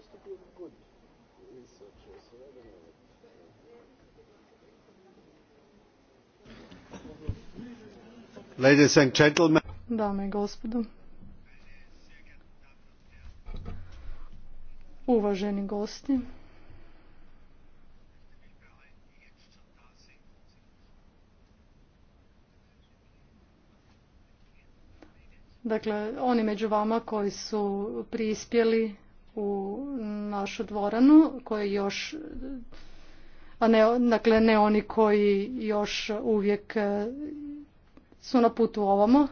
supposed to be Ladies and gentlemen. Dame i gospodo. Uvaženi gosti. Dakle, oni među vama koji su prispjeli u našu dvoranu koji još a ne, dakle ne oni koji još uvijek e, su na putu ovamo.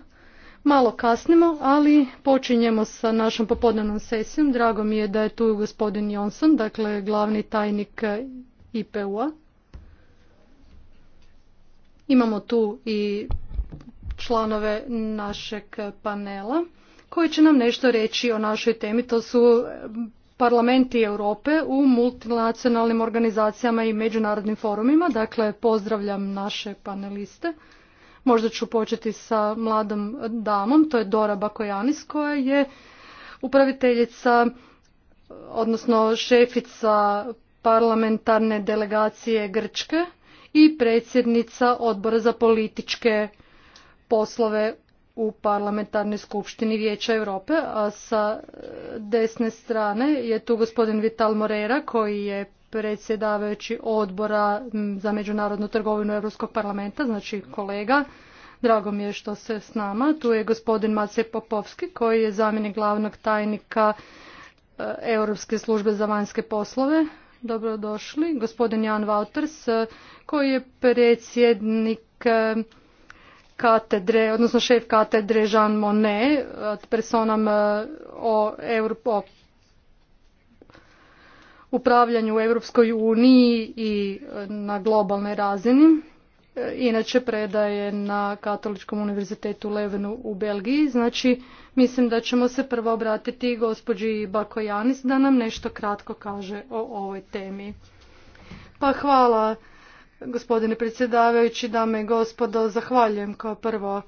Malo kasnimo, ali počinjemo sa našom popodnevnom sesijom. Drago mi je da je tu gospodin Jonson, dakle glavni tajnik IPU-a. Imamo tu i članove našeg panela koji će nam nešto reći o našoj temi. To su eh, parlamenti Europe u multinacionalnim organizacijama i međunarodnim forumima. Dakle, pozdravljam naše paneliste. Možda ću početi sa mladom damom, to je Dora Bakojanis koja je upraviteljica, odnosno šefica parlamentarne delegacije Grčke i predsjednica odbora za političke poslove u parlamentarnoj skupštini Vijeća Europe, a sa e, desne strane je tu gospodin Vital Morera koji je predsjedavajući odbora za međunarodnu trgovinu Europskog parlamenta, znači kolega. Drago mi je što se s nama. Tu je gospodin Macej Popovski koji je zamjenik glavnog tajnika e, Europske službe za vanjske poslove. Dobrodošli. Gospodin Jan Vauters e, koji je predsjednik katedre, odnosno šef katedre Jean Monnet eh, personam eh, o, Europo upravljanju u Europskoj uniji i eh, na globalnoj razini. Inače predaje na Katoličkom univerzitetu Levenu u Belgiji. Znači, mislim da ćemo se prvo obratiti gospođi Bakojanis da nam nešto kratko kaže o ovoj temi. Pa hvala Gospodine predsjedavajući, dame i gospodo, zahvaljujem kao prvo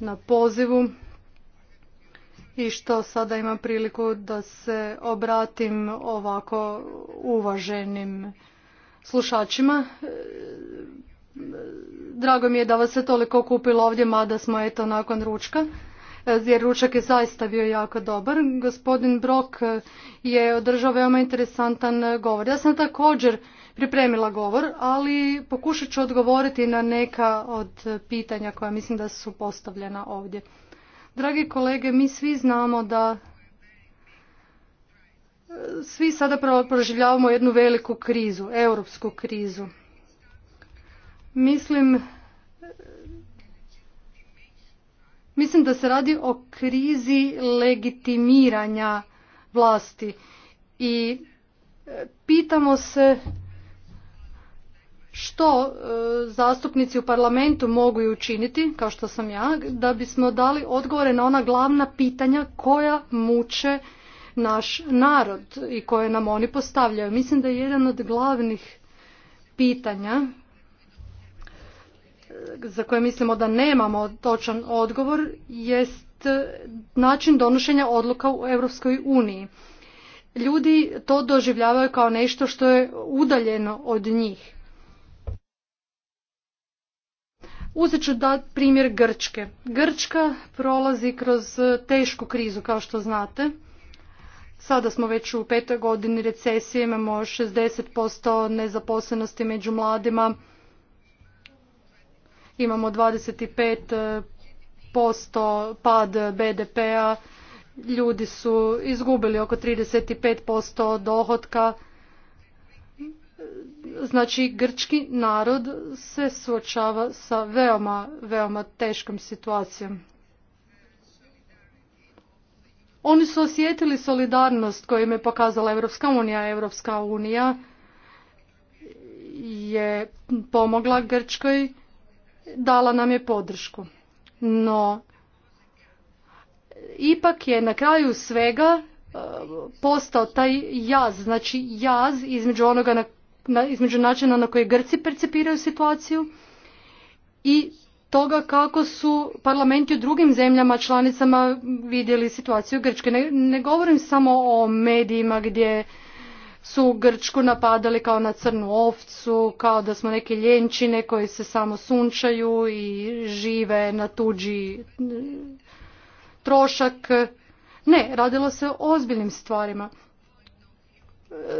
na pozivu i što sada imam priliku da se obratim ovako uvaženim slušačima. Drago mi je da vas se toliko kupilo ovdje, mada smo eto nakon ručka jer ručak je zaista bio jako dobar. Gospodin Brok je održao veoma interesantan govor. Ja sam također pripremila govor, ali pokušat ću odgovoriti na neka od pitanja koja mislim da su postavljena ovdje. Dragi kolege, mi svi znamo da e, svi sada proživljavamo jednu veliku krizu, europsku krizu. Mislim e, Mislim da se radi o krizi legitimiranja vlasti i e, pitamo se što e, zastupnici u parlamentu mogu učiniti, kao što sam ja, da bismo dali odgovore na ona glavna pitanja koja muče naš narod i koje nam oni postavljaju. Mislim da je jedan od glavnih pitanja e, za koje mislimo da nemamo točan odgovor jest način donošenja odluka u Europskoj uniji. Ljudi to doživljavaju kao nešto što je udaljeno od njih Uzet ću da primjer Grčke. Grčka prolazi kroz e, tešku krizu, kao što znate. Sada smo već u petoj godini recesije, imamo 60% nezaposlenosti među mladima, imamo 25% pad BDP-a, ljudi su izgubili oko 35% dohotka, znači grčki narod se suočava sa veoma, veoma teškom situacijom. Oni su osjetili solidarnost koju im je pokazala Europska unija. Europska unija je pomogla Grčkoj, dala nam je podršku. No, ipak je na kraju svega eh, postao taj jaz, znači jaz između onoga na između načina na koji Grci percepiraju situaciju i toga kako su parlamenti u drugim zemljama članicama vidjeli situaciju Grčke. Ne, ne govorim samo o medijima gdje su Grčku napadali kao na crnu ovcu, kao da smo neke ljenčine koje se samo sunčaju i žive na tuđi mm, trošak. Ne, radilo se o ozbiljnim stvarima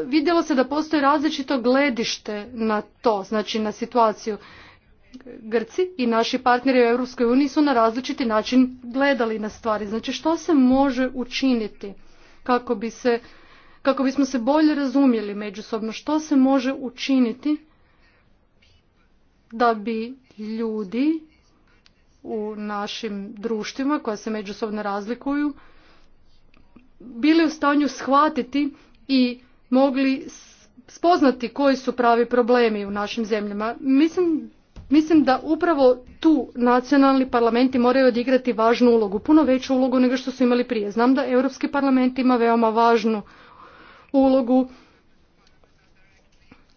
vidjelo se da postoji različito gledište na to, znači na situaciju. Grci i naši partneri u Europskoj uniji su na različiti način gledali na stvari. Znači što se može učiniti kako bi se kako bismo se bolje razumjeli međusobno što se može učiniti da bi ljudi u našim društvima koja se međusobno razlikuju bili u stanju shvatiti i mogli spoznati koji su pravi problemi u našim zemljama. Mislim, mislim da upravo tu nacionalni parlamenti moraju odigrati važnu ulogu, puno veću ulogu nego što su imali prije. Znam da Europski parlament ima veoma važnu ulogu.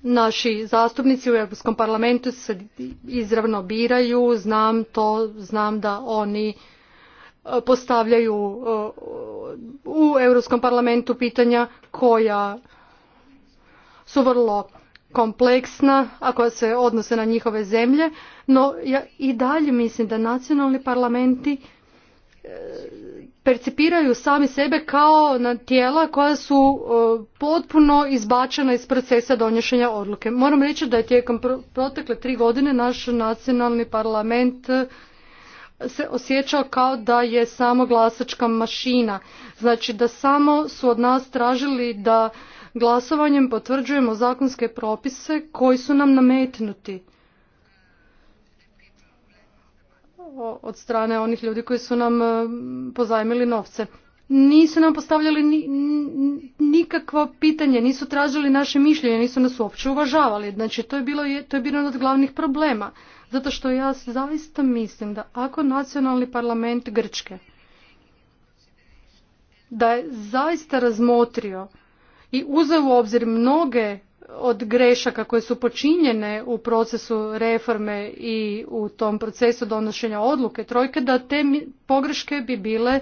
Naši zastupnici u Europskom parlamentu se izravno biraju, znam to, znam da oni e, postavljaju e, u Europskom parlamentu pitanja koja su vrlo kompleksna, a koja se odnose na njihove zemlje, no ja i dalje mislim da nacionalni parlamenti e, percipiraju sami sebe kao na tijela koja su e, potpuno izbačena iz procesa donošenja odluke. Moram reći da je tijekom protekle tri godine naš nacionalni parlament e, se osjećao kao da je samo glasačka mašina. Znači da samo su od nas tražili da Glasovanjem potvrđujemo zakonske propise koji su nam nametnuti od strane onih ljudi koji su nam e, pozajmili novce. Nisu nam postavljali nikakvo pitanje, nisu tražili naše mišljenje, nisu nas uopće uvažavali. Znači, to je, bilo, to je bilo od glavnih problema. Zato što ja zaista mislim da ako nacionalni parlament Grčke da je zaista razmotrio i uzeo u obzir mnoge od grešaka koje su počinjene u procesu reforme i u tom procesu donošenja odluke trojke da te pogreške bi bile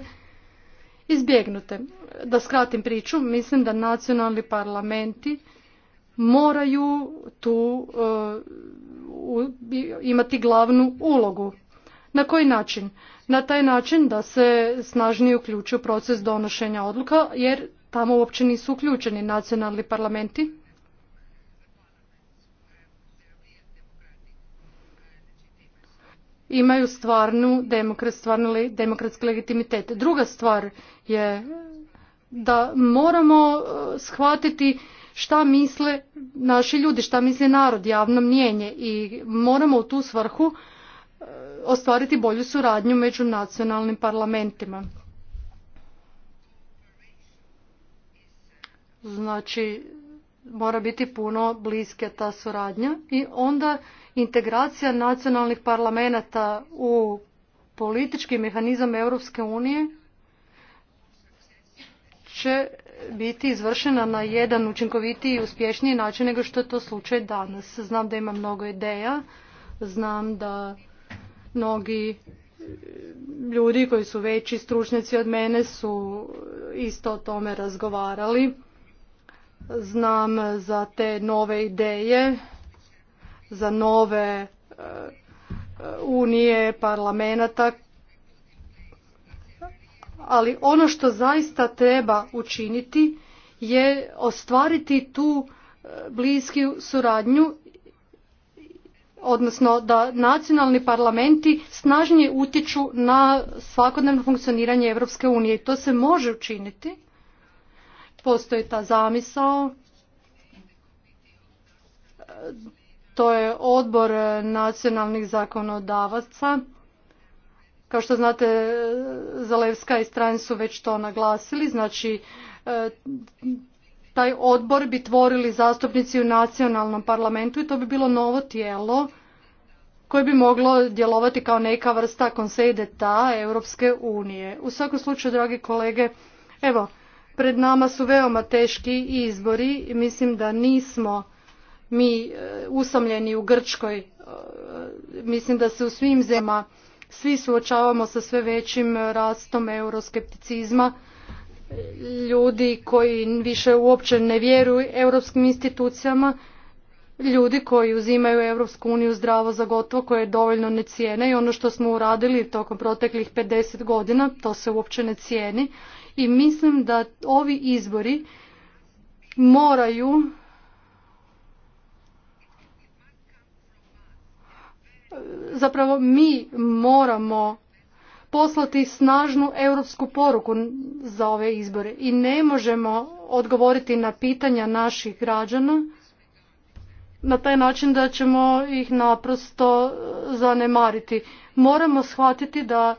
izbjegnute. Da skratim priču, mislim da nacionalni parlamenti moraju tu uh, imati glavnu ulogu. Na koji način? Na taj način da se snažnije uključi proces donošenja odluka jer tamo uopće nisu uključeni nacionalni parlamenti. imaju stvarnu demokratski legitimitet. Druga stvar je da moramo eh, shvatiti šta misle naši ljudi, šta misle narod, javno mnjenje i moramo u tu svrhu eh, ostvariti bolju suradnju među nacionalnim parlamentima. Znači, mora biti puno bliske ta suradnja i onda integracija nacionalnih parlamenata u politički mehanizam Europske unije će biti izvršena na jedan učinkovitiji i uspješniji način nego što je to slučaj danas. Znam da ima mnogo ideja, znam da mnogi ljudi koji su veći stručnjaci od mene su isto o tome razgovarali znam za te nove ideje, za nove e, e, unije, parlamenta, ali ono što zaista treba učiniti je ostvariti tu e, bliski suradnju odnosno da nacionalni parlamenti snažnije utječu na svakodnevno funkcioniranje Europske unije i to se može učiniti postoji ta zamisao to je odbor nacionalnih zakonodavaca kao što znate Zalevska i Strajn su već to naglasili znači e, taj odbor bi tvorili zastupnici u nacionalnom parlamentu i to bi bilo novo tijelo koje bi moglo djelovati kao neka vrsta ta Europske unije. U svakom slučaju, dragi kolege, evo, Pred nama su veoma teški izbori i mislim da nismo mi e, usamljeni u Grčkoj. E, mislim da se u svim zemljama svi suočavamo sa sve većim rastom euroskepticizma ljudi koji više uopće ne vjeruju europskim institucijama, ljudi koji uzimaju Europsku uniju zdravo za gotovo, koje dovoljno ne cijene i ono što smo uradili tokom proteklih 50 godina, to se uopće ne cijeni i mislim da ovi izbori moraju zapravo mi moramo poslati snažnu europsku poruku za ove izbore i ne možemo odgovoriti na pitanja naših građana na taj način da ćemo ih naprosto zanemariti. Moramo shvatiti da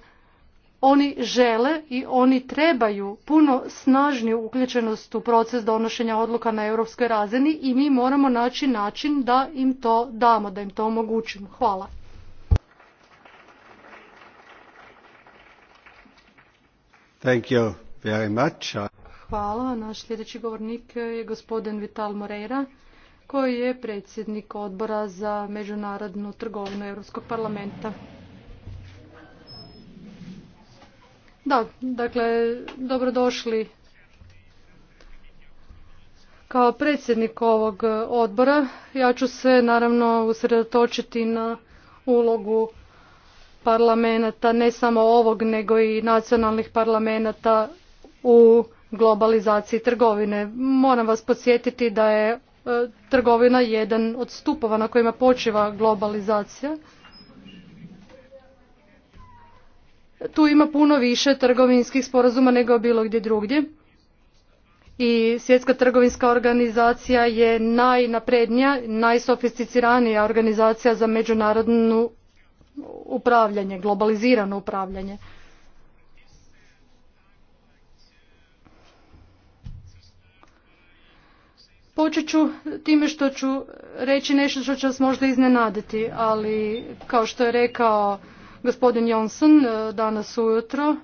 oni žele i oni trebaju puno snažniju uključenost u proces donošenja odluka na europskoj razini i mi moramo naći način da im to damo, da im to omogućimo. Hvala. Thank you very much. Hvala. Naš sljedeći govornik je gospodin Vital Moreira koji je predsjednik odbora za međunarodnu trgovinu Europskog parlamenta. Da, dakle, dobrodošli kao predsjednik ovog odbora. Ja ću se naravno usredotočiti na ulogu parlamenta, ne samo ovog, nego i nacionalnih parlamenta u globalizaciji trgovine. Moram vas podsjetiti da je e, trgovina jedan od stupova na kojima počiva globalizacija tu ima puno više trgovinskih sporazuma nego bilo gdje drugdje i svjetska trgovinska organizacija je najnaprednija najsofisticiranija organizacija za međunarodno upravljanje globalizirano upravljanje Počet ću time što ću reći nešto što će vas možda iznenaditi, ali kao što je rekao gospodin Johnson e, danas ujutro.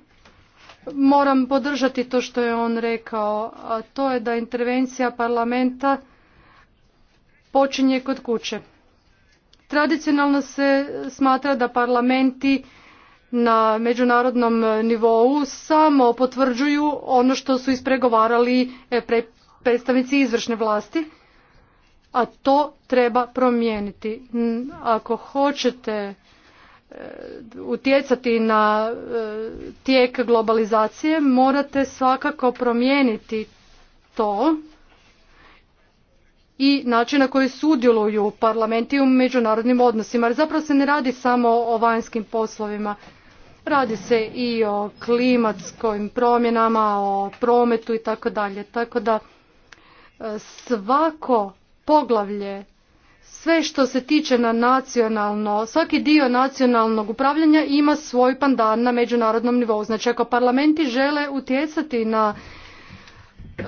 Moram podržati to što je on rekao, a to je da intervencija parlamenta počinje kod kuće. Tradicionalno se smatra da parlamenti na međunarodnom nivou samo potvrđuju ono što su ispregovarali e, predstavnici izvršne vlasti, a to treba promijeniti. Ako hoćete utjecati na e, tijek globalizacije morate svakako promijeniti to i način na koji sudjeluju parlamenti u međunarodnim odnosima jer zapravo se ne radi samo o vanjskim poslovima radi se i o klimatskim promjenama o prometu i tako dalje tako da e, svako poglavlje sve što se tiče na nacionalno, svaki dio nacionalnog upravljanja ima svoj pandan na međunarodnom nivou. Znači ako parlamenti žele utjecati na eh,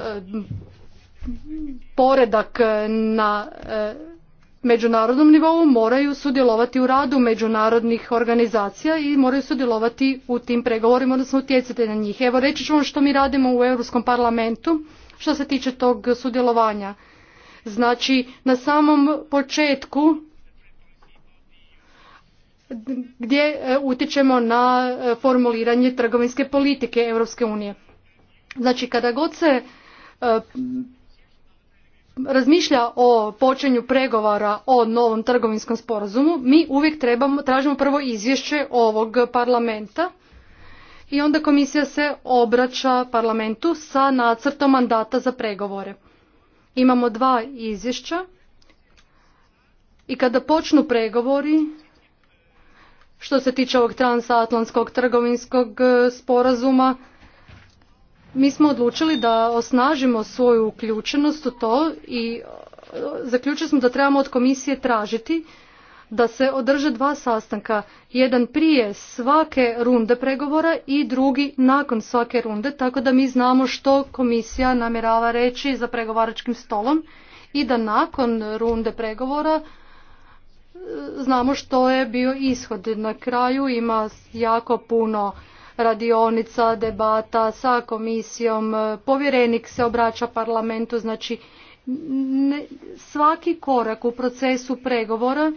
poredak na eh, međunarodnom nivou moraju sudjelovati u radu međunarodnih organizacija i moraju sudjelovati u tim pregovorima, odnosno utjecati na njih. Evo reći ću vam što mi radimo u Europskom parlamentu što se tiče tog sudjelovanja. Znači na samom početku gdje e, utječemo na e, formuliranje trgovinske politike Europske unije. Znači kada god se e, razmišlja o počinju pregovora o novom trgovinskom sporazumu, mi uvijek trebamo, tražimo prvo izvješće ovog parlamenta i onda komisija se obraća parlamentu sa nacrtom mandata za pregovore. Imamo dva izvješća i kada počnu pregovori što se tiče ovog transatlantskog trgovinskog e, sporazuma, mi smo odlučili da osnažimo svoju uključenost u to i e, zaključili smo da trebamo od komisije tražiti da se održe dva sastanka, jedan prije svake runde pregovora i drugi nakon svake runde, tako da mi znamo što komisija namjerava reći za pregovaračkim stolom i da nakon runde pregovora e, znamo što je bio ishod. Na kraju ima jako puno radionica, debata sa komisijom, e, povjerenik se obraća parlamentu, znači svaki korak u procesu pregovora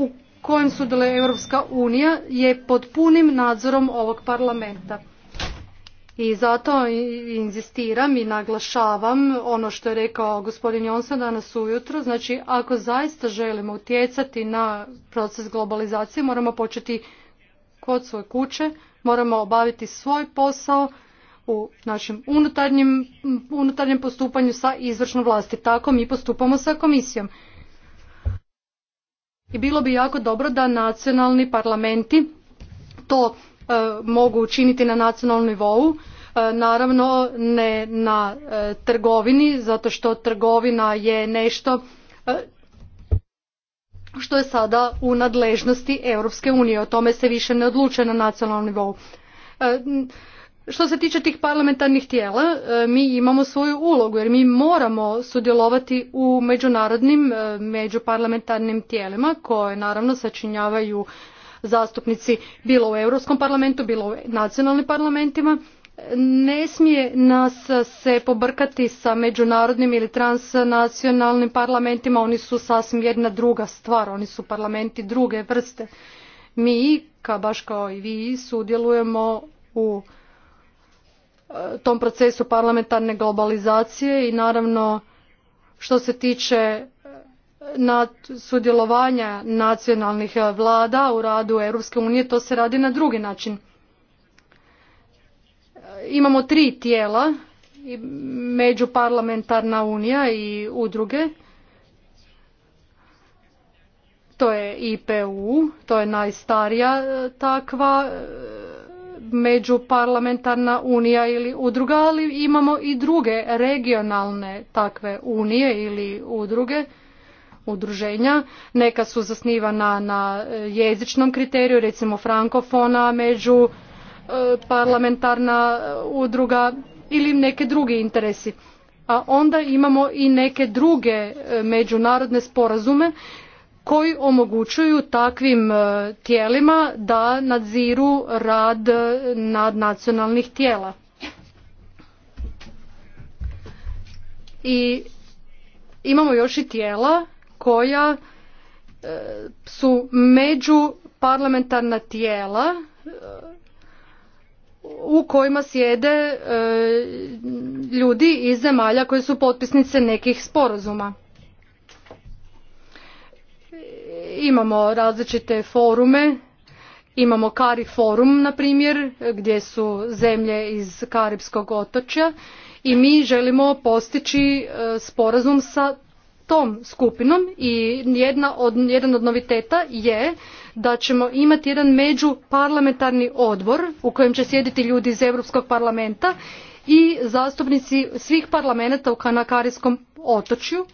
u kojem sudjeluje Europska unija je pod punim nadzorom ovog parlamenta. I zato inzistiram i naglašavam ono što je rekao gospodin Jonsa danas ujutro. Znači, ako zaista želimo utjecati na proces globalizacije, moramo početi kod svoje kuće, moramo obaviti svoj posao u našem unutarnjem, unutarnjem postupanju sa izvršnom vlasti. Tako mi postupamo sa komisijom. I bilo bi jako dobro da nacionalni parlamenti to e, mogu učiniti na nacionalnom nivou, e, naravno ne na e, trgovini, zato što trgovina je nešto što je sada u nadležnosti Europske unije. O tome se više ne odlučuje na nacionalnom nivou što se tiče tih parlamentarnih tijela, e, mi imamo svoju ulogu jer mi moramo sudjelovati u međunarodnim e, međuparlamentarnim tijelima koje naravno sačinjavaju zastupnici bilo u Europskom parlamentu, bilo u nacionalnim parlamentima. Ne smije nas se pobrkati sa međunarodnim ili transnacionalnim parlamentima, oni su sasvim jedna druga stvar, oni su parlamenti druge vrste. Mi, baš kao i vi, sudjelujemo u Eh, tom procesu parlamentarne globalizacije i naravno što se tiče eh, sudjelovanja nacionalnih eh, vlada u radu Europske unije, to se radi na drugi način. Imamo tri tijela, Međuparlamentarna unija i udruge, to je IPU, to je najstarija takva međuparlamentarna unija ili udruga, ali imamo i druge regionalne takve unije ili udruge udruženja. Neka su zasnivana na e, jezičnom kriteriju, recimo frankofona, među e, parlamentarna e, udruga ili neke drugi interesi. A onda imamo i neke druge međunarodne sporazume koji omogućuju takvim e, tijelima da nadziru rad e, nad nacionalnih tijela. I imamo još i tijela koja e, su među parlamentarna tijela u kojima sjede ljudi iz zemalja koje su potpisnice nekih sporazuma. Imamo različite forume, imamo Kari forum na primjer gdje su zemlje iz Karibskog otočja i mi želimo postići e, sporazum sa tom skupinom i od, jedan od noviteta je da ćemo imati jedan međuparlamentarni odbor u kojem će sjediti ljudi iz Europskog parlamenta i zastupnici svih parlamenta na Karijskom otočju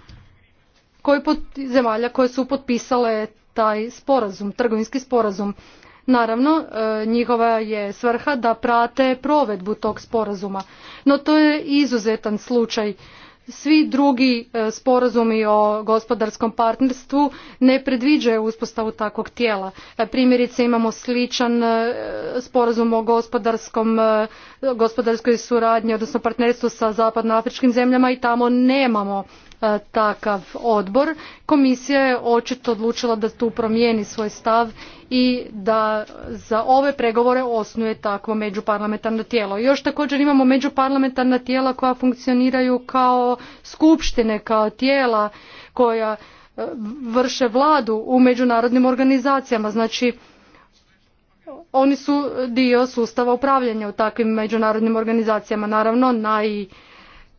koji zemalja koje su potpisale taj sporazum, trgovinski sporazum. Naravno, e, njihova je svrha da prate provedbu tog sporazuma, no to je izuzetan slučaj. Svi drugi e, sporazumi o gospodarskom partnerstvu ne predviđaju uspostavu takvog tijela. E, primjerice imamo sličan sporazum o gospodarskom, gospodarskoj suradnji, odnosno partnerstvu sa zapadnoafričkim zemljama i tamo nemamo E, takav odbor. Komisija je očito odlučila da tu promijeni svoj stav i da za ove pregovore osnuje takvo međuparlamentarno tijelo. Još također imamo međuparlamentarna tijela koja funkcioniraju kao skupštine, kao tijela koja e, vrše vladu u međunarodnim organizacijama. Znači, oni su dio sustava upravljanja u takvim međunarodnim organizacijama. Naravno, i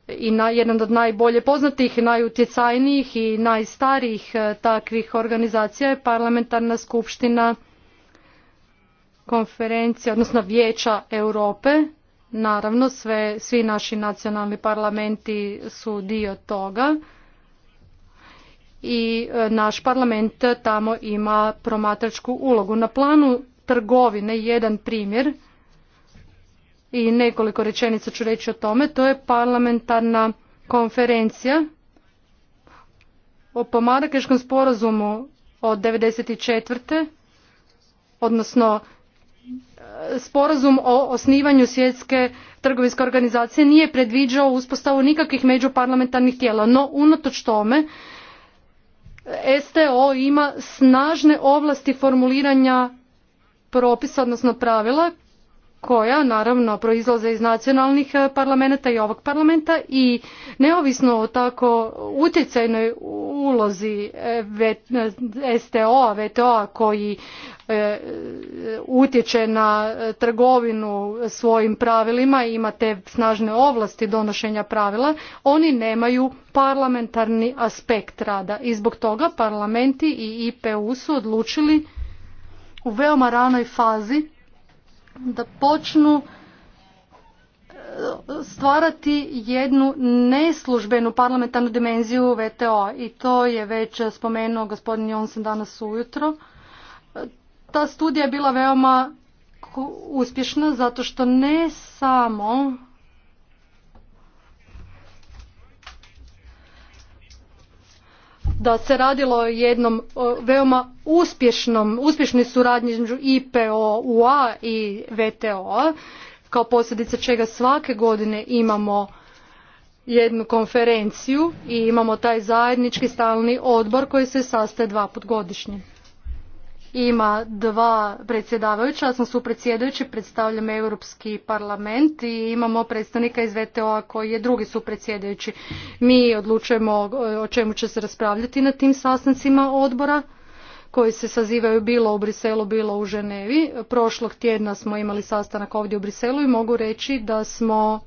i na, jedan od najbolje poznatih, najutjecajnijih i najstarijih e, takvih organizacija je parlamentarna skupština konferencija, odnosno vijeća Europe. Naravno, sve, svi naši nacionalni parlamenti su dio toga i e, naš parlament tamo ima promatračku ulogu. Na planu trgovine jedan primjer – i nekoliko rečenica ću reći o tome. To je parlamentarna konferencija o pomarakeškom sporazumu od 1994. odnosno e, sporazum o osnivanju svjetske trgovinske organizacije nije predviđao uspostavu nikakvih međuparlamentarnih tijela no unatoč tome sto ima snažne ovlasti formuliranja propisa odnosno pravila koja naravno proizlaze iz nacionalnih e, parlamenta i ovog parlamenta i neovisno o tako utjecajnoj ulozi STO-a, e, VTO-a e, koji utječe na trgovinu svojim pravilima i ima te snažne ovlasti donošenja pravila, oni nemaju parlamentarni aspekt rada i zbog toga parlamenti i IPU su odlučili u veoma ranoj fazi da počnu e, stvarati jednu neslužbenu parlamentarnu dimenziju VTO i to je već spomenuo gospodin Jonsen danas ujutro. E, ta studija je bila veoma uspješna zato što ne samo da se radilo o jednom veoma uspješnom, uspješnoj suradnji između IPO-UA i vto kao posljedica čega svake godine imamo jednu konferenciju i imamo taj zajednički stalni odbor koji se sastaje dva put godišnje ima dva predsjedavajuća, ja sam su predstavljam Europski parlament i imamo predstavnika iz VTO-a koji je drugi su predsjedajući. Mi odlučujemo o čemu će se raspravljati na tim sastancima odbora koji se sazivaju bilo u Briselu, bilo u Ženevi. Prošlog tjedna smo imali sastanak ovdje u Briselu i mogu reći da smo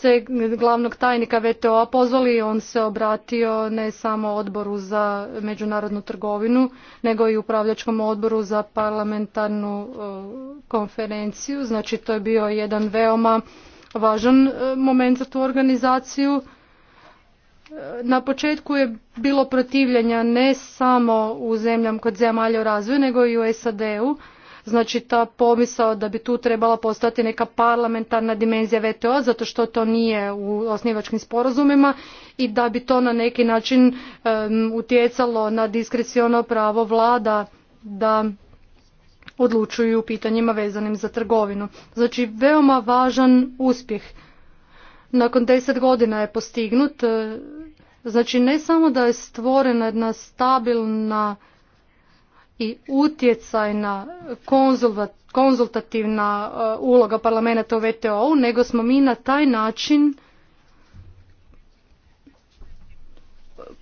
se glavnog tajnika VTO-a pozvali, on se obratio ne samo odboru za međunarodnu trgovinu, nego i upravljačkom odboru za parlamentarnu e, konferenciju. Znači to je bio jedan veoma važan e, moment za tu organizaciju. E, na početku je bilo protivljenja ne samo u zemljama kod zemalja u razvoju, nego i u SAD-u znači ta pomisao da bi tu trebala postojati neka parlamentarna dimenzija VTO zato što to nije u osnivačkim sporazumima i da bi to na neki način utjecalo na diskreciono pravo vlada da odlučuju u pitanjima vezanim za trgovinu. Znači veoma važan uspjeh. Nakon deset godina je postignut, e, znači ne samo da je stvorena jedna stabilna i utjecajna konzultativna e, uloga parlamenta u VTO-u, nego smo mi na taj način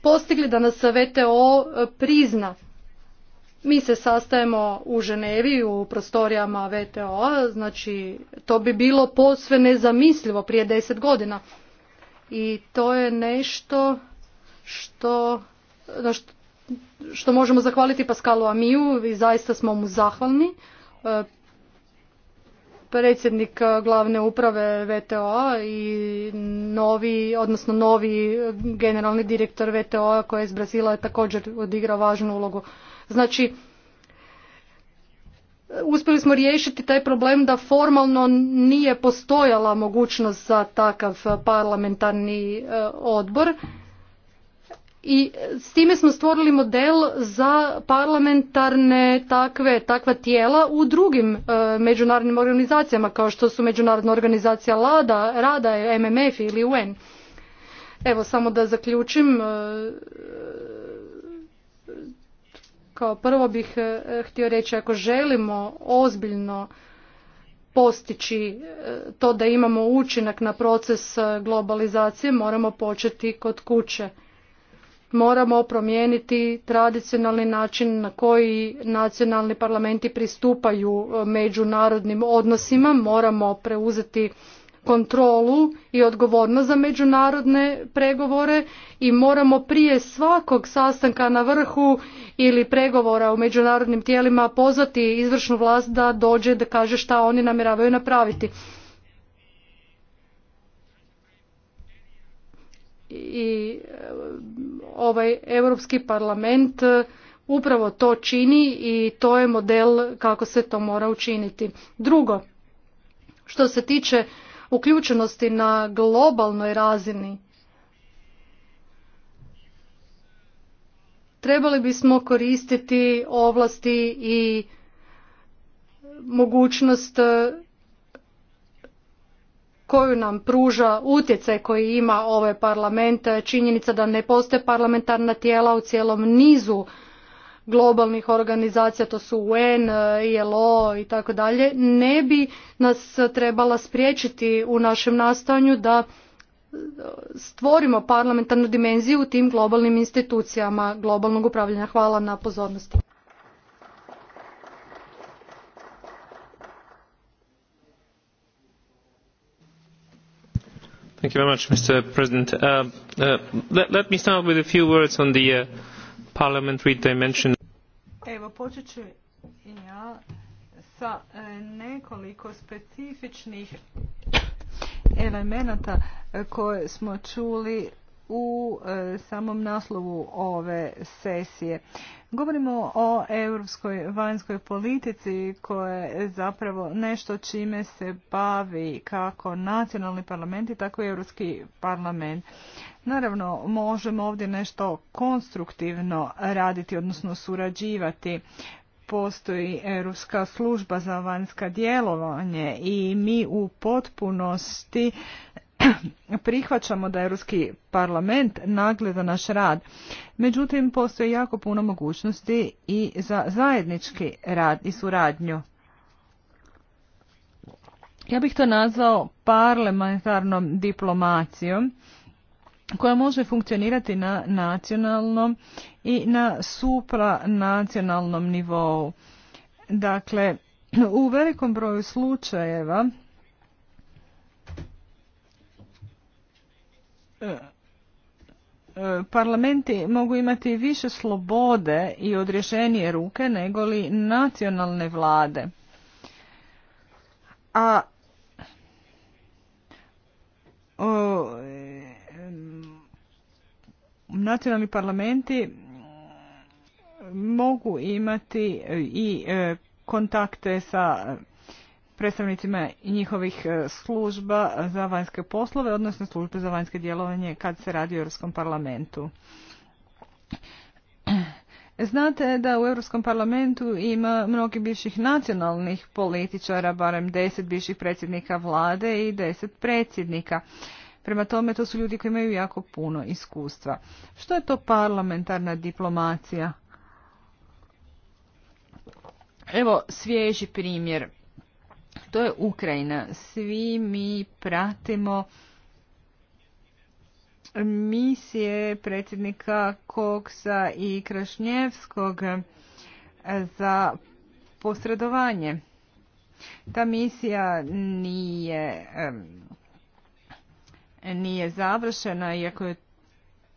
postigli da nas VTO prizna. Mi se sastajemo u Ženevi u prostorijama vto znači to bi bilo posve nezamislivo prije deset godina. I to je nešto što, na što što možemo zahvaliti Paskalu Amiju i zaista smo mu zahvalni. E, predsjednik glavne uprave VTO i novi, odnosno novi generalni direktor VTO koji je iz Brazila je također odigrao važnu ulogu. Znači, uspjeli smo riješiti taj problem da formalno nije postojala mogućnost za takav parlamentarni e, odbor i s time smo stvorili model za parlamentarne takve, takva tijela u drugim e, međunarodnim organizacijama kao što su Međunarodna organizacija Lada, Rada, MMF ili UN. Evo samo da zaključim, e, kao prvo bih e, htio reći ako želimo ozbiljno postići e, to da imamo učinak na proces globalizacije moramo početi kod kuće moramo promijeniti tradicionalni način na koji nacionalni parlamenti pristupaju e, međunarodnim odnosima, moramo preuzeti kontrolu i odgovornost za međunarodne pregovore i moramo prije svakog sastanka na vrhu ili pregovora u međunarodnim tijelima pozvati izvršnu vlast da dođe da kaže šta oni namjeravaju napraviti. I e, ovaj Europski parlament e, upravo to čini i to je model kako se to mora učiniti. Drugo, što se tiče uključenosti na globalnoj razini, trebali bismo koristiti ovlasti i mogućnost koju nam pruža utjecaj koji ima ovaj parlament, e, činjenica da ne postoje parlamentarna tijela u cijelom nizu globalnih organizacija, to su UN, e, ILO i tako dalje, ne bi nas trebala spriječiti u našem nastojanju da e, stvorimo parlamentarnu dimenziju u tim globalnim institucijama globalnog upravljanja. Hvala na pozornosti. Mr. President. Uh, uh, let, me start with a few words on the uh, parliamentary dimension. Evo, počet ću ja sa e, nekoliko specifičnih elemenata e, koje smo čuli u e, samom naslovu ove sesije. Govorimo o europskoj vanjskoj politici koja je zapravo nešto čime se bavi kako nacionalni parlament i tako i europski parlament. Naravno, možemo ovdje nešto konstruktivno raditi, odnosno surađivati postoji Europska služba za vanjska djelovanje i mi u potpunosti prihvaćamo da Europski parlament nagleda naš rad. Međutim, postoji jako puno mogućnosti i za zajednički rad i suradnju. Ja bih to nazvao parlamentarnom diplomacijom koja može funkcionirati na nacionalnom i na supranacionalnom nivou. Dakle, u velikom broju slučajeva E, e, parlamenti mogu imati više slobode i odrješenije ruke nego li nacionalne vlade. A o, e, nacionalni parlamenti mogu imati i kontakte sa predstavnicima njihovih e, služba za vanjske poslove, odnosno službe za vanjske djelovanje kad se radi o Europskom parlamentu. Znate da u Europskom parlamentu ima mnogi bivših nacionalnih političara, barem deset bivših predsjednika vlade i deset predsjednika. Prema tome, to su ljudi koji imaju jako puno iskustva. Što je to parlamentarna diplomacija? Evo svježi primjer to je Ukrajina. Svi mi pratimo misije predsjednika Koksa i Krašnjevskog za posredovanje. Ta misija nije, nije završena, iako je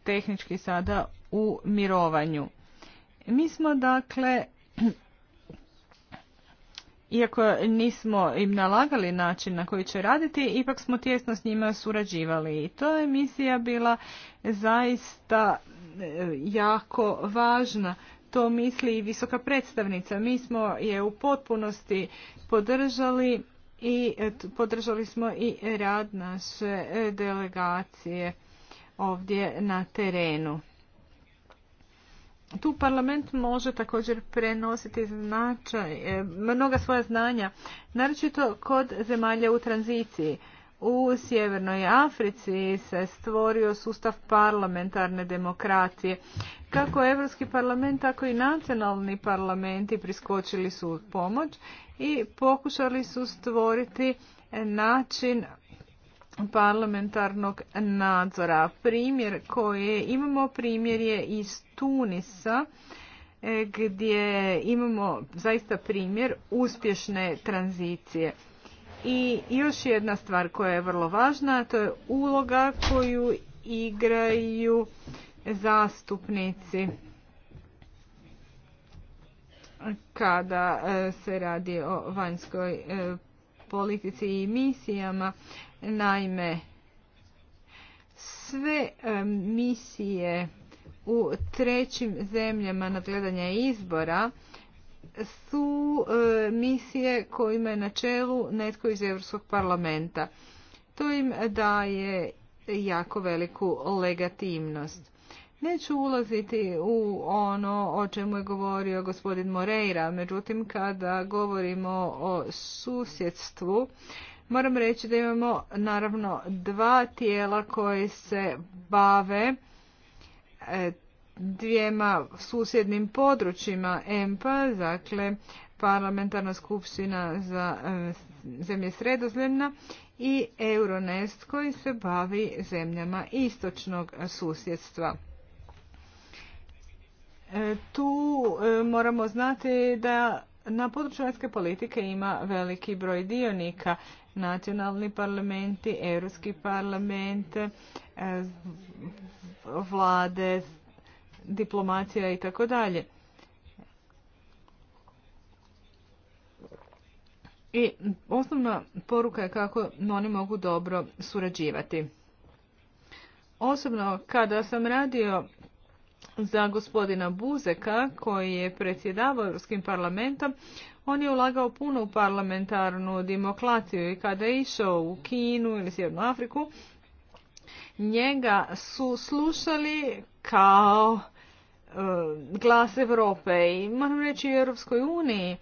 tehnički sada u mirovanju. Mi smo dakle iako nismo im nalagali način na koji će raditi, ipak smo tjesno s njima surađivali i to je misija bila zaista e, jako važna. To misli i visoka predstavnica. Mi smo je u potpunosti podržali i podržali smo i rad naše delegacije ovdje na terenu tu parlament može također prenositi značaj, e, mnoga svoja znanja, naročito kod zemalja u tranziciji. U Sjevernoj Africi se stvorio sustav parlamentarne demokracije. Kako Europski parlament, tako i nacionalni parlamenti priskočili su pomoć i pokušali su stvoriti način parlamentarnog nadzora. Primjer koje imamo primjer je iz Tunisa e, gdje imamo zaista primjer uspješne tranzicije. I još jedna stvar koja je vrlo važna, to je uloga koju igraju zastupnici kada e, se radi o vanjskoj e, politici i misijama Naime, sve misije u trećim zemljama nadgledanja izbora su misije kojima je na čelu netko iz Europskog parlamenta. To im daje jako veliku legitimnost. Neću ulaziti u ono o čemu je govorio gospodin Moreira, međutim kada govorimo o susjedstvu, Moram reći da imamo naravno dva tijela koje se bave e, dvijema susjednim područjima EMPA, dakle parlamentarna skupština za e, zemlje sredozemlja i Euronest koji se bavi zemljama istočnog susjedstva. E, tu moramo znati da na području vanjske politike ima veliki broj dionika nacionalni parlamenti, Europski parlament, e, vlade, diplomacija i tako dalje. I osnovna poruka je kako oni mogu dobro surađivati. Osobno, kada sam radio za gospodina Buzeka, koji je predsjedavao Europskim parlamentom, on je ulagao puno u parlamentarnu demokraciju i kada je išao u Kinu ili Sjevernu Afriku, njega su slušali kao e, glas Europe i moram reći i Europskoj uniji.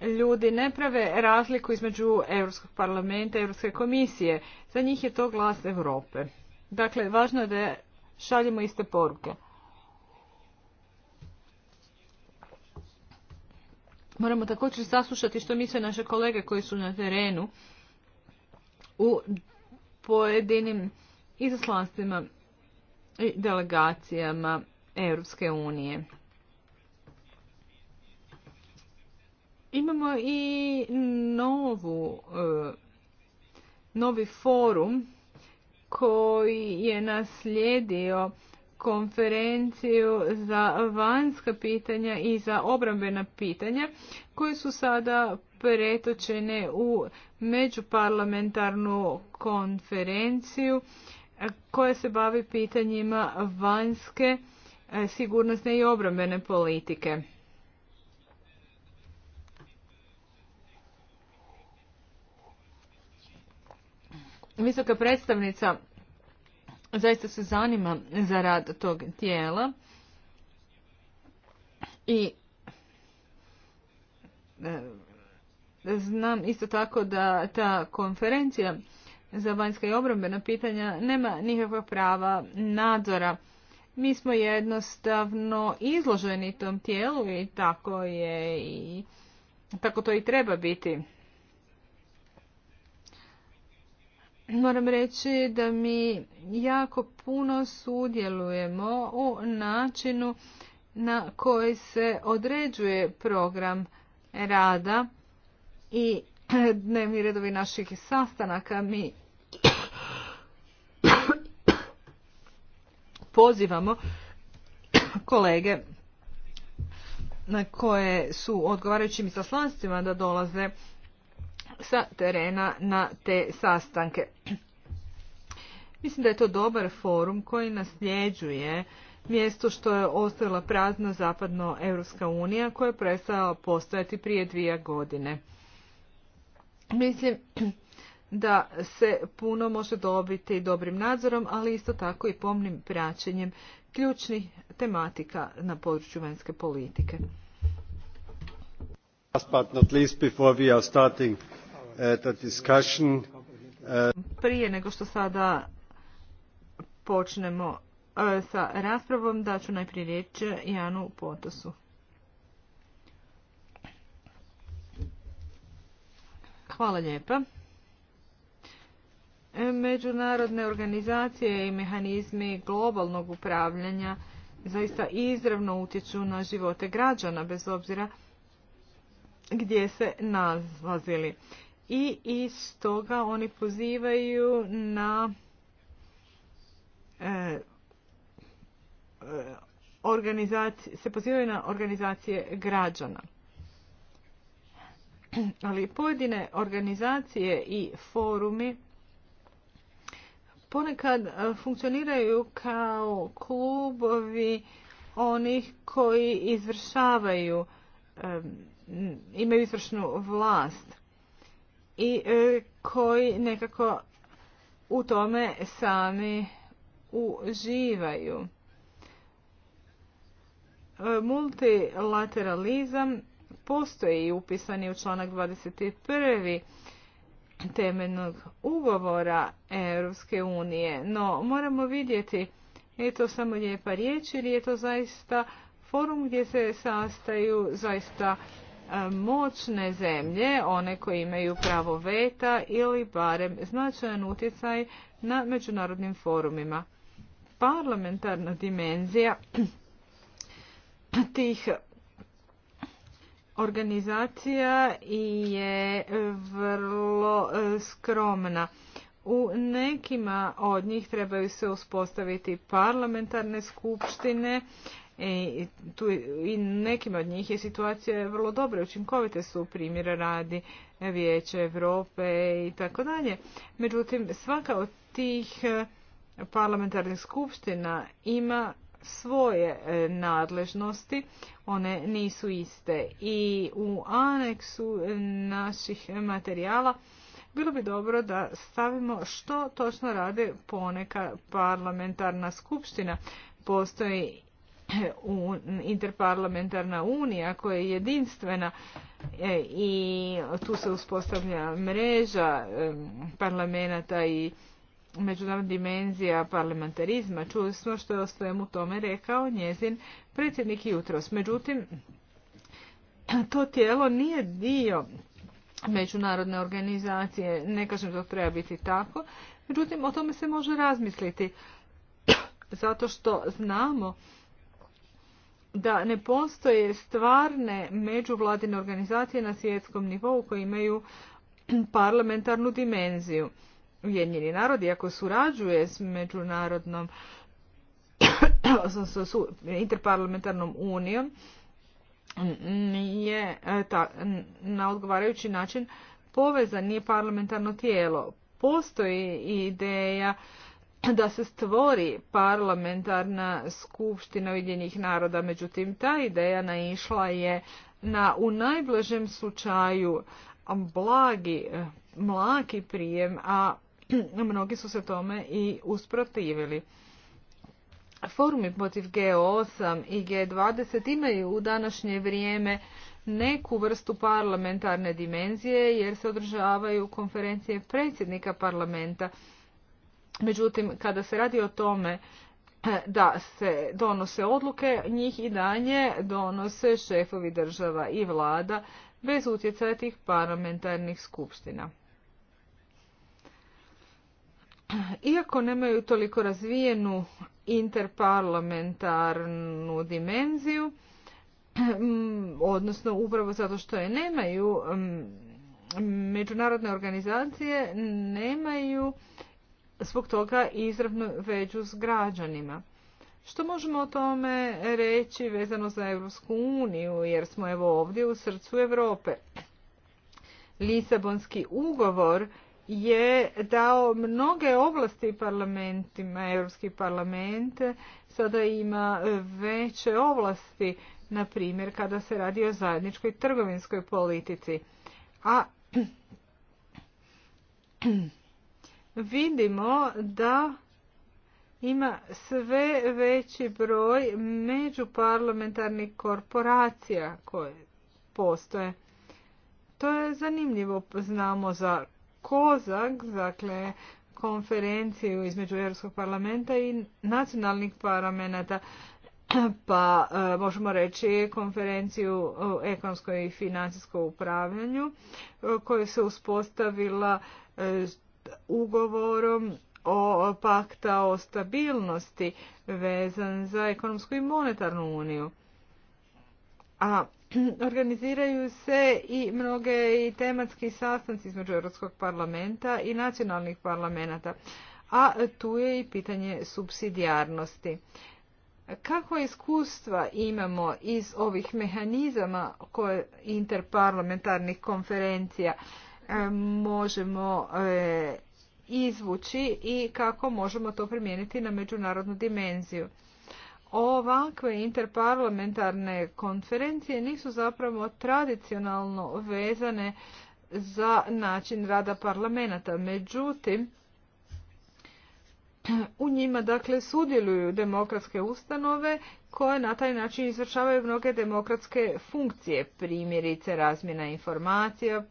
Ljudi ne prave razliku između Europskog parlamenta i Europske komisije. Za njih je to glas Europe. Dakle, važno je da šaljemo iste poruke. Moramo također saslušati što misle naše kolege koji su na terenu u pojedinim izaslanstvima i delegacijama Europske unije. Imamo i novu, e, novi forum koji je naslijedio konferenciju za vanjska pitanja i za obrambena pitanja koje su sada pretočene u međuparlamentarnu konferenciju koja se bavi pitanjima vanjske e, sigurnosne i obrambene politike. Visoka predstavnica zaista se zanima za rad tog tijela i e, znam isto tako da ta konferencija za vanjska i obrambena pitanja nema nikakva prava nadzora. Mi smo jednostavno izloženi tom tijelu i tako je i tako to i treba biti. Moram reći da mi jako puno sudjelujemo u načinu na koji se određuje program rada i dnevni redovi naših sastanaka. Mi pozivamo kolege na koje su odgovarajućim saslanstvima da dolaze sa terena na te sastanke. Mislim da je to dobar forum koji nasljeđuje mjesto što je ostavila prazna zapadno Europska unija koja je prestala postojati prije dvije godine. Mislim da se puno može dobiti dobrim nadzorom, ali isto tako i pomnim praćenjem ključnih tematika na području vanjske politike. Last least before we are starting Uh, uh, prije nego što sada počnemo uh, sa raspravom, da ću najprije riječ Janu Potosu. Hvala lijepa. Međunarodne organizacije i mehanizmi globalnog upravljanja zaista izravno utječu na živote građana, bez obzira gdje se nalazili i iz toga oni pozivaju na e, e, se pozivaju na organizacije građana. Ali pojedine organizacije i forumi ponekad e, funkcioniraju kao klubovi onih koji izvršavaju, imaju izvršnu vlast i e, koji nekako u tome sami uživaju. E, multilateralizam postoji i upisan je u članak 21. temeljnog ugovora Europske unije, no moramo vidjeti je to samo lijepa riječ ili je to zaista forum gdje se sastaju zaista moćne zemlje, one koje imaju pravo veta ili barem značajan utjecaj na međunarodnim forumima. Parlamentarna dimenzija tih organizacija je vrlo e, skromna. U nekima od njih trebaju se uspostaviti parlamentarne skupštine i, tu, i nekima od njih je situacija vrlo dobra, učinkovite su primjera radi Vijeće Europe i tako dalje. Međutim, svaka od tih e, parlamentarnih skupština ima svoje e, nadležnosti, one nisu iste. I u aneksu e, naših materijala bilo bi dobro da stavimo što točno rade poneka parlamentarna skupština. Postoji interparlamentarna unija koja je jedinstvena e, i tu se uspostavlja mreža e, parlamenta i međunarodna dimenzija parlamentarizma. Čuli smo što je o svemu tome rekao njezin predsjednik jutros. Međutim, to tijelo nije dio međunarodne organizacije. Ne kažem da treba biti tako. Međutim, o tome se može razmisliti. Zato što znamo da ne postoje stvarne međuvladine organizacije na svjetskom nivou koje imaju parlamentarnu dimenziju. Ujedinjeni narodi, ako surađuje s međunarodnom s interparlamentarnom unijom, nije e, na odgovarajući način povezan, nije parlamentarno tijelo. Postoji ideja da se stvori parlamentarna skupština Ujedinjenih naroda. Međutim, ta ideja naišla je na u najblažem slučaju blagi, mlaki prijem, a mnogi su se tome i usprotivili. Forumi protiv G8 i G20 imaju u današnje vrijeme neku vrstu parlamentarne dimenzije jer se održavaju konferencije predsjednika parlamenta Međutim, kada se radi o tome eh, da se donose odluke, njih i danje donose šefovi država i vlada bez utjecaja tih parlamentarnih skupština. Iako nemaju toliko razvijenu interparlamentarnu dimenziju, mm, odnosno upravo zato što je nemaju mm, međunarodne organizacije, nemaju zbog toga izravnu veđu s građanima. Što možemo o tome reći vezano za Europsku uniju, jer smo evo ovdje u srcu Europe. Lisabonski ugovor je dao mnoge ovlasti parlamentima, Europski parlament sada ima veće ovlasti, na primjer kada se radi o zajedničkoj trgovinskoj politici. A vidimo da ima sve veći broj međuparlamentarnih korporacija koje postoje. To je zanimljivo, znamo za Kozak, dakle konferenciju između Europskog parlamenta i nacionalnih parlamenta, pa e, možemo reći konferenciju o ekonomskoj i financijskom upravljanju e, koja se uspostavila e, ugovorom o pakta o stabilnosti vezan za ekonomsku i monetarnu uniju. A organiziraju se i mnoge i tematski sastanci između Europskog parlamenta i nacionalnih parlamenta, a tu je i pitanje subsidijarnosti. Kako iskustva imamo iz ovih mehanizama koje interparlamentarnih konferencija? E, možemo e, izvući i kako možemo to primijeniti na međunarodnu dimenziju. Ovakve interparlamentarne konferencije nisu zapravo tradicionalno vezane za način rada parlamenta. Međutim, u njima dakle sudjeluju demokratske ustanove koje na taj način izvršavaju mnoge demokratske funkcije, primjerice razmjena informacija,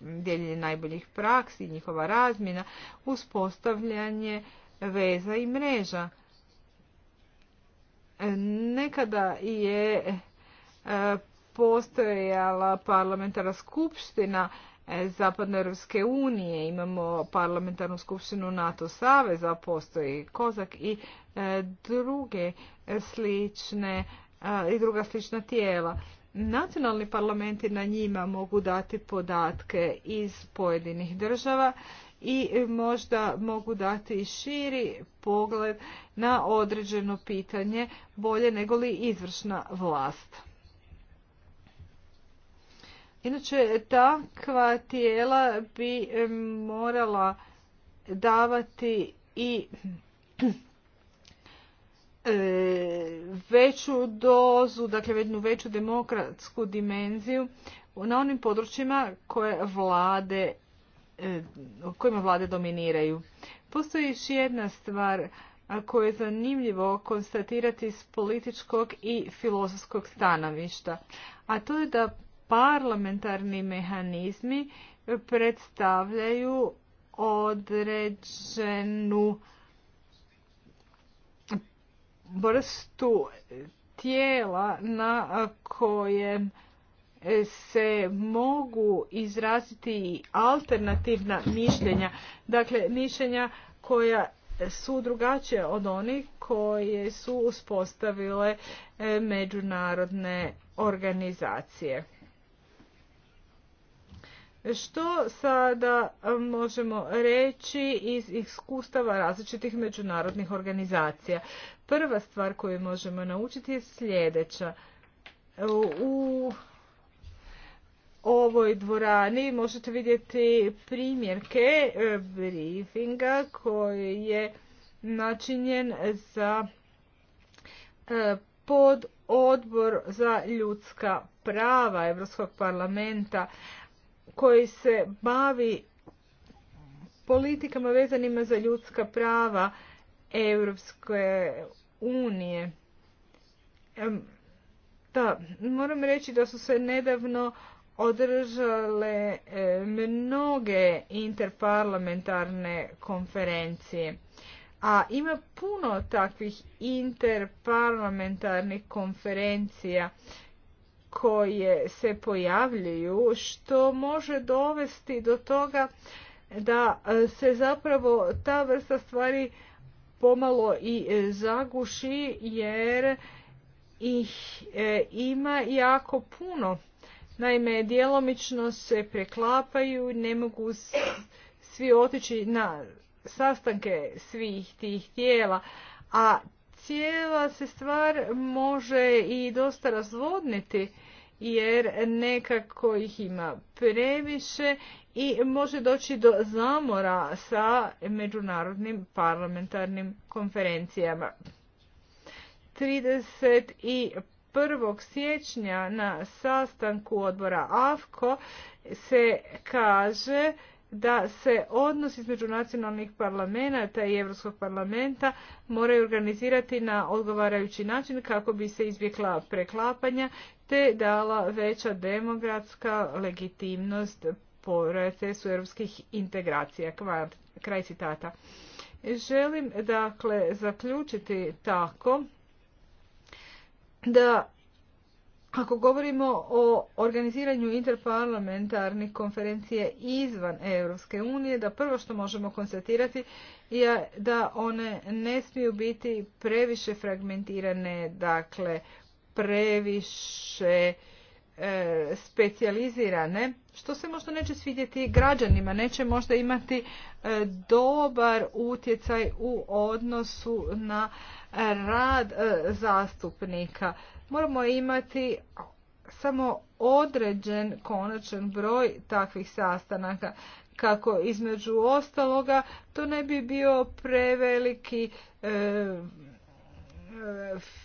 dijeljenje najboljih praksi, njihova razmjena, uspostavljanje veza i mreža. Nekada je e, postojala parlamentarna skupština zapadne Europske unije, imamo parlamentarnu skupštinu NATO saveza, postoji Kozak i e, druge slične e, i druga slična tijela. Nacionalni parlamenti na njima mogu dati podatke iz pojedinih država i možda mogu dati i širi pogled na određeno pitanje bolje nego li izvršna vlast. Inače, takva tijela bi morala davati i e, veću dozu, dakle jednu veću demokratsku dimenziju na onim područjima koje vlade, e, kojima vlade dominiraju. Postoji još jedna stvar koju je zanimljivo konstatirati s političkog i filozofskog stanovišta, a to je da parlamentarni mehanizmi predstavljaju određenu vrstu tijela na kojem se mogu izraziti alternativna mišljenja. Dakle, mišljenja koja su drugačije od onih koje su uspostavile e, međunarodne organizacije. Što sada e, možemo reći iz iskustava različitih međunarodnih organizacija? Prva stvar koju možemo naučiti je sljedeća. U ovoj dvorani možete vidjeti primjerke e, briefinga koji je načinjen za e, pod odbor za ljudska prava Europskog parlamenta koji se bavi politikama vezanima za ljudska prava Europske unije. Da, moram reći da su se nedavno održale e, mnoge interparlamentarne konferencije. A ima puno takvih interparlamentarnih konferencija koje se pojavljuju što može dovesti do toga da e, se zapravo ta vrsta stvari pomalo i e, zaguši jer ih e, ima jako puno. Naime, djelomično se preklapaju, ne mogu svi otići na sastanke svih tih tijela, a cijela se stvar može i dosta razvodniti jer nekako ih ima previše i može doći do zamora sa međunarodnim parlamentarnim konferencijama. 31. siječnja na sastanku odbora AFKO se kaže da se odnos između nacionalnih parlamenta i Europskog parlamenta moraju organizirati na odgovarajući način kako bi se izbjegla preklapanja te dala veća demokratska legitimnost procesu europskih integracija. Kraj citata. Želim dakle zaključiti tako da ako govorimo o organiziranju interparlamentarnih konferencije izvan Europske unije, da prvo što možemo konstatirati je da one ne smiju biti previše fragmentirane, dakle previše e, specijalizirane, što se možda neće svidjeti građanima, neće možda imati e, dobar utjecaj u odnosu na rad e, zastupnika. Moramo imati samo određen konačan broj takvih sastanaka kako između ostaloga to ne bi bio preveliki e, e,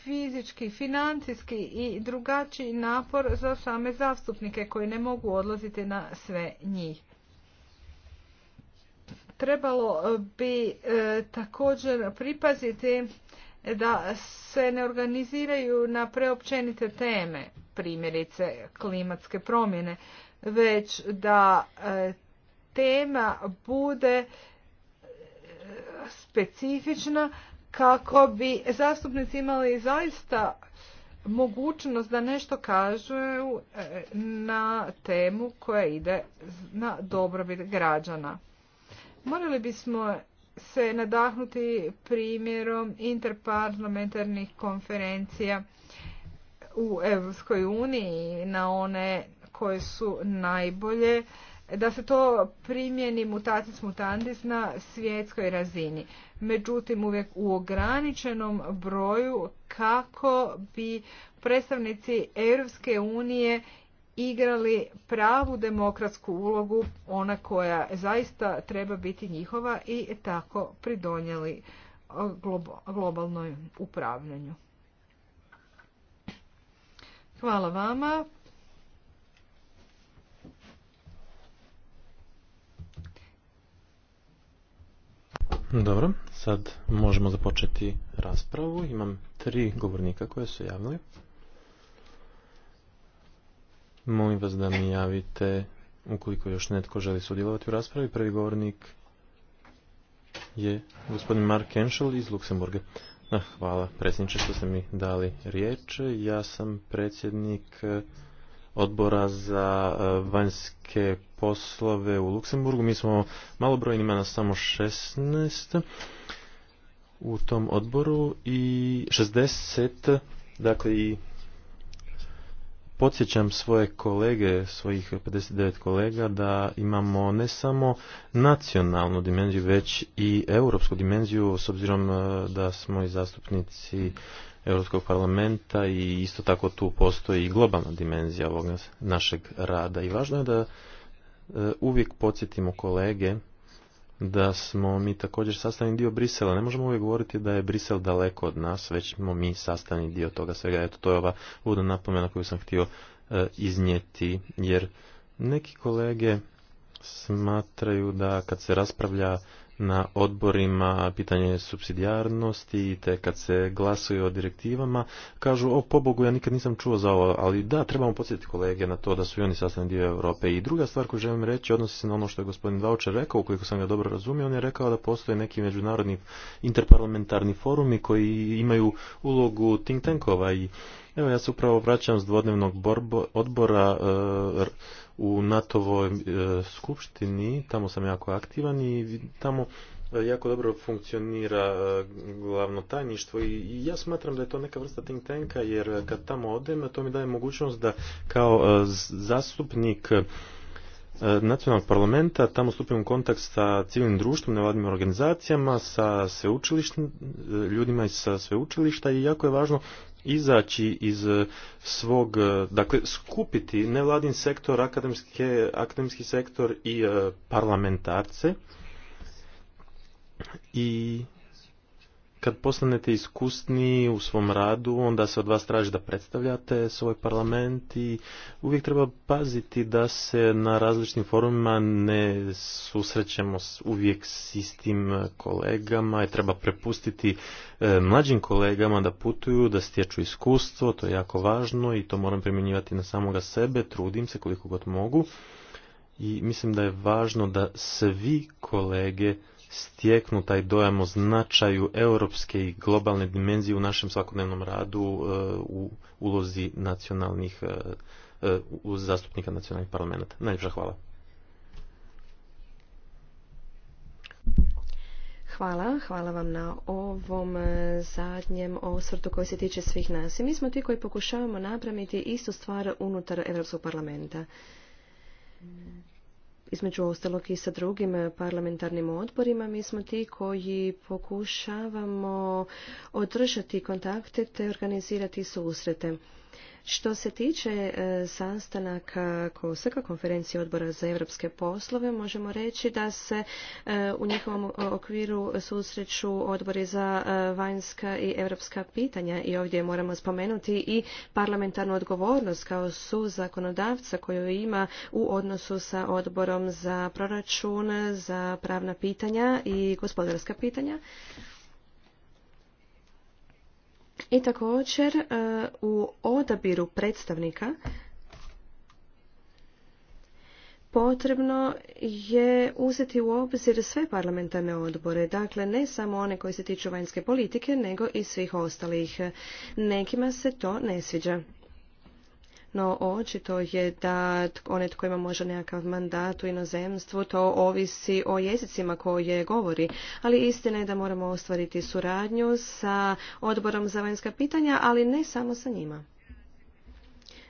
fizički, financijski i drugačiji napor za same zastupnike koji ne mogu odlaziti na sve njih. Trebalo bi također pripaziti da se ne organiziraju na preopćenite teme, primjerice klimatske promjene, već da e, tema bude e, specifična kako bi zastupnici imali zaista mogućnost da nešto kažu e, na temu koja ide na dobrobit građana. Morali bismo se nadahnuti primjerom interparlamentarnih konferencija u Europskoj uniji na one koje su najbolje da se to primjeni mutatis mutandis na svjetskoj razini. Međutim, uvijek u ograničenom broju kako bi predstavnici Europske unije igrali pravu demokratsku ulogu, ona koja zaista treba biti njihova i tako pridonijeli globalnoj upravljanju. Hvala vama. Dobro, sad možemo započeti raspravu. Imam tri govornika koje su javili. Molim vas da mi javite ukoliko još netko želi sudjelovati u raspravi. Prvi govornik je gospodin Mark Enschel iz Luksemburga. Ah, hvala predsjedniče što ste mi dali riječ. Ja sam predsjednik odbora za e, vanjske poslove u Luksemburgu. Mi smo malobrojni, ima nas samo 16 u tom odboru i 60, dakle i podsjećam svoje kolege, svojih 59 kolega, da imamo ne samo nacionalnu dimenziju, već i europsku dimenziju, s obzirom e, da smo i zastupnici Europskog parlamenta i isto tako tu postoji i globalna dimenzija ovog našeg rada. I važno je da e, uvijek podsjetimo kolege da smo mi također sastavni dio Brisela. Ne možemo uvijek govoriti da je Brisel daleko od nas, već smo mi sastavni dio toga svega. Eto, to je ova uvodna napomena koju sam htio e, iznijeti, jer neki kolege smatraju da kad se raspravlja na odborima pitanje subsidijarnosti te kad se glasuje o direktivama kažu o pobogu ja nikad nisam čuo za ovo ali da trebamo podsjetiti kolege na to da su i oni sastavni dio Europe i druga stvar koju želim reći odnosi se na ono što je gospodin Vaučer rekao ukoliko sam ga dobro razumio on je rekao da postoje neki međunarodni interparlamentarni forumi koji imaju ulogu think tankova i evo ja se upravo vraćam s dvodnevnog odbora e, u NATO-voj e, skupštini, tamo sam jako aktivan i tamo e, jako dobro funkcionira e, glavno tajništvo i ja smatram da je to neka vrsta think tanka jer kad tamo odem to mi daje mogućnost da kao zastupnik nacionalnog parlamenta, tamo stupim u kontakt sa civilnim društvom, nevladnim organizacijama, sa sveučilišnim ljudima iz sveučilišta i jako je važno izaći iz e, svog, e, dakle skupiti nevladin sektor, akademske, akademski sektor i e, parlamentarce i kad postanete iskusni u svom radu, onda se od vas traži da predstavljate svoj parlament i uvijek treba paziti da se na različitim forumima ne susrećemo uvijek s istim kolegama i treba prepustiti e, mlađim kolegama da putuju, da stječu iskustvo, to je jako važno i to moram primjenjivati na samoga sebe, trudim se koliko god mogu i mislim da je važno da svi kolege stjeknu taj dojam o značaju europske i globalne dimenzije u našem svakodnevnom radu e, u ulozi nacionalnih e, e, zastupnika nacionalnih parlamenta. Najljepša hvala. Hvala, hvala vam na ovom zadnjem osvrtu koji se tiče svih nas. I mi smo ti koji pokušavamo napraviti istu stvar unutar Europskog parlamenta između ostalog i sa drugim eh, parlamentarnim odborima. Mi smo ti koji pokušavamo održati kontakte te organizirati susrete. Što se tiče e, sastanaka Kosaka, konferencije odbora za evropske poslove, možemo reći da se e, u njihovom e, okviru susreću odbori za vanjska i evropska pitanja i ovdje moramo spomenuti i parlamentarnu odgovornost kao su zakonodavca koju ima u odnosu sa odborom za proračun, za pravna pitanja i gospodarska pitanja. I također e, u odabiru predstavnika potrebno je uzeti u obzir sve parlamentarne odbore, dakle ne samo one koji se tiču vanjske politike, nego i svih ostalih. Nekima se to ne sviđa no očito je da onaj tko ima možda nekakav mandat u inozemstvu, to ovisi o jezicima koje govori. Ali istina je da moramo ostvariti suradnju sa odborom za vanjska pitanja, ali ne samo sa njima.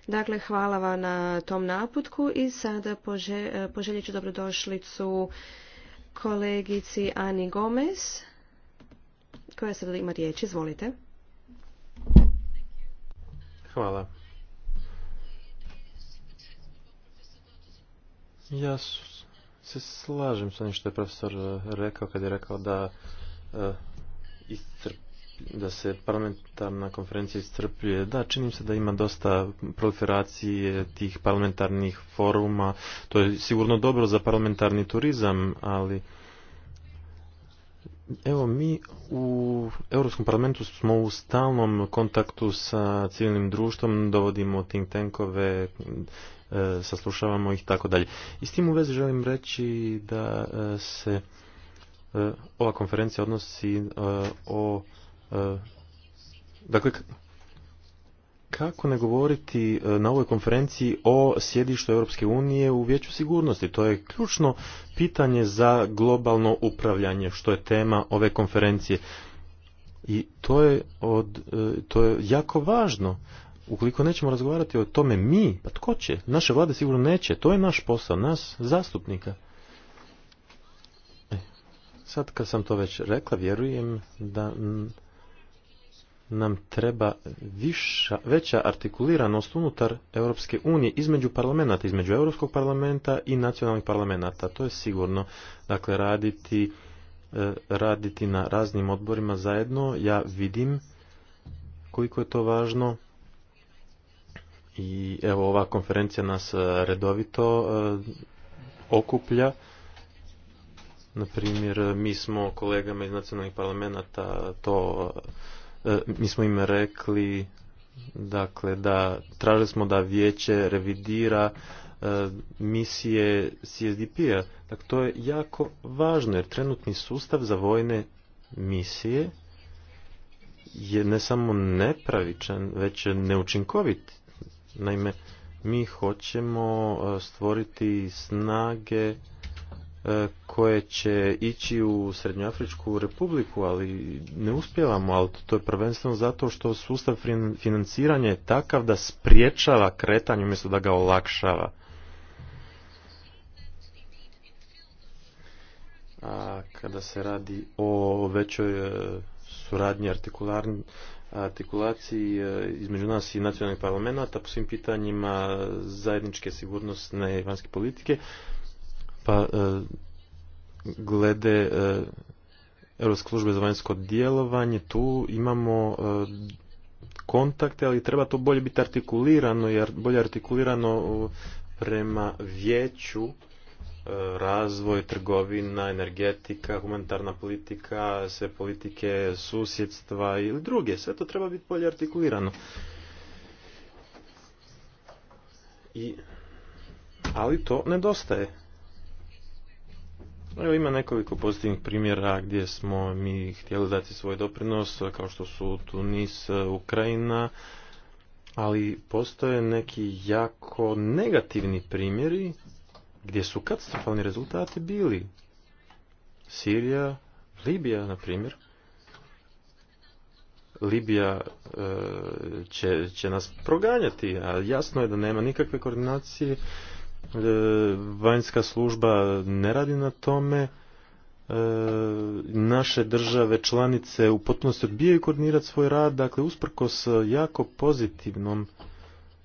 Dakle, hvala vam na tom naputku i sada pože, ću dobrodošlicu kolegici Ani Gomez, koja sada ima riječ. Izvolite. Hvala. Ja se slažem s onim što je profesor e, rekao kad je rekao da e, da se parlamentarna konferencija iscrpljuje. Da, činim se da ima dosta proliferacije tih parlamentarnih foruma. To je sigurno dobro za parlamentarni turizam, ali evo mi u Europskom parlamentu smo u stalnom kontaktu sa civilnim društvom, dovodimo think tankove, E, saslušavamo ih tako dalje. I s tim u vezi želim reći da e, se e, ova konferencija odnosi o dakle kako ne govoriti na ovoj konferenciji o sjedištu Europske unije u vijeću sigurnosti? To je ključno pitanje za globalno upravljanje, što je tema ove konferencije. I to je, od, to je jako važno ukoliko nećemo razgovarati o tome mi, pa tko će? Naše vlade sigurno neće. To je naš posao, nas zastupnika. E, sad kad sam to već rekla, vjerujem da nam treba viša, veća artikuliranost unutar Europske unije između parlamenta, između Europskog parlamenta i nacionalnih parlamenta. To je sigurno, dakle, raditi, e, raditi na raznim odborima zajedno. Ja vidim koliko je to važno i evo ova konferencija nas e, redovito e, okuplja. Na primjer, mi smo kolegama iz nacionalnih parlamenta to, e, mi smo im rekli, dakle, da tražili smo da vijeće revidira misije CSDP-a. Dakle, to je jako važno jer trenutni sustav za vojne misije je ne samo nepravičan, već neučinkovit Naime, mi hoćemo e, stvoriti snage e, koje će ići u Srednjoafričku republiku, ali ne uspjevamo, ali to je prvenstveno zato što sustav financiranja je takav da spriječava kretanje umjesto da ga olakšava. A kada se radi o većoj e, suradnji artikulaciji e, između nas i nacionalnih parlamenta po svim pitanjima zajedničke sigurnosne i vanjske politike. Pa e, glede e, Europske službe za vanjsko djelovanje, tu imamo kontakte, ali treba to bolje biti artikulirano, jer bolje artikulirano prema vijeću razvoj, trgovina, energetika, humanitarna politika, sve politike susjedstva ili druge. Sve to treba biti bolje artikulirano. I, ali to nedostaje. Evo ima nekoliko pozitivnih primjera gdje smo mi htjeli dati svoj doprinos, kao što su Tunis, Ukrajina, ali postoje neki jako negativni primjeri gdje su katastrofalni rezultati bili. Sirija, Libija, na primjer. Libija e, će, će nas proganjati, a jasno je da nema nikakve koordinacije. E, vanjska služba ne radi na tome. E, naše države članice u potpunosti odbijaju koordinirati svoj rad, dakle usprkos jako pozitivnom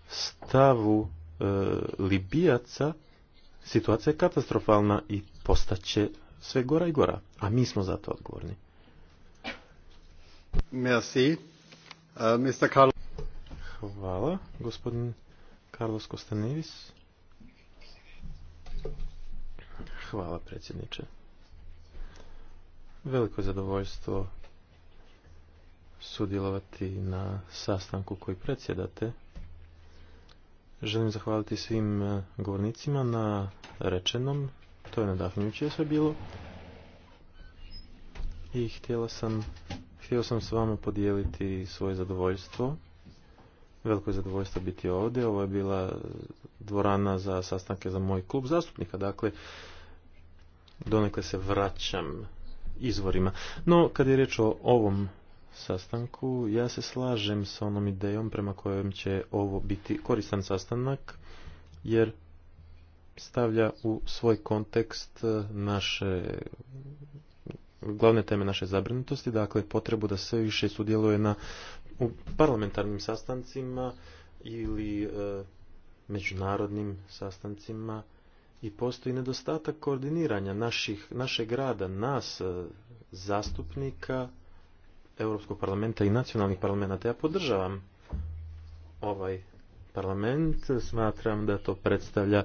stavu e, Libijaca Situacija je katastrofalna i postaće sve gora i gora, a mi smo za to odgovorni. Merci. Uh, Mr. Carlos. Hvala, gospodin Carlos Kostanevis. Hvala, predsjedniče. Veliko zadovoljstvo sudjelovati na sastanku koji predsjedate Želim zahvaliti svim e, govornicima na rečenom. To je nadahnjuće sve bilo. I htjela sam, htio sam s vama podijeliti svoje zadovoljstvo. Veliko je zadovoljstvo biti ovdje. Ovo je bila dvorana za sastanke za moj klub zastupnika. Dakle, donekle se vraćam izvorima. No, kad je riječ o ovom sastanku. Ja se slažem sa onom idejom prema kojem će ovo biti koristan sastanak, jer stavlja u svoj kontekst e, naše glavne teme naše zabrinutosti, dakle potrebu da sve više sudjeluje na u parlamentarnim sastancima ili e, međunarodnim sastancima i postoji nedostatak koordiniranja naših, našeg rada, nas, e, zastupnika Europskog parlamenta i nacionalnih parlamenta. Ja podržavam ovaj parlament, smatram da to predstavlja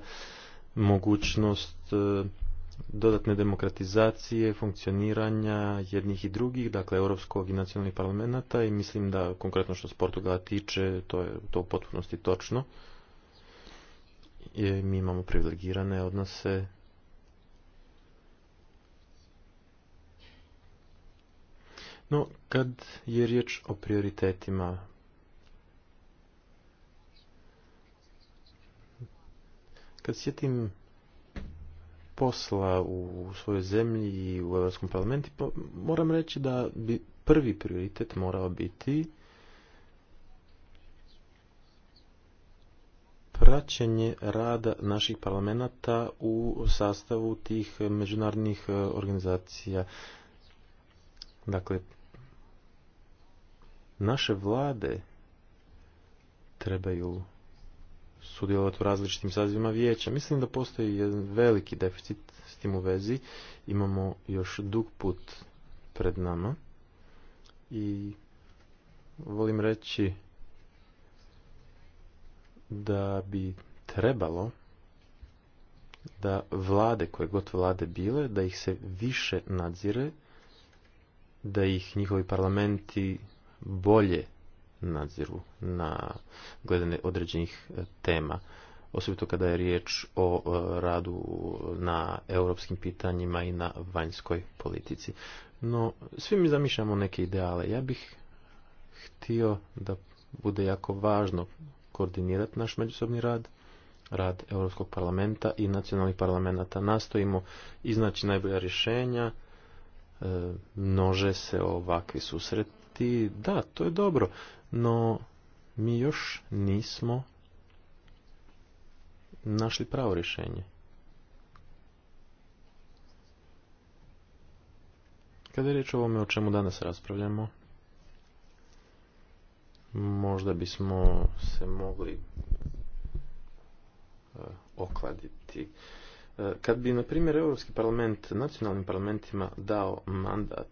mogućnost e, dodatne demokratizacije, funkcioniranja jednih i drugih, dakle europskog i nacionalnih parlamenta i mislim da konkretno što se Portugala tiče, to je to u potpunosti točno. mi imamo privilegirane odnose No, kad je riječ o prioritetima, kad sjetim posla u svojoj zemlji i u Europskom parlamentu, pa moram reći da bi prvi prioritet morao biti praćenje rada naših parlamenta u sastavu tih međunarodnih e, organizacija. Dakle, Naše vlade trebaju sudjelovati u različitim sazivima vijeća. Mislim da postoji jedan veliki deficit s tim u vezi. Imamo još dug put pred nama i volim reći da bi trebalo da vlade, koje god vlade bile, da ih se više nadzire, da ih njihovi parlamenti bolje nadziru na gledanje određenih e, tema. Osobito kada je riječ o e, radu na europskim pitanjima i na vanjskoj politici. No, svi mi zamišljamo neke ideale. Ja bih htio da bude jako važno koordinirati naš međusobni rad, rad Europskog parlamenta i nacionalnih parlamenta. Nastojimo iznaći najbolja rješenja, e, množe se ovakvi susreti ti da, to je dobro, no mi još nismo našli pravo rješenje. Kada je riječ o ovome o čemu danas raspravljamo, možda bismo se mogli e, okladiti. E, kad bi, na primjer, Europski parlament nacionalnim parlamentima dao mandat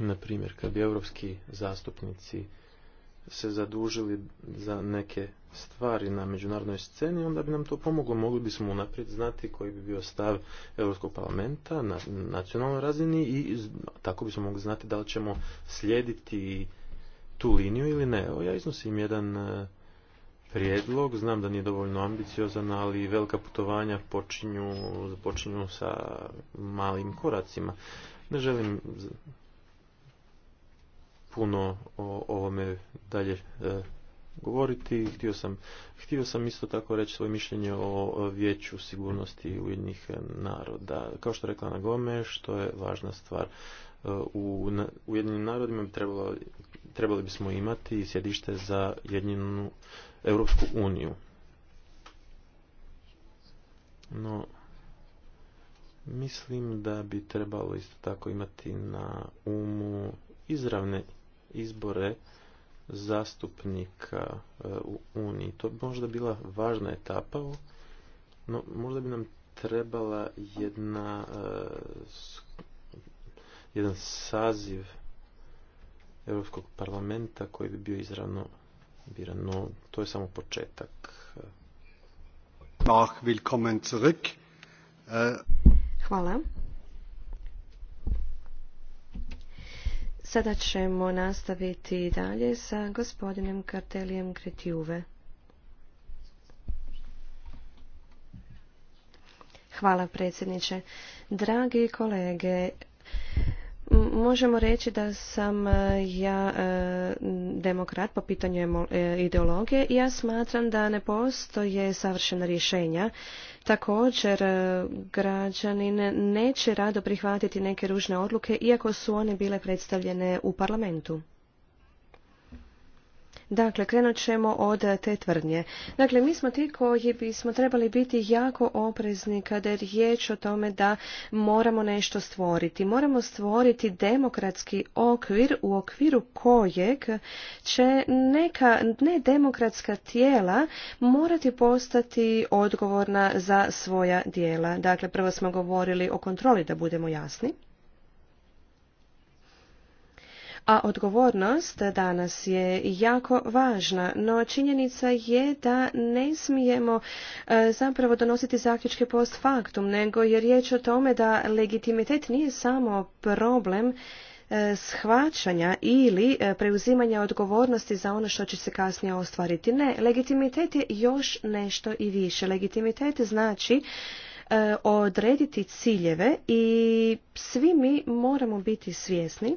Na primjer, kad bi europski zastupnici se zadužili za neke stvari na međunarodnoj sceni, onda bi nam to pomoglo. Mogli bismo unaprijed znati koji bi bio stav Europskog parlamenta na nacionalnoj razini i tako bismo mogli znati da li ćemo slijediti tu liniju ili ne. Evo, ja iznosim jedan e, prijedlog, znam da nije dovoljno ambiciozan, ali velika putovanja počinju, počinju sa malim koracima. Ne želim puno o ovome dalje e, govoriti. Htio sam, htio sam isto tako reći svoje mišljenje o vijeću sigurnosti Ujedinjenih naroda. Kao što rekla na Gome, što je važna stvar. E, u Ujedinjenim narodima trebalo, trebali bismo imati sjedište za jedinu Europsku uniju. No, mislim da bi trebalo isto tako imati na umu izravne izbore zastupnika e, u Uniji. To bi možda bila važna etapa, no možda bi nam trebala jedna e, jedan saziv Europskog parlamenta koji bi bio izravno biran, no to je samo početak. E, Hvala. Sada ćemo nastaviti dalje sa gospodinem Kartelijem Kretjuve. Hvala predsjedniče. Dragi kolege, možemo reći da sam e, ja e, demokrat po pitanju e, ideologije i ja smatram da ne postoje savršena rješenja Također, e, građanin neće rado prihvatiti neke ružne odluke, iako su one bile predstavljene u parlamentu. Dakle, krenut ćemo od te tvrdnje. Dakle, mi smo ti koji bismo trebali biti jako oprezni kada je riječ o tome da moramo nešto stvoriti. Moramo stvoriti demokratski okvir u okviru kojeg će neka nedemokratska tijela morati postati odgovorna za svoja dijela. Dakle, prvo smo govorili o kontroli, da budemo jasni a odgovornost danas je jako važna, no činjenica je da ne smijemo e, zapravo donositi zaključke post factum, nego je riječ o tome da legitimitet nije samo problem e, shvaćanja ili e, preuzimanja odgovornosti za ono što će se kasnije ostvariti. Ne, legitimitet je još nešto i više. Legitimitet znači odrediti ciljeve i svi mi moramo biti svjesni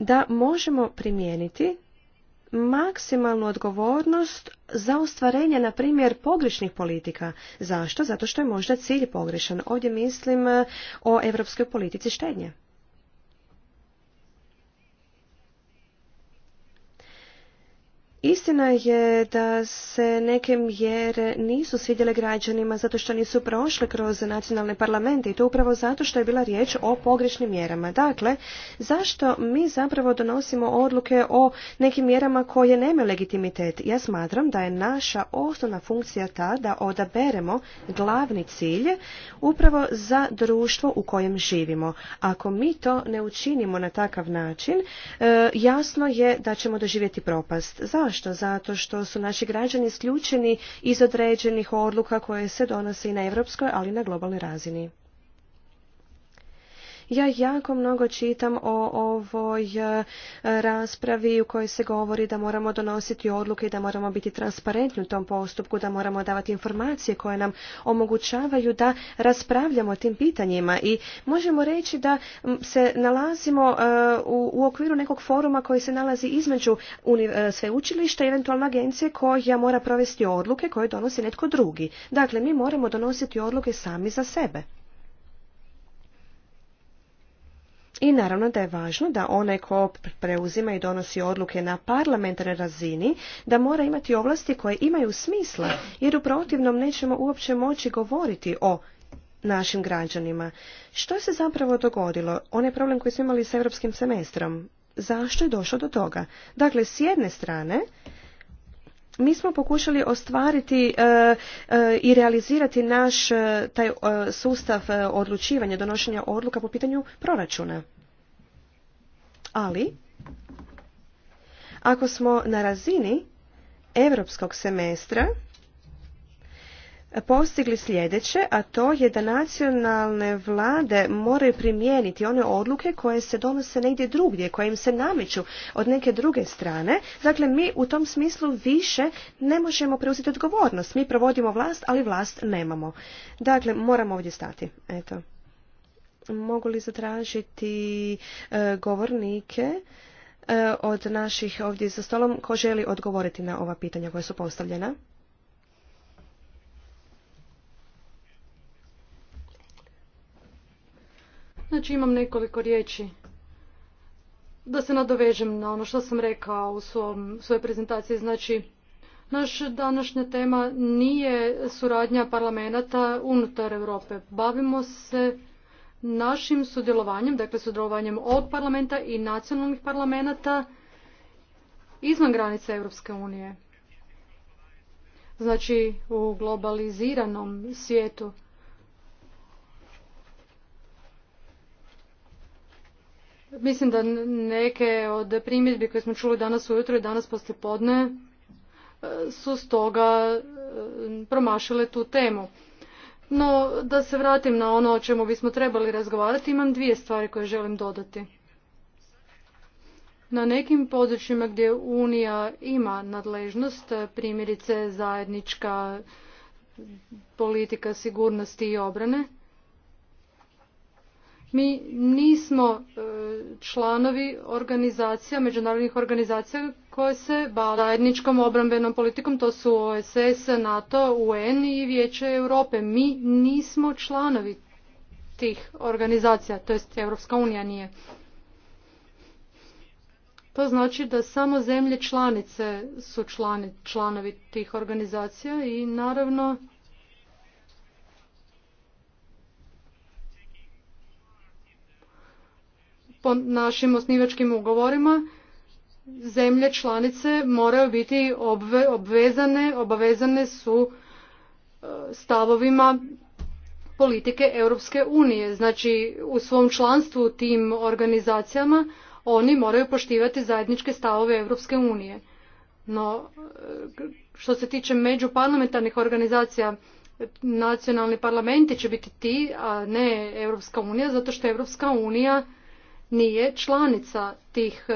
da možemo primijeniti maksimalnu odgovornost za ostvarenje, na primjer, pogrešnih politika. Zašto? Zato što je možda cilj pogrešan. Ovdje mislim eh, o europskoj politici štednje. Istina je da se neke mjere nisu svidjele građanima zato što nisu prošle kroz nacionalne parlamente i to upravo zato što je bila riječ o pogrešnim mjerama. Dakle, zašto mi zapravo donosimo odluke o nekim mjerama koje nemaju legitimitet? Ja smatram da je naša osnovna funkcija ta da odaberemo glavni cilj upravo za društvo u kojem živimo. Ako mi to ne učinimo na takav način, e, jasno je da ćemo doživjeti propast. Zašto? Zašto? Zato što su naši građani isključeni iz određenih odluka koje se donose i na europskoj, ali i na globalnoj razini. Ja jako mnogo čitam o ovoj e, raspravi u kojoj se govori da moramo donositi odluke i da moramo biti transparentni u tom postupku, da moramo davati informacije koje nam omogućavaju da raspravljamo o tim pitanjima i možemo reći da se nalazimo e, u okviru nekog foruma koji se nalazi između e, sveučilišta i eventualno agencije koja mora provesti odluke koje donosi netko drugi. Dakle, mi moramo donositi odluke sami za sebe. I naravno da je važno da onaj ko preuzima i donosi odluke na parlamentarnoj razini, da mora imati ovlasti koje imaju smisla, jer u protivnom nećemo uopće moći govoriti o našim građanima. Što se zapravo dogodilo? Onaj problem koji smo imali s europskim semestrom. Zašto je došlo do toga? Dakle, s jedne strane, mi smo pokušali ostvariti e, e, i realizirati naš e, taj sustav odlučivanja, donošenja odluka po pitanju proračuna. Ali, ako smo na razini europskog semestra, postigli sljedeće, a to je da nacionalne vlade moraju primijeniti one odluke koje se donose negdje drugdje, koje im se nameću od neke druge strane. Dakle, mi u tom smislu više ne možemo preuzeti odgovornost. Mi provodimo vlast, ali vlast nemamo. Dakle, moramo ovdje stati. Eto. Mogu li zatražiti e, govornike e, od naših ovdje za stolom ko želi odgovoriti na ova pitanja koja su postavljena? Znači imam nekoliko riječi da se nadovežem na ono što sam rekao u svojoj prezentaciji. Znači, naš današnja tema nije suradnja parlamenta unutar Europe. Bavimo se našim sudjelovanjem, dakle sudjelovanjem od parlamenta i nacionalnih parlamenta izvan granica Europske unije. Znači u globaliziranom svijetu Mislim da neke od primjedbi koje smo čuli danas ujutro i danas poslijepodne e, su stoga e, promašile tu temu. No, da se vratim na ono o čemu bismo trebali razgovarati, imam dvije stvari koje želim dodati. Na nekim područjima gdje Unija ima nadležnost, primjerice zajednička politika sigurnosti i obrane, mi nismo e, članovi organizacija, međunarodnih organizacija koje se bave zajedničkom obrambenom politikom, to su OSS, NATO, UN i Vijeće Europe. Mi nismo članovi tih organizacija, to jest Europska unija nije. To znači da samo zemlje članice su članovi tih organizacija i naravno po našim osnivačkim ugovorima zemlje članice moraju biti obvezane, obavezane su e, stavovima politike Europske unije. Znači u svom članstvu tim organizacijama oni moraju poštivati zajedničke stavove Europske unije. No e, što se tiče međuparlamentarnih organizacija nacionalni parlamenti će biti ti, a ne Europska unija, zato što Europska unija nije članica tih e,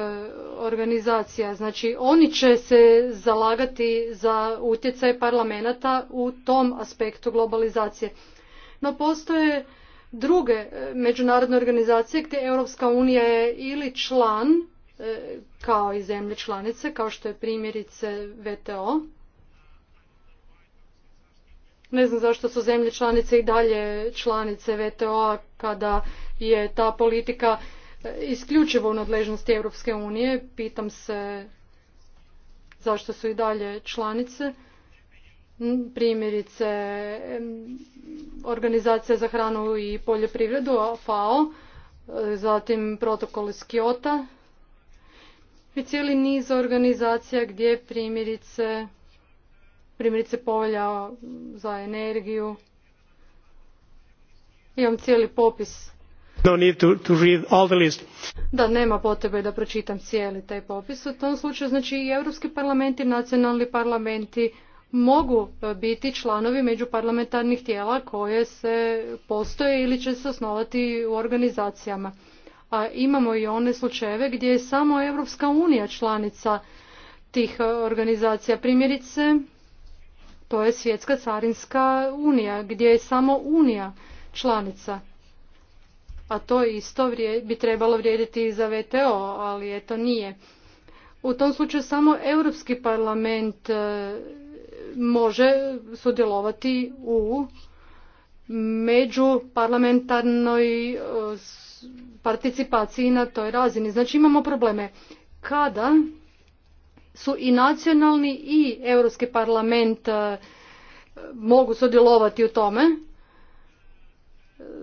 organizacija. Znači oni će se zalagati za utjecaj parlamenta u tom aspektu globalizacije. No postoje druge e, međunarodne organizacije gdje Europska unija je ili član e, kao i zemlje članice, kao što je primjerice VTO. Ne znam zašto su zemlje članice i dalje članice VTO-a kada je ta politika isključivo u nadležnosti Europske unije. Pitam se zašto su i dalje članice. Mm, primjerice, Organizacija za hranu i poljoprivredu, FAO, e, zatim protokol iz Kiota i cijeli niz organizacija gdje primjerice, primjerice povelja za energiju. Imam cijeli popis da, nema potrebe da pročitam cijeli taj popis. U tom slučaju, znači i Europski parlamenti, i nacionalni parlamenti mogu e, biti članovi međuparlamentarnih tijela koje se postoje ili će se osnovati u organizacijama. A imamo i one slučajeve gdje je samo Europska unija članica tih e, organizacija. Primjerice, to je Svjetska carinska unija, gdje je samo unija članica a to isto bi trebalo vrijediti i za VTO, ali eto nije. U tom slučaju samo Europski parlament e, može sudjelovati u međuparlamentarnoj e, participaciji na toj razini. Znači imamo probleme. Kada su i nacionalni i Europski parlament e, mogu sudjelovati u tome,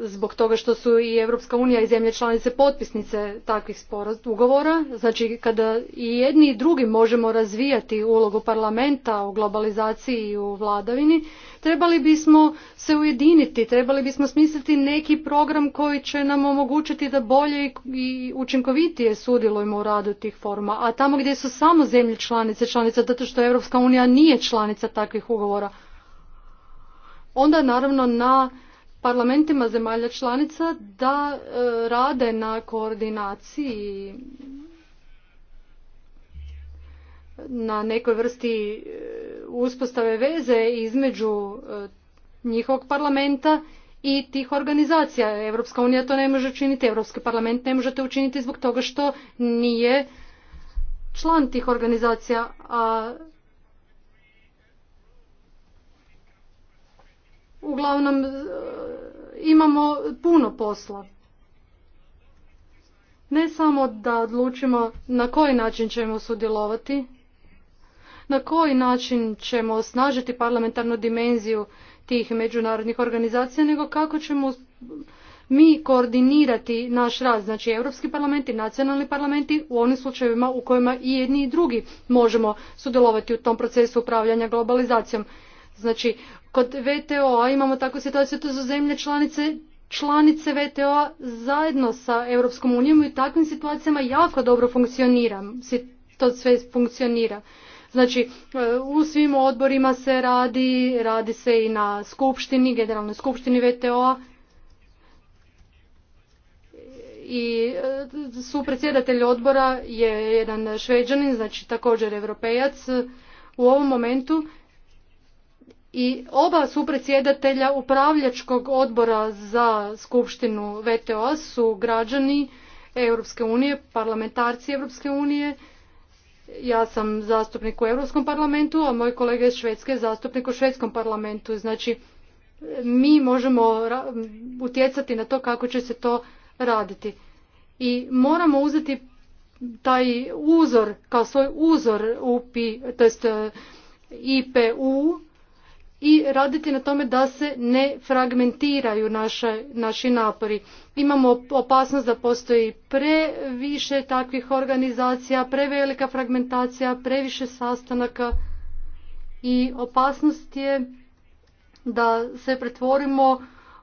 zbog toga što su i Europska unija i zemlje članice potpisnice takvih ugovora. Znači kada i jedni i drugi možemo razvijati ulogu parlamenta u globalizaciji i u vladavini, trebali bismo se ujediniti, trebali bismo smisliti neki program koji će nam omogućiti da bolje i učinkovitije sudjelujemo u radu tih forma. A tamo gdje su samo zemlje članice, članice zato što Europska unija nije članica takvih ugovora, onda naravno na parlamentima zemalja članica da e, rade na koordinaciji na nekoj vrsti e, uspostave veze između e, njihovog parlamenta i tih organizacija. Europska unija to ne može učiniti, Evropski parlament ne može to učiniti zbog toga što nije član tih organizacija, a uglavnom imamo puno posla. Ne samo da odlučimo na koji način ćemo sudjelovati, na koji način ćemo osnažiti parlamentarnu dimenziju tih međunarodnih organizacija, nego kako ćemo mi koordinirati naš rad, znači Europski parlament i nacionalni parlamenti u onim slučajevima u kojima i jedni i drugi možemo sudjelovati u tom procesu upravljanja globalizacijom. Znači, kod VTO imamo takvu situaciju, to su zemlje članice članice VTO zajedno sa Europskom unijom i u takvim situacijama jako dobro funkcionira. To sve funkcionira. Znači, e, u svim odborima se radi, radi se i na skupštini, generalnoj skupštini VTO-a i e, supredsjedatelj odbora je jedan šveđanin, znači također europejac u ovom momentu i oba su predsjedatelja upravljačkog odbora za skupštinu VTO su građani Europske unije, parlamentarci Europske unije. Ja sam zastupnik u Europskom parlamentu, a moj kolega iz Švedske je zastupnik u Švedskom parlamentu. Znači, mi možemo utjecati na to kako će se to raditi. I moramo uzeti taj uzor, kao svoj uzor UPI, to IPU, i raditi na tome da se ne fragmentiraju naši napori. Imamo opasnost da postoji previše takvih organizacija, prevelika fragmentacija, previše sastanaka i opasnost je da se pretvorimo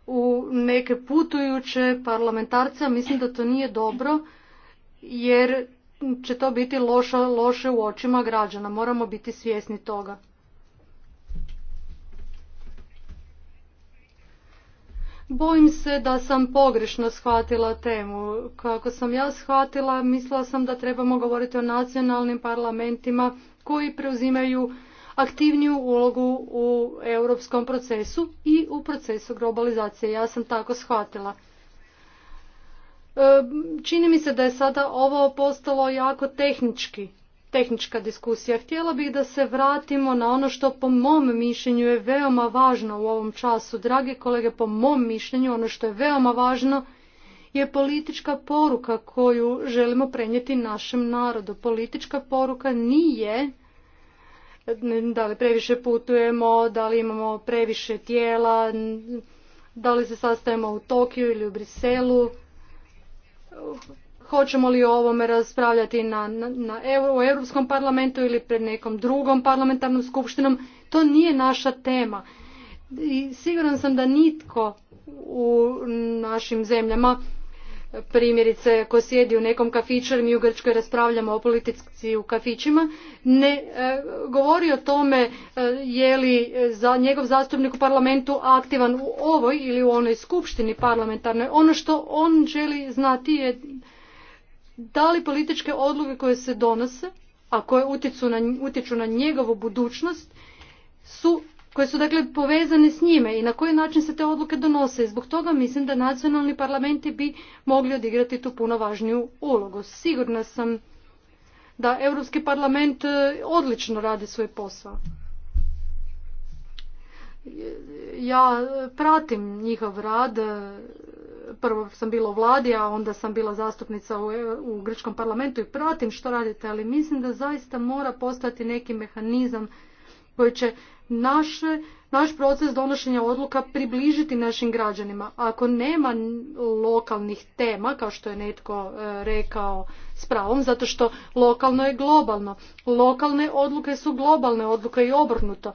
u neke putujuće parlamentarce, a mislim da to nije dobro jer će to biti loše u očima građana. Moramo biti svjesni toga. Bojim se da sam pogrešno shvatila temu. Kako sam ja shvatila, mislila sam da trebamo govoriti o nacionalnim parlamentima koji preuzimaju aktivniju ulogu u europskom procesu i u procesu globalizacije. Ja sam tako shvatila. E, čini mi se da je sada ovo postalo jako tehnički tehnička diskusija. Htjela bih da se vratimo na ono što po mom mišljenju je veoma važno u ovom času. Dragi kolege, po mom mišljenju ono što je veoma važno je politička poruka koju želimo prenijeti našem narodu. Politička poruka nije da li previše putujemo, da li imamo previše tijela, da li se sastajemo u Tokiju ili u Briselu hoćemo li o ovome raspravljati na, u Europskom parlamentu ili pred nekom drugom parlamentarnom skupštinom, to nije naša tema. I siguran sam da nitko u našim zemljama primjerice ko sjedi u nekom kafiću mi u grčkoj raspravljamo o politici u kafićima ne e, govori o tome e, je li za njegov zastupnik u parlamentu aktivan u ovoj ili u onoj skupštini parlamentarnoj ono što on želi znati je da li političke odluke koje se donose, a koje utječu na, njegovu budućnost, su, koje su dakle povezane s njime i na koji način se te odluke donose. zbog toga mislim da nacionalni parlamenti bi mogli odigrati tu puno važniju ulogu. Sigurna sam da Europski parlament e, odlično radi svoj posao. Ja pratim njihov rad, prvo sam bila u vladi, a onda sam bila zastupnica u, grčkom parlamentu i pratim što radite, ali mislim da zaista mora postati neki mehanizam koji će naš proces donošenja odluka približiti našim građanima. Ako nema lokalnih tema, kao što je netko e, rekao s pravom, zato što lokalno je globalno. Lokalne odluke su globalne odluke i obrnuto.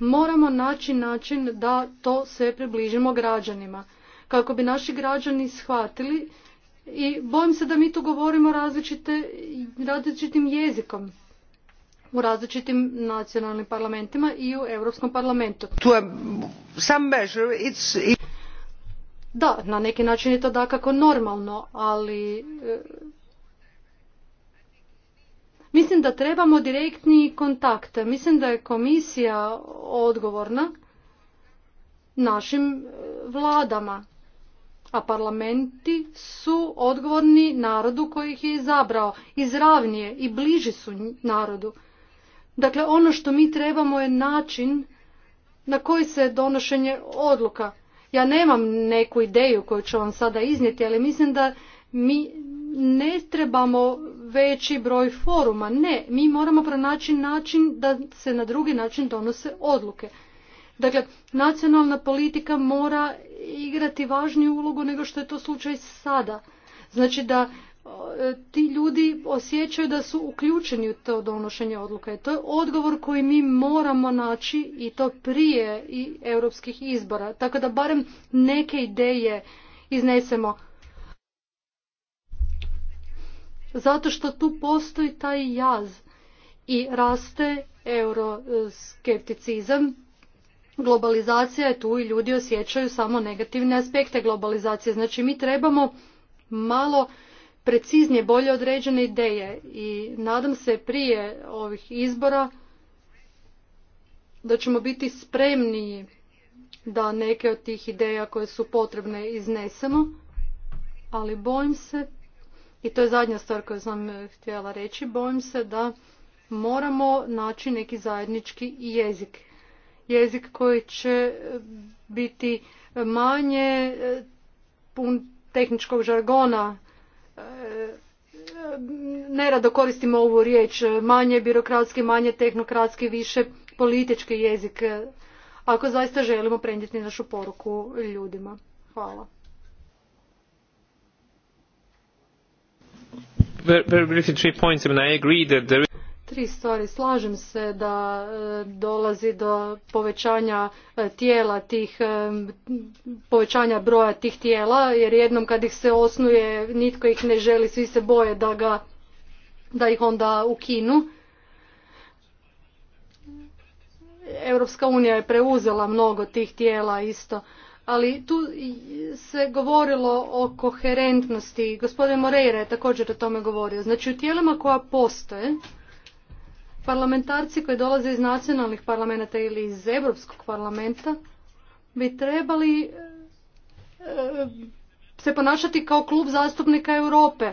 Moramo naći način da to sve približimo građanima kako bi naši građani shvatili i bojim se da mi tu govorimo različite, različitim jezikom u različitim nacionalnim parlamentima i u Europskom parlamentu. Da, na neki način je to dakako normalno, ali e, mislim da trebamo direktni kontakt. Mislim da je komisija odgovorna našim e, vladama a parlamenti su odgovorni narodu koji ih je izabrao. Izravnije i bliži su narodu. Dakle, ono što mi trebamo je način na koji se donošenje odluka. Ja nemam neku ideju koju ću vam sada iznijeti, ali mislim da mi ne trebamo veći broj foruma. Ne, mi moramo pronaći način da se na drugi način donose odluke. Dakle, nacionalna politika mora igrati važniju ulogu nego što je to slučaj sada. Znači da e, ti ljudi osjećaju da su uključeni u to donošenje odluka. I to je odgovor koji mi moramo naći i to prije i europskih izbora. Tako da barem neke ideje iznesemo. Zato što tu postoji taj jaz i raste euroskepticizam globalizacija je tu i ljudi osjećaju samo negativne aspekte globalizacije. Znači mi trebamo malo preciznije, bolje određene ideje i nadam se prije ovih izbora da ćemo biti spremniji da neke od tih ideja koje su potrebne iznesemo, ali bojim se, i to je zadnja stvar koju sam eh, htjela reći, bojim se da moramo naći neki zajednički jezik jezik koji će e, biti manje e, pun tehničkog žargona. E, nerado koristimo ovu riječ manje birokratski, manje tehnokratski, više politički jezik ako zaista želimo prenijeti našu poruku ljudima. Hvala. Very, very briefly, three points. I I agree that tri stvari. Slažem se da e, dolazi do povećanja e, tijela tih, e, povećanja broja tih tijela, jer jednom kad ih se osnuje, nitko ih ne želi, svi se boje da, da ih onda ukinu. Europska unija je preuzela mnogo tih tijela isto ali tu se govorilo o koherentnosti. Gospodin Moreira je također o tome govorio. Znači u tijelima koja postoje, Parlamentarci koji dolaze iz nacionalnih parlamenta ili iz Europskog parlamenta bi trebali e, e, se ponašati kao klub zastupnika Europe.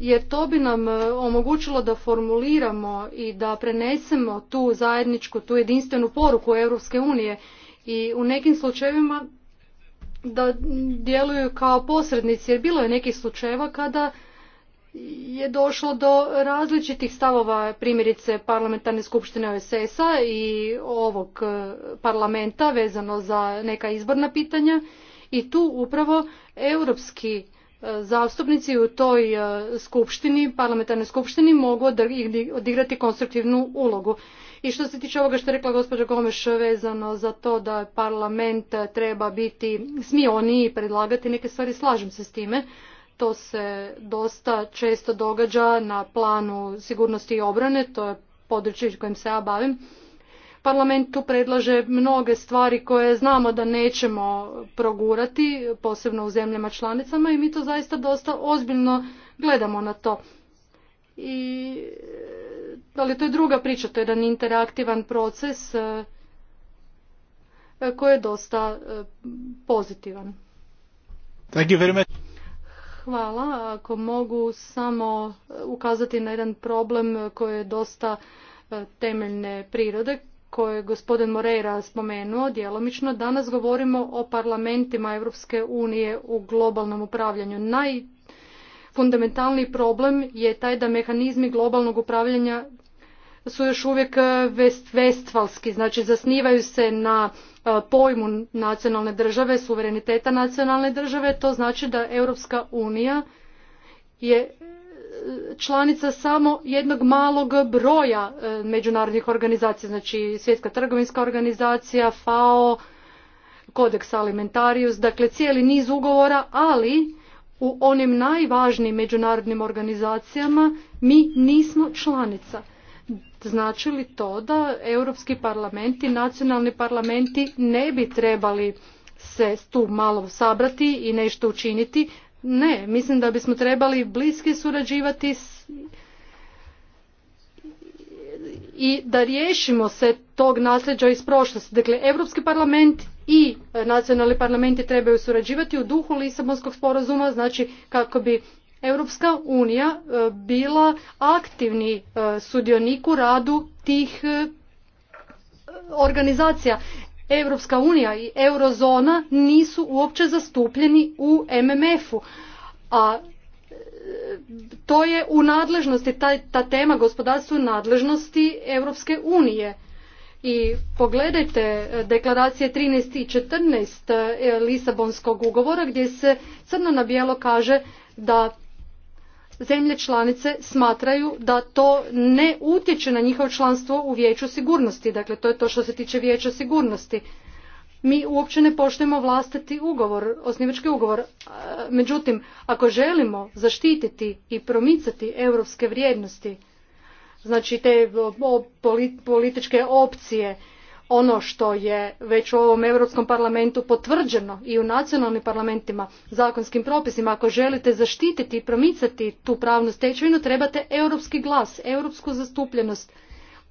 Jer to bi nam e, omogućilo da formuliramo i da prenesemo tu zajedničku, tu jedinstvenu poruku Europske unije i u nekim slučajevima da djeluju kao posrednici jer bilo je nekih slučajeva kada je došlo do različitih stavova primjerice parlamentarne skupštine OSS-a i ovog e, parlamenta vezano za neka izborna pitanja i tu upravo europski e, zastupnici u toj e, skupštini, parlamentarnoj skupštini mogu odigrati konstruktivnu ulogu. I što se tiče ovoga što je rekla gospođa Gomeš vezano za to da parlament treba biti smioniji i predlagati neke stvari, slažem se s time, to se dosta često događa na planu sigurnosti i obrane, to je područje kojim se ja bavim. Parlament tu predlaže mnoge stvari koje znamo da nećemo progurati, posebno u zemljama članicama i mi to zaista dosta ozbiljno gledamo na to. I, ali to je druga priča, to je jedan interaktivan proces e, koji je dosta e, pozitivan. Hvala. Ako mogu samo eh, ukazati na jedan problem koji je dosta eh, temeljne prirode koje je gospodin Moreira spomenuo djelomično. Danas govorimo o parlamentima Europske unije u globalnom upravljanju. Najfundamentalniji problem je taj da mehanizmi globalnog upravljanja su još uvijek e, vestfalski, znači zasnivaju se na e, pojmu nacionalne države, suvereniteta nacionalne države, to znači da Europska unija je e, članica samo jednog malog broja međunarodnih organizacija, znači Svjetska trgovinska organizacija, FAO, Kodeks Alimentarius, dakle cijeli niz ugovora, ali u onim najvažnijim međunarodnim organizacijama mi nismo članica. Znači li to da europski parlamenti, nacionalni parlamenti ne bi trebali se tu malo sabrati i nešto učiniti? Ne, mislim da bismo trebali bliski surađivati i da riješimo se tog nasljeđa iz prošlosti. Dakle, Europski parlament i e, nacionalni parlamenti trebaju surađivati u duhu Lisabonskog sporazuma, znači kako bi Europska unija e, bila aktivni e, sudionik u radu tih e, organizacija. Europska unija i eurozona nisu uopće zastupljeni u MMF-u, a to je u nadležnosti, ta, ta tema gospodarstva u nadležnosti Europske unije. I pogledajte deklaracije 13 i 14 Lisabonskog ugovora gdje se crno na bijelo kaže da zemlje članice smatraju da to ne utječe na njihovo članstvo u vijeću sigurnosti. Dakle, to je to što se tiče vijeća sigurnosti. Mi uopće ne poštujemo vlastiti ugovor, osnivački ugovor. Međutim, ako želimo zaštititi i promicati europske vrijednosti, znači te političke opcije ono što je već u ovom Europskom parlamentu potvrđeno i u nacionalnim parlamentima zakonskim propisima. Ako želite zaštititi i promicati tu pravnu stečevinu, trebate europski glas, europsku zastupljenost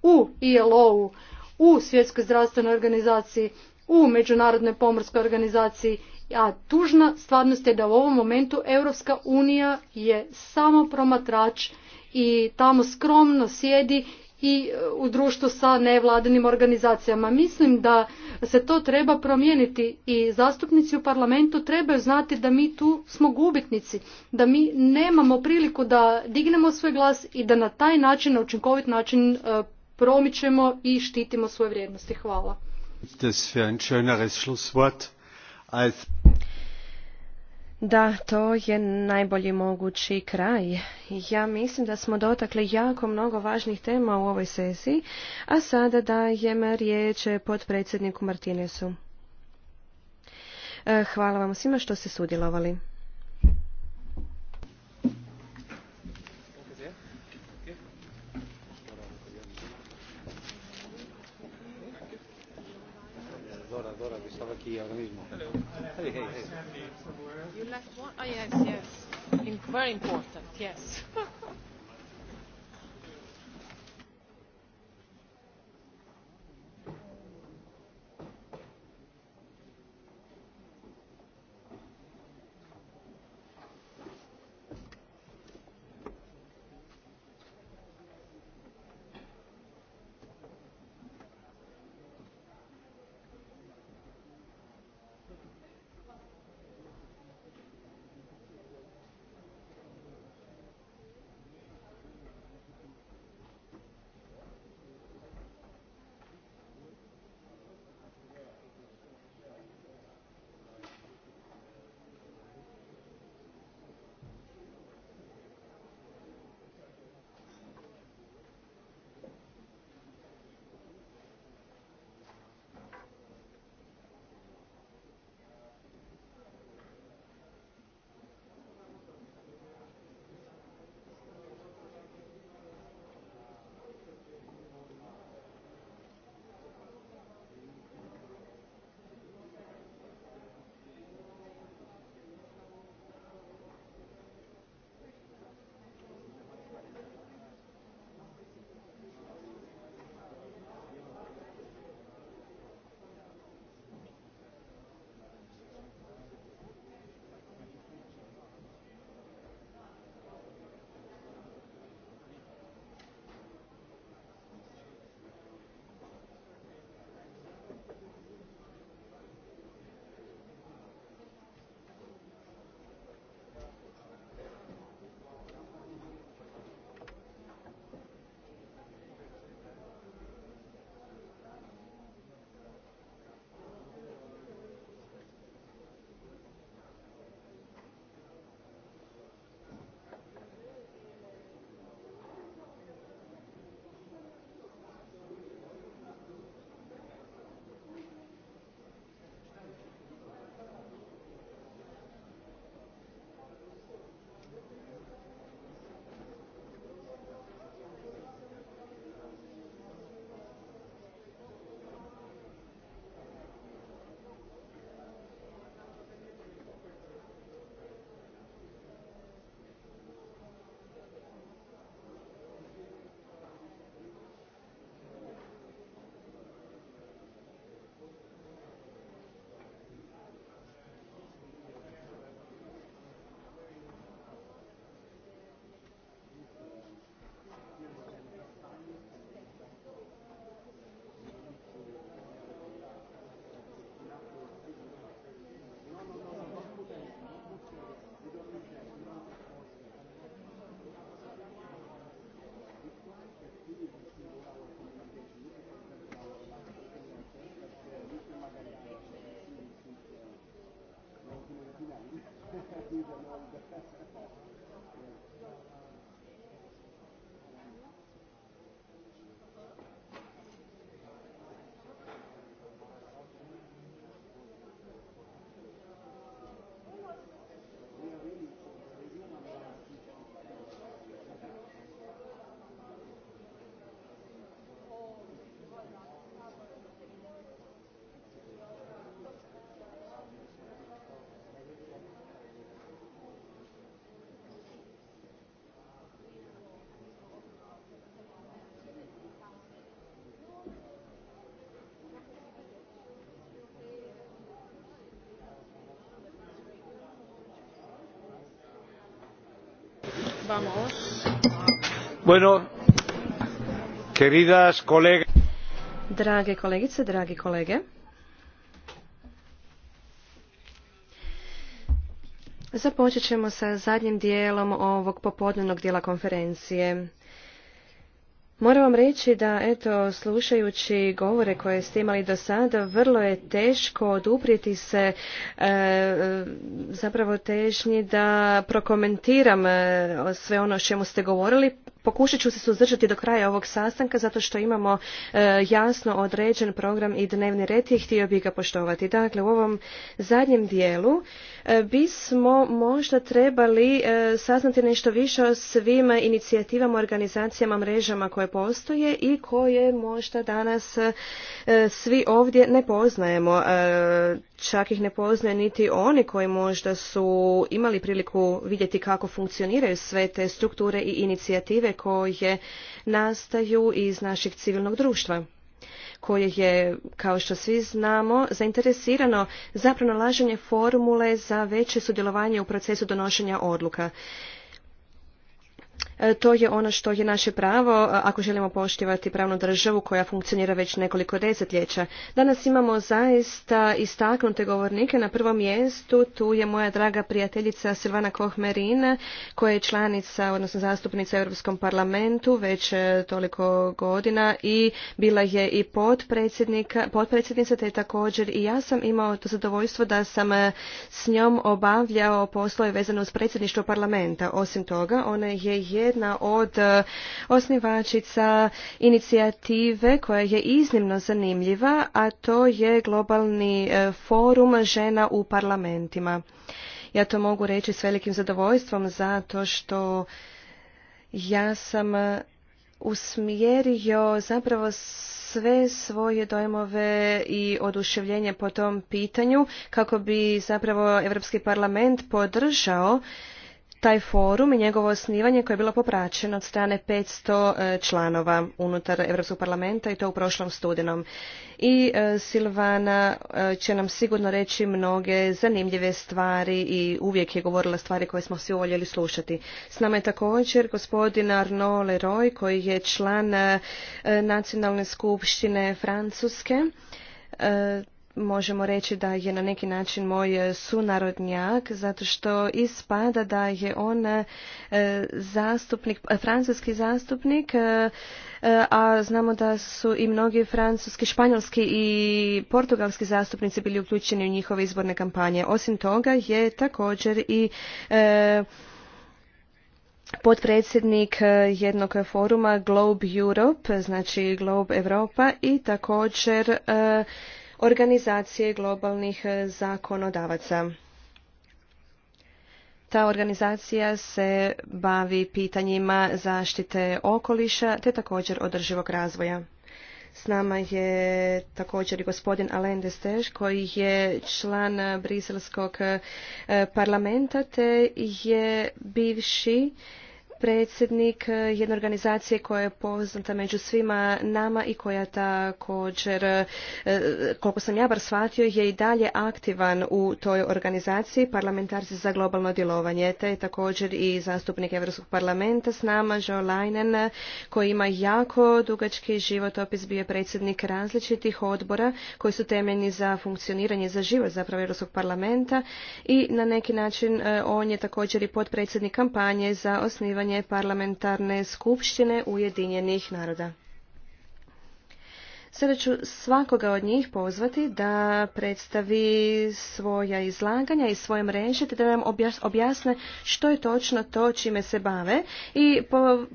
u ILO-u, u Svjetskoj zdravstvenoj organizaciji, u Međunarodnoj pomorskoj organizaciji a tužna stvarnost je da u ovom momentu Europska unija je samo promatrač i tamo skromno sjedi i e, u društvu sa nevladinim organizacijama. Mislim da se to treba promijeniti i zastupnici u parlamentu trebaju znati da mi tu smo gubitnici, da mi nemamo priliku da dignemo svoj glas i da na taj način, na učinkovit način e, promičemo i štitimo svoje vrijednosti. Hvala. Da, to je najbolji mogući kraj. Ja mislim da smo dotakli jako mnogo važnih tema u ovoj sesiji, a sada dajem riječ potpredsjedniku Martinesu. E, hvala vam svima što ste sudjelovali. Salvadora que estaba mismo. hey, You oh, yes, very important, yes. Drage kolegice, dragi kolege. Započet ćemo sa zadnjim dijelom ovog popodnevnog dijela konferencije. Moram vam reći da, eto, slušajući govore koje ste imali do sada, vrlo je teško oduprijeti se e, zapravo težnji da prokomentiram e, sve ono o čemu ste govorili, Pokušat ću se suzdržati do kraja ovog sastanka zato što imamo e, jasno određen program i dnevni red i htio bih ga poštovati. Dakle, u ovom zadnjem dijelu e, bismo možda trebali e, saznati nešto više o svim inicijativama, organizacijama, mrežama koje postoje i koje možda danas svi ovdje ne poznajemo. Čak ih ne poznaju niti oni koji možda su imali priliku vidjeti kako funkcioniraju sve te strukture i inicijative koje nastaju iz našeg civilnog društva koje je, kao što svi znamo, zainteresirano za pronalaženje formule za veće sudjelovanje u procesu donošenja odluka. E, to je ono što je naše pravo e, ako želimo poštivati pravnu državu koja funkcionira već nekoliko desetljeća. Danas imamo zaista istaknute govornike na prvom mjestu. Tu je moja draga prijateljica Silvana Kohmerina koja je članica, odnosno zastupnica u Europskom parlamentu već e, toliko godina i bila je i potpredsjednica, te također i ja sam imao to zadovoljstvo da sam s njom obavljao poslove vezane uz predsjedništvo parlamenta. Osim toga, ona je jedna od e, osnivačica inicijative koja je iznimno zanimljiva, a to je globalni e, forum žena u parlamentima. Ja to mogu reći s velikim zadovoljstvom zato što ja sam e, usmjerio zapravo sve svoje dojmove i oduševljenje po tom pitanju kako bi zapravo Europski parlament podržao taj forum i njegovo osnivanje koje je bilo popraćeno od strane 500 e, članova unutar Europskog parlamenta i to u prošlom studenom. I e, Silvana e, će nam sigurno reći mnoge zanimljive stvari i uvijek je govorila stvari koje smo svi voljeli slušati. S nama je također gospodin Arnaud Leroy koji je član nacionalne skupštine Francuske možemo reći da je na neki način moj e, sunarodnjak zato što ispada da je on e, zastupnik, e, francuski zastupnik, a znamo da su i mnogi francuski, španjolski i portugalski zastupnici bili uključeni u njihove izborne kampanje. Osim toga je također i potpredsjednik jednog foruma Globe Europe, znači Globe Europa i također organizacije globalnih e, zakonodavaca. Ta organizacija se bavi pitanjima zaštite okoliša te također održivog razvoja. S nama je također i gospodin Alain Destež koji je član Briselskog e, parlamenta te je bivši predsjednik eh, jedne organizacije koja je poznata među svima nama i koja također, eh, koliko sam ja bar shvatio, je i dalje aktivan u toj organizaciji parlamentarci za globalno djelovanje, te je također i zastupnik Evropskog parlamenta s nama, Joe Leinen, koji ima jako dugački životopis, bio je predsjednik različitih odbora koji su temeljni za funkcioniranje, za život zapravo Europskog parlamenta i na neki način eh, on je također i potpredsjednik kampanje za osnivanje parlamentarne skupštine Ujedinjenih naroda. Sada ću svakoga od njih pozvati da predstavi svoja izlaganja i svoje mreže, te da nam objasne što je točno to čime se bave. I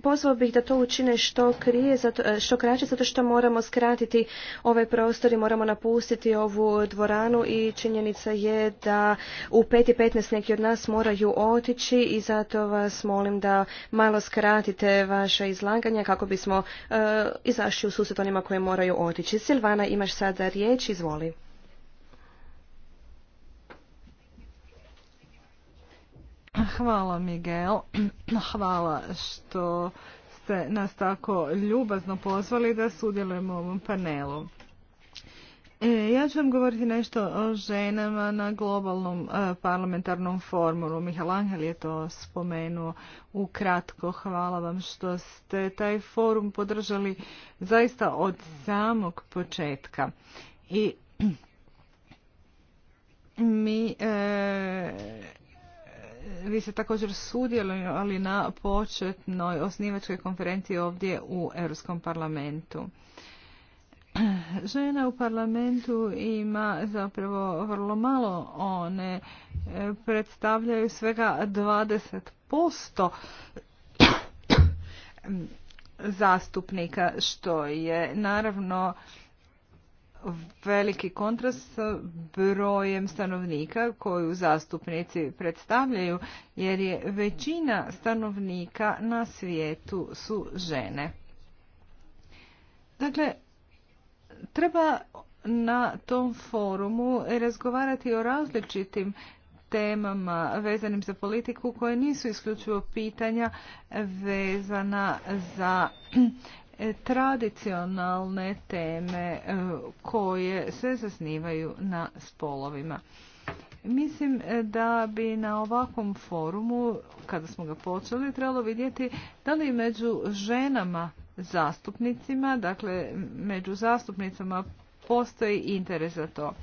pozvao bih da to učine što, krije, e, što kraće, zato što moramo skratiti ovaj prostor i moramo napustiti ovu dvoranu i činjenica je da u 5.15 neki od nas moraju otići i zato vas molim da malo skratite vaše izlaganja kako bismo e, izašli u susret onima koji moraju otići otići. Silvana, imaš sada riječ, izvoli. Hvala Miguel, hvala što ste nas tako ljubazno pozvali da sudjelujemo u ovom panelu. E, ja ću vam govoriti nešto o ženama na globalnom e, parlamentarnom forumu. Mihael Angel je to spomenuo ukratko. Hvala vam što ste taj forum podržali zaista od samog početka. I mi e, vi ste također sudjelovali na početnoj osnivačkoj konferenciji ovdje u Europskom parlamentu žena u parlamentu ima zapravo vrlo malo. One e, predstavljaju svega 20% zastupnika, što je naravno veliki kontrast s brojem stanovnika koju zastupnici predstavljaju, jer je većina stanovnika na svijetu su žene. Dakle, Treba na tom forumu razgovarati o različitim temama vezanim za politiku koje nisu isključivo pitanja vezana za tradicionalne teme e, koje se zasnivaju na spolovima. Mislim e, da bi na ovakvom forumu, kada smo ga počeli, trebalo vidjeti da li među ženama zastupnicima, dakle među zastupnicama postoji interes za to.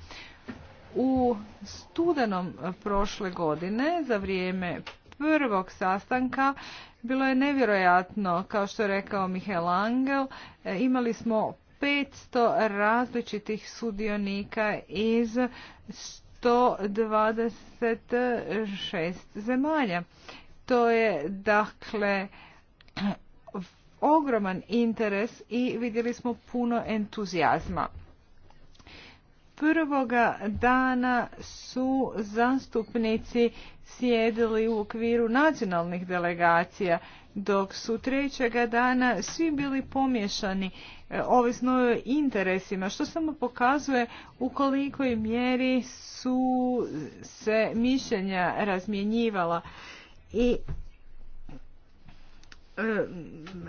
U studenom prošle godine za vrijeme prvog sastanka bilo je nevjerojatno, kao što je rekao Mihael Angel, e, imali smo 500 različitih sudionika iz 126 zemalja. To je dakle ogroman interes i vidjeli smo puno entuzijazma. Prvoga dana su zastupnici sjedili u okviru nacionalnih delegacija dok su trećega dana svi bili pomješani e, ovisno o interesima, što samo pokazuje u kolikoj mjeri su se mišljenja razmjenjivala i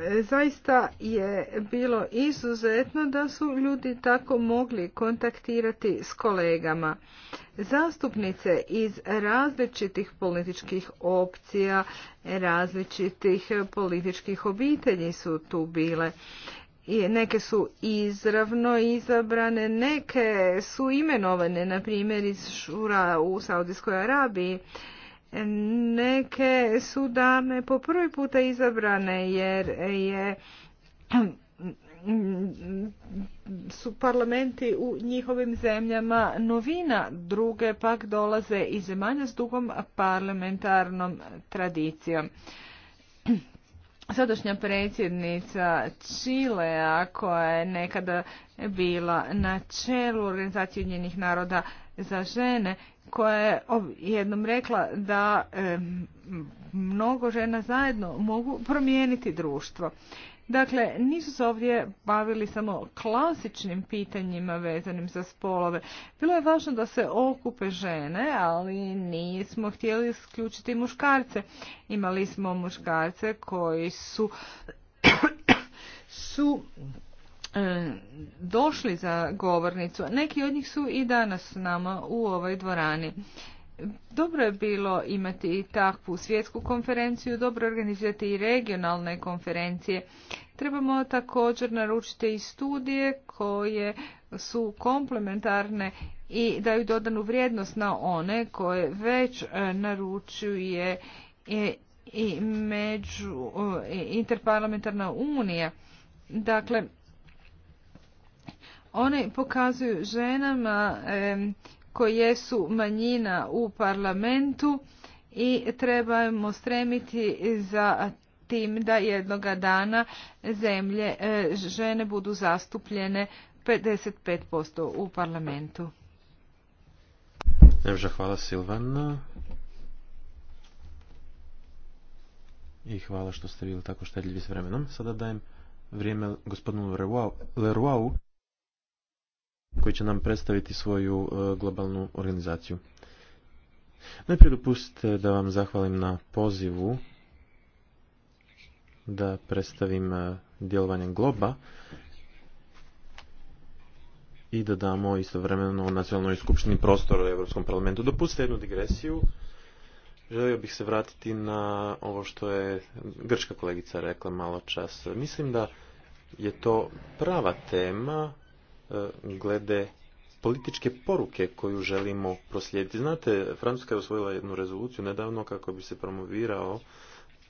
E, zaista je bilo izuzetno da su ljudi tako mogli kontaktirati s kolegama. Zastupnice iz različitih političkih opcija, različitih političkih obitelji su tu bile. neke su izravno izabrane, neke su imenovane, na primjer iz Šura u Saudijskoj Arabiji. Neke su dame po prvi puta izabrane jer je su parlamenti u njihovim zemljama novina, druge pak dolaze iz zemalja s dugom parlamentarnom tradicijom. Sadašnja predsjednica Čilea, koja je nekada bila na čelu Organizacije njenih naroda za žene, koja je jednom rekla da mnogo žena zajedno mogu promijeniti društvo. Dakle, nisu se ovdje bavili samo klasičnim pitanjima vezanim za spolove. Bilo je važno da se okupe žene, ali nismo htjeli isključiti muškarce. Imali smo muškarce koji su su E, došli za govornicu. Neki od njih su i danas s nama u ovoj dvorani. Dobro je bilo imati i takvu svjetsku konferenciju, dobro organizirati i regionalne konferencije. Trebamo također naručiti i studije koje su komplementarne i daju dodanu vrijednost na one koje već e, naručuje i među e, Interparlamentarna unija. Dakle, oni pokazuju ženama koje su manjina u parlamentu i trebamo stremiti za tim da jednoga dana zemlje e, žene budu zastupljene 55% u parlamentu. hvala Silvana. I hvala što ste bili tako štedljivi s vremenom. Sada dajem vrijeme gospodinu Leroy koji će nam predstaviti svoju e, globalnu organizaciju. Najprije dopustite da vam zahvalim na pozivu da predstavim e, djelovanje globa i da damo istovremeno u nacionalnoj skupštini prostor u Europskom parlamentu. Dopustite jednu digresiju. Želio bih se vratiti na ovo što je grčka kolegica rekla malo čas. Mislim da je to prava tema E, glede političke poruke koju želimo proslijediti. Znate, Francuska je osvojila jednu rezoluciju nedavno kako bi se promovirao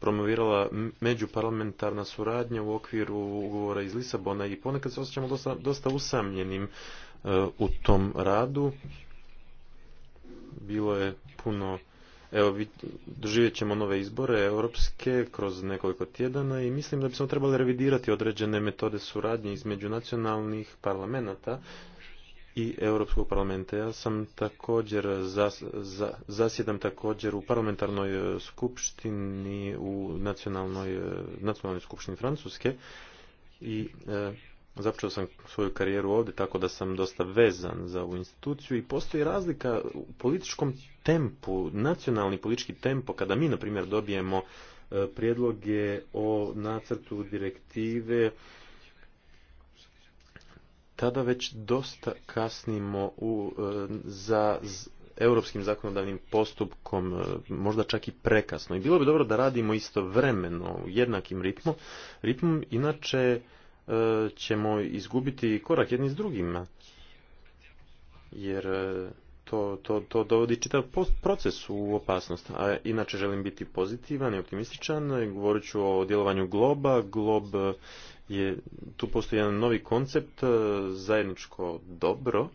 promovirala međuparlamentarna suradnja u okviru ugovora iz Lisabona i ponekad se osjećamo dosta, dosta usamljenim e, u tom radu. Bilo je puno Evo, doživjet ćemo nove izbore europske kroz nekoliko tjedana i mislim da bismo trebali revidirati određene metode suradnje između nacionalnih parlamenta i Europskog parlamenta. Ja sam također zasjedam također u parlamentarnoj e, skupštini u e, nacionalnoj, skupštini Francuske i e, Započeo sam svoju karijeru ovdje, tako da sam dosta vezan za ovu instituciju i postoji razlika u političkom tempu, nacionalni politički tempo, kada mi, na primjer, dobijemo e, prijedloge o nacrtu direktive, tada već dosta kasnimo u, e, za europskim zakonodavnim postupkom, e, možda čak i prekasno. I bilo bi dobro da radimo istovremeno, jednakim ritmom, ritmom inače ćemo izgubiti korak jedni s drugima. Jer e, to, to, to dovodi čitav proces u opasnost. A inače želim biti pozitivan i optimističan. Govorit ću o djelovanju globa. Glob je, tu postoji jedan novi koncept, e, zajedničko dobro,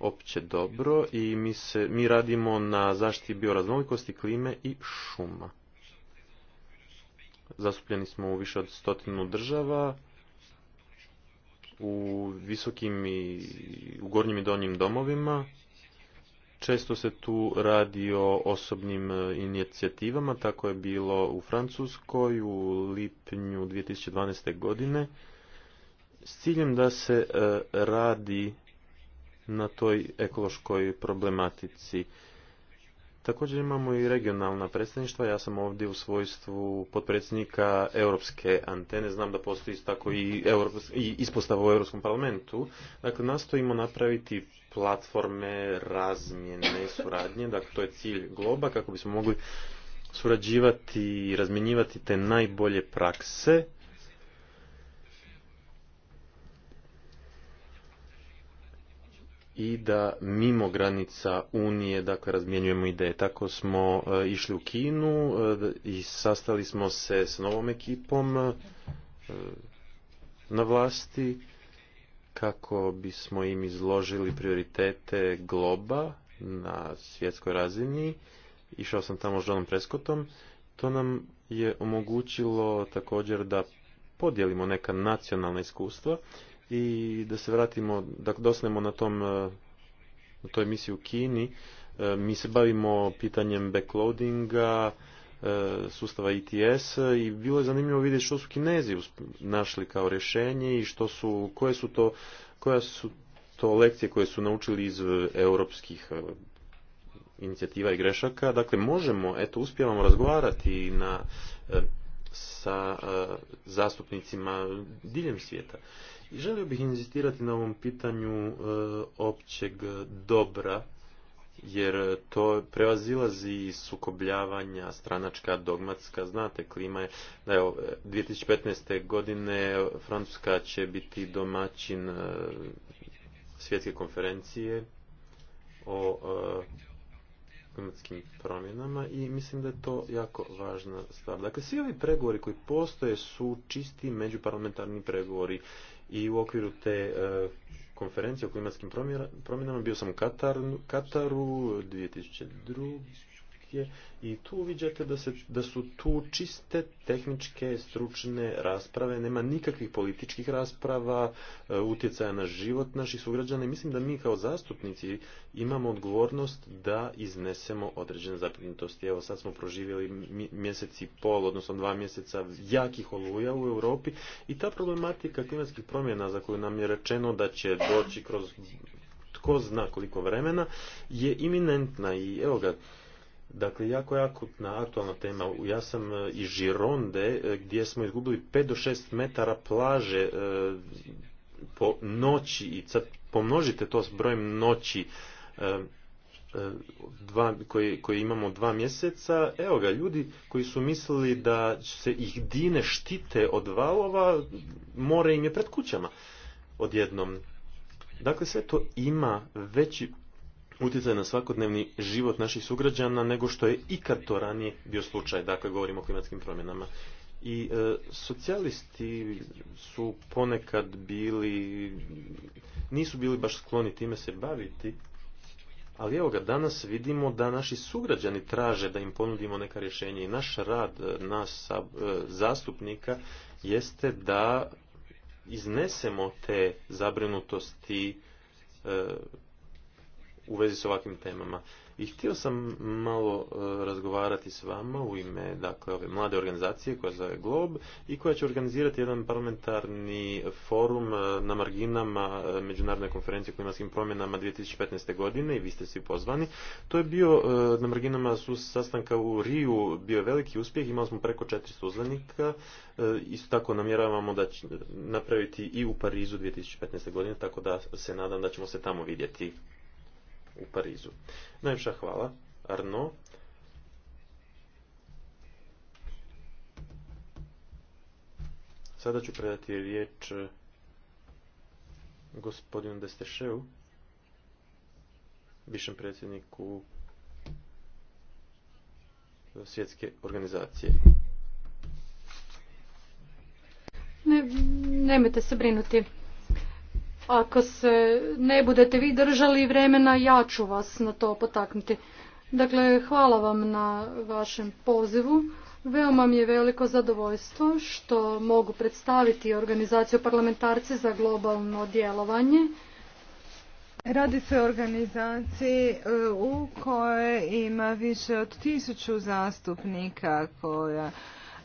opće dobro i mi, se, mi radimo na zaštiti bioraznolikosti, klime i šuma. Zastupljeni smo u više od stotinu država u visokim i u gornjim i donjim domovima. Često se tu radi o osobnim e, inicijativama, tako je bilo u Francuskoj u lipnju 2012. godine, s ciljem da se e, radi na toj ekološkoj problematici. Također imamo i regionalna predstavništva. Ja sam ovdje u svojstvu potpredsjednika Europske antene. Znam da postoji tako i, i ispostava u Europskom parlamentu. Dakle, nastojimo napraviti platforme razmjene i suradnje. Dakle, to je cilj globa kako bismo mogli surađivati i razmjenjivati te najbolje prakse i da mimo granica Unije dakle, razmjenjujemo ideje. Tako smo e, išli u Kinu e, i sastali smo se s novom ekipom e, na vlasti kako bismo im izložili prioritete globa na svjetskoj razini. Išao sam tamo s Johnom Preskotom. To nam je omogućilo također da podijelimo neka nacionalna iskustva i da se vratimo, da dosnemo na tom eh, na toj emisiji u Kini. Eh, mi se bavimo pitanjem backloadinga, eh, sustava ITS e i bilo je zanimljivo vidjeti što su Kinezi našli kao rješenje i što su, koje su to, koja su to lekcije koje su naučili iz europskih inicijativa i grešaka. Dakle, možemo, eto, uspijevamo razgovarati na, sa zastupnicima diljem svijeta. Želio bih inzistirati na ovom pitanju e, općeg dobra, jer to prevazilazi sukobljavanja stranačka, dogmatska, znate, klima je, da evo, e, 2015. godine Francuska će biti domaćin e, svjetske konferencije o klimatskim promjenama i mislim da je to jako važna stvar. Dakle, svi ovi pregovori koji postoje su čisti međuparlamentarni pregovori i u okviru te e, konferencije o klimatskim promjenama bio sam u Kataru, Kataru 2002 je i tu uviđate da, se, da su tu čiste tehničke, stručne rasprave, nema nikakvih političkih rasprava, e, utjecaja na život naših sugrađana i mislim da mi kao zastupnici imamo odgovornost da iznesemo određene zabrinutosti. Evo sad smo proživjeli mjesec i pol, odnosno dva mjeseca jakih oluja u Europi i ta problematika klimatskih promjena za koju nam je rečeno da će doći kroz tko zna koliko vremena je iminentna i evo ga Dakle, jako je akutna, aktualna tema. Ja sam e, iz Žironde e, gdje smo izgubili 5 do 6 metara plaže e, po noći i sad pomnožite to s brojem noći dva, koje, imamo dva mjeseca, evo ga, ljudi koji su mislili da se ih dine štite od valova, more im je pred kućama odjednom. Dakle, sve to ima veći utjecaj na svakodnevni život naših sugrađana nego što je ikad to ranije bio slučaj, dakle govorimo o klimatskim promjenama. I e, socijalisti su ponekad bili, nisu bili baš skloni time se baviti, ali evo ga, danas vidimo da naši sugrađani traže da im ponudimo neka rješenja i naš rad, e, nas e, zastupnika, jeste da iznesemo te zabrinutosti u vezi s ovakvim temama. I htio sam malo e, razgovarati s vama u ime dakle, ove mlade organizacije koja zove Glob i koja će organizirati jedan parlamentarni forum e, na marginama e, Međunarodne konferencije o klimatskim promjenama 2015. godine i vi ste svi pozvani. To je bio na marginama su sastanka u Riju bio veliki uspjeh, imali smo preko 400 uzlanika. Isto tako namjeravamo da će napraviti i u Parizu 2015. godine, tako da se nadam da ćemo se tamo vidjeti u Parizu. Najviša hvala, Arno. Sada ću predati riječ eh, gospodinu Destešeu, višem predsjedniku svjetske organizacije. Ne, nemojte se brinuti. Ako se ne budete vi držali vremena, ja ću vas na to potaknuti. Dakle, hvala vam na vašem pozivu. Veoma mi je veliko zadovoljstvo što mogu predstaviti organizaciju parlamentarci za globalno djelovanje. Radi se o organizaciji e, u kojoj ima više od tisuću zastupnika koja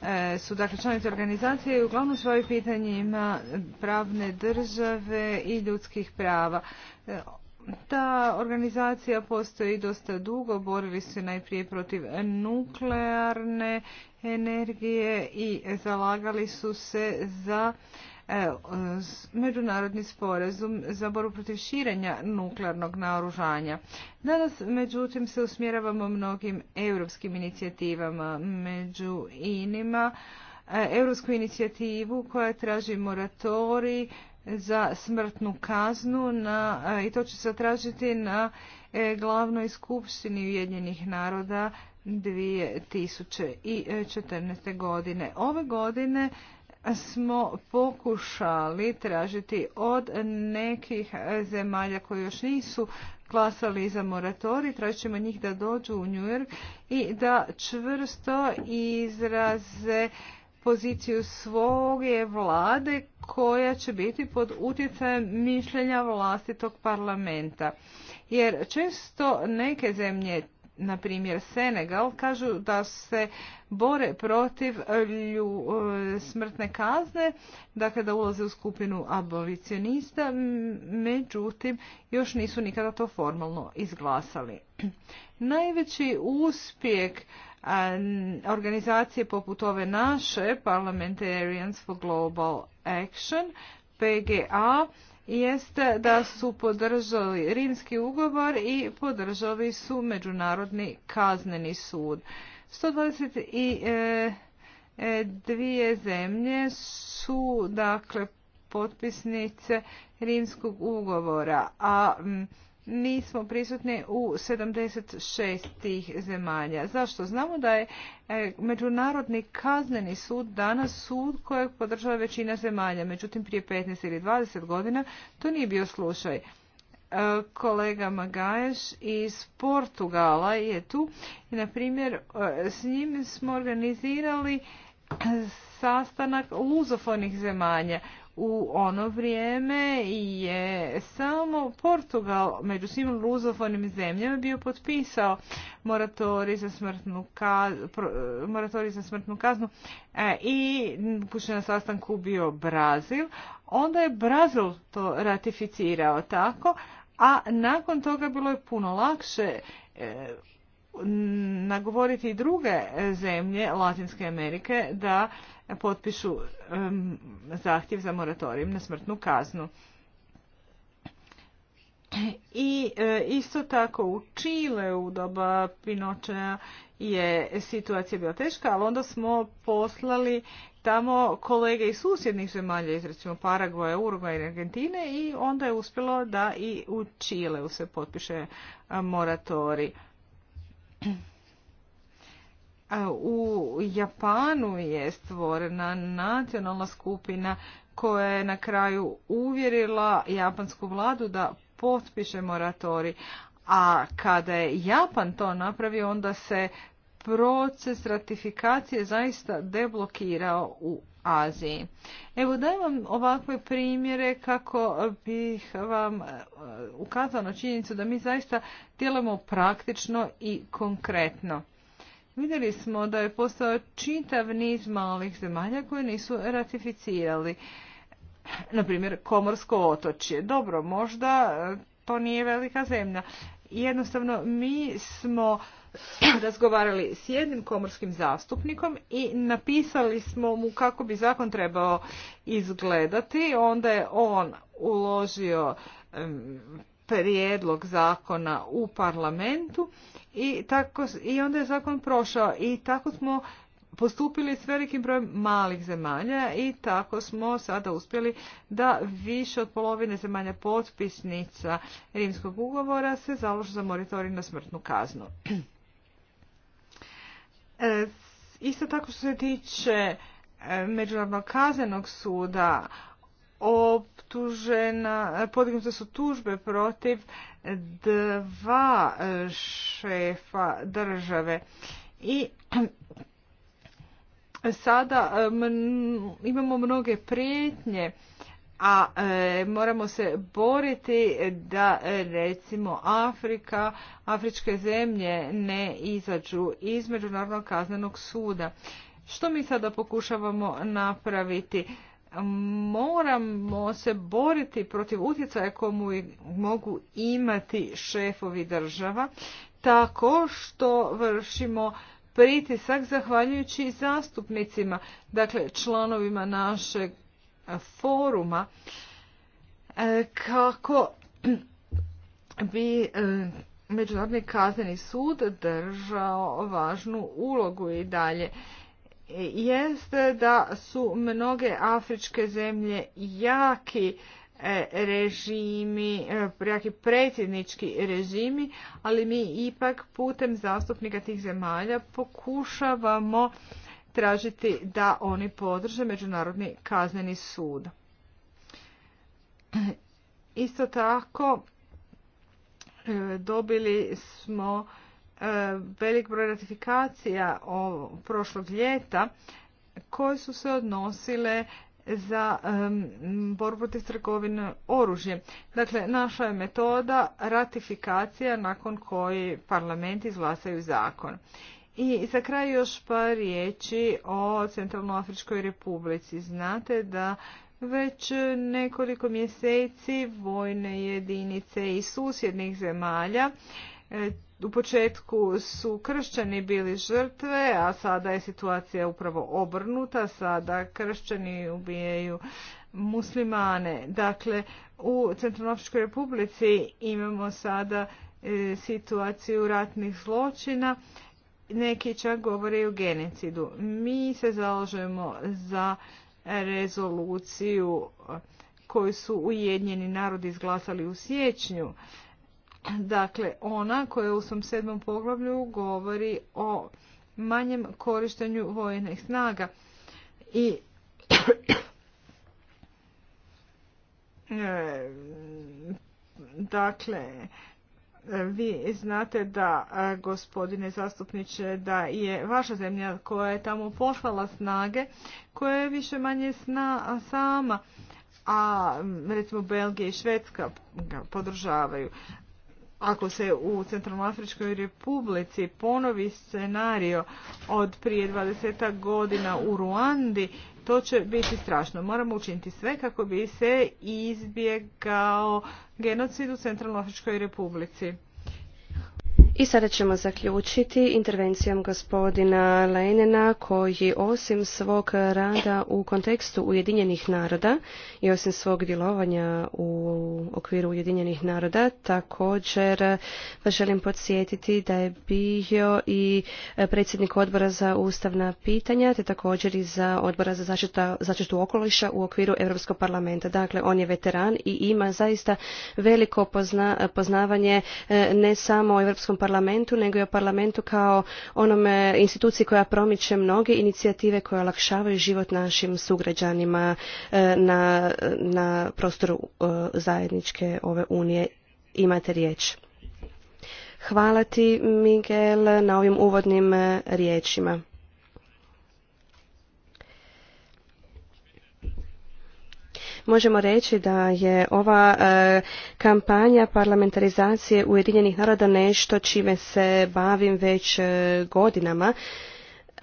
E, su dakle članice organizacije i uglavnom svoje pitanje ima e, pravne države i ljudskih prava. E, ta organizacija postoji dosta dugo, borili su najprije protiv nuklearne energije i zalagali su se za međunarodni sporazum za boru protiv širenja nuklearnog naoružanja. Danas, međutim, se usmjeravamo mnogim europskim inicijativama, među inima e, europsku inicijativu koja traži moratorij za smrtnu kaznu na, e, i to će se tražiti na e, glavnoj skupštini Ujedinjenih naroda 2014. godine. Ove godine smo pokušali tražiti od nekih zemalja koje još nisu glasali za moratorij, tražit ćemo njih da dođu u New York i da čvrsto izraze poziciju svoje vlade koja će biti pod utjecajem mišljenja vlastitog parlamenta. Jer često neke zemlje na primjer Senegal, kažu da se bore protiv e, e, smrtne kazne, dakle da ulaze u skupinu abolicionista, međutim još nisu nikada to formalno izglasali. Najveći uspjeh e, organizacije poput ove naše, Parliamentarians for Global Action, PGA, jest da su podržali rimski ugovor i podržali su Međunarodni kazneni sud. 122 zemlje su dakle potpisnice rimskog ugovora, a nismo prisutni u 76 tih zemalja. Zašto? Znamo da je e, Međunarodni kazneni sud danas sud kojeg podržava većina zemalja. Međutim, prije 15 ili 20 godina to nije bio slučaj. E, kolega Magaješ iz Portugala je tu i, na primjer, e, s njim smo organizirali sastanak luzofonih zemalja u ono vrijeme je samo Portugal među svim luzofonim zemljama bio potpisao moratorij za smrtnu, kaznu e, i pušten na sastanku bio Brazil. Onda je Brazil to ratificirao tako, a nakon toga bilo je puno lakše e, nagovoriti i druge zemlje Latinske Amerike da potpišu zahtjev za moratorijem na smrtnu kaznu. I e, isto tako u Čile u doba Pinočeja je situacija bila teška, ali onda smo poslali tamo kolege iz susjednih zemalja, iz recimo Paragoja, Uruga i Argentine i onda je uspjelo da i u Čileu se potpiše e, moratorij. U Japanu je stvorena nacionalna skupina koja je na kraju uvjerila japansku vladu da potpiše moratori. A kada je Japan to napravio, onda se proces ratifikacije zaista deblokirao u Aziji. Evo dajem vam ovakve primjere kako bih vam e, ukazao na činjenicu da mi zaista djelujemo praktično i konkretno. Vidjeli smo da je postao čitav niz malih zemalja koje nisu ratificirali. Naprimjer, Komorsko otočje. Dobro, možda e, to nije velika zemlja. Jednostavno, mi smo razgovarali s jednim komorskim zastupnikom i napisali smo mu kako bi zakon trebao izgledati. Onda je on uložio prijedlog zakona u parlamentu i, tako, i onda je zakon prošao i tako smo postupili s velikim brojem malih zemalja i tako smo sada uspjeli da više od polovine zemalja potpisnica Rimskog ugovora se založi za moritorij na smrtnu kaznu. E, isto tako što se tiče e, Međunarodnog kaznenog suda, optužena, podignute su tužbe protiv dva e, šefa države. I sada imamo mnoge prijetnje a e, moramo se boriti da e, recimo Afrika, afričke zemlje ne izađu iz Međunarodnog kaznenog suda. Što mi sada pokušavamo napraviti? Moramo se boriti protiv utjecaja komu mogu imati šefovi država tako što vršimo pritisak zahvaljujući zastupnicima, dakle članovima našeg foruma e, kako bi e, Međunarodni kazneni sud držao važnu ulogu i dalje. Jeste da su mnoge afričke zemlje jaki e, režimi, jaki predsjednički režimi, ali mi ipak putem zastupnika tih zemalja pokušavamo tražiti da oni podrže Međunarodni kazneni sud. Isto tako e, dobili smo e, velik broj ratifikacija prošlog ljeta koje su se odnosile za e, borbu protiv trgovine oružje. Dakle, naša je metoda ratifikacija nakon koji parlament izglasaju zakon. I za kraj još par riječi o Centralnoafričkoj republici. Znate da već nekoliko mjeseci vojne jedinice iz susjednih zemalja e, u početku su kršćani bili žrtve, a sada je situacija upravo obrnuta, sada kršćani ubijaju muslimane. Dakle, u Centralnoafričkoj republici imamo sada e, situaciju ratnih zločina neki čak govore o genocidu. Mi se zalažemo za rezoluciju koju su Ujedinjeni narodi izglasali u siječnju. Dakle, ona koja u svom sedmom poglavlju govori o manjem korištenju vojnih snaga. I e, dakle, vi znate da, gospodine zastupniče, da je vaša zemlja koja je tamo poslala snage, koja je više manje sna sama, a recimo Belgija i Švedska ga podržavaju. Ako se u Centralnoafričkoj republici ponovi scenario od prije 20 godina u Ruandi, to će biti strašno. Moramo učiniti sve kako bi se izbjegao genocid u Centralnoafričkoj republici. I sada ćemo zaključiti intervencijom gospodina Lenina koji osim svog rada u kontekstu Ujedinjenih naroda i osim svog djelovanja u okviru Ujedinjenih naroda također vas želim podsjetiti da je bio i predsjednik odbora za ustavna pitanja te također i za odbora za zaštitu, okoliša u okviru Europskog parlamenta. Dakle, on je veteran i ima zaista veliko poznavanje e, ne samo o Europskom parlamentu nego i o parlamentu kao onome instituciji koja promiče mnoge inicijative koje olakšavaju život našim sugrađanima e, na, na prostoru e, zajedničke ove unije imate riječ hvala ti miguel na ovim uvodnim e, riječima možemo reći da je ova e, kampanja parlamentarizacije Ujedinjenih naroda nešto čime se bavim već e, godinama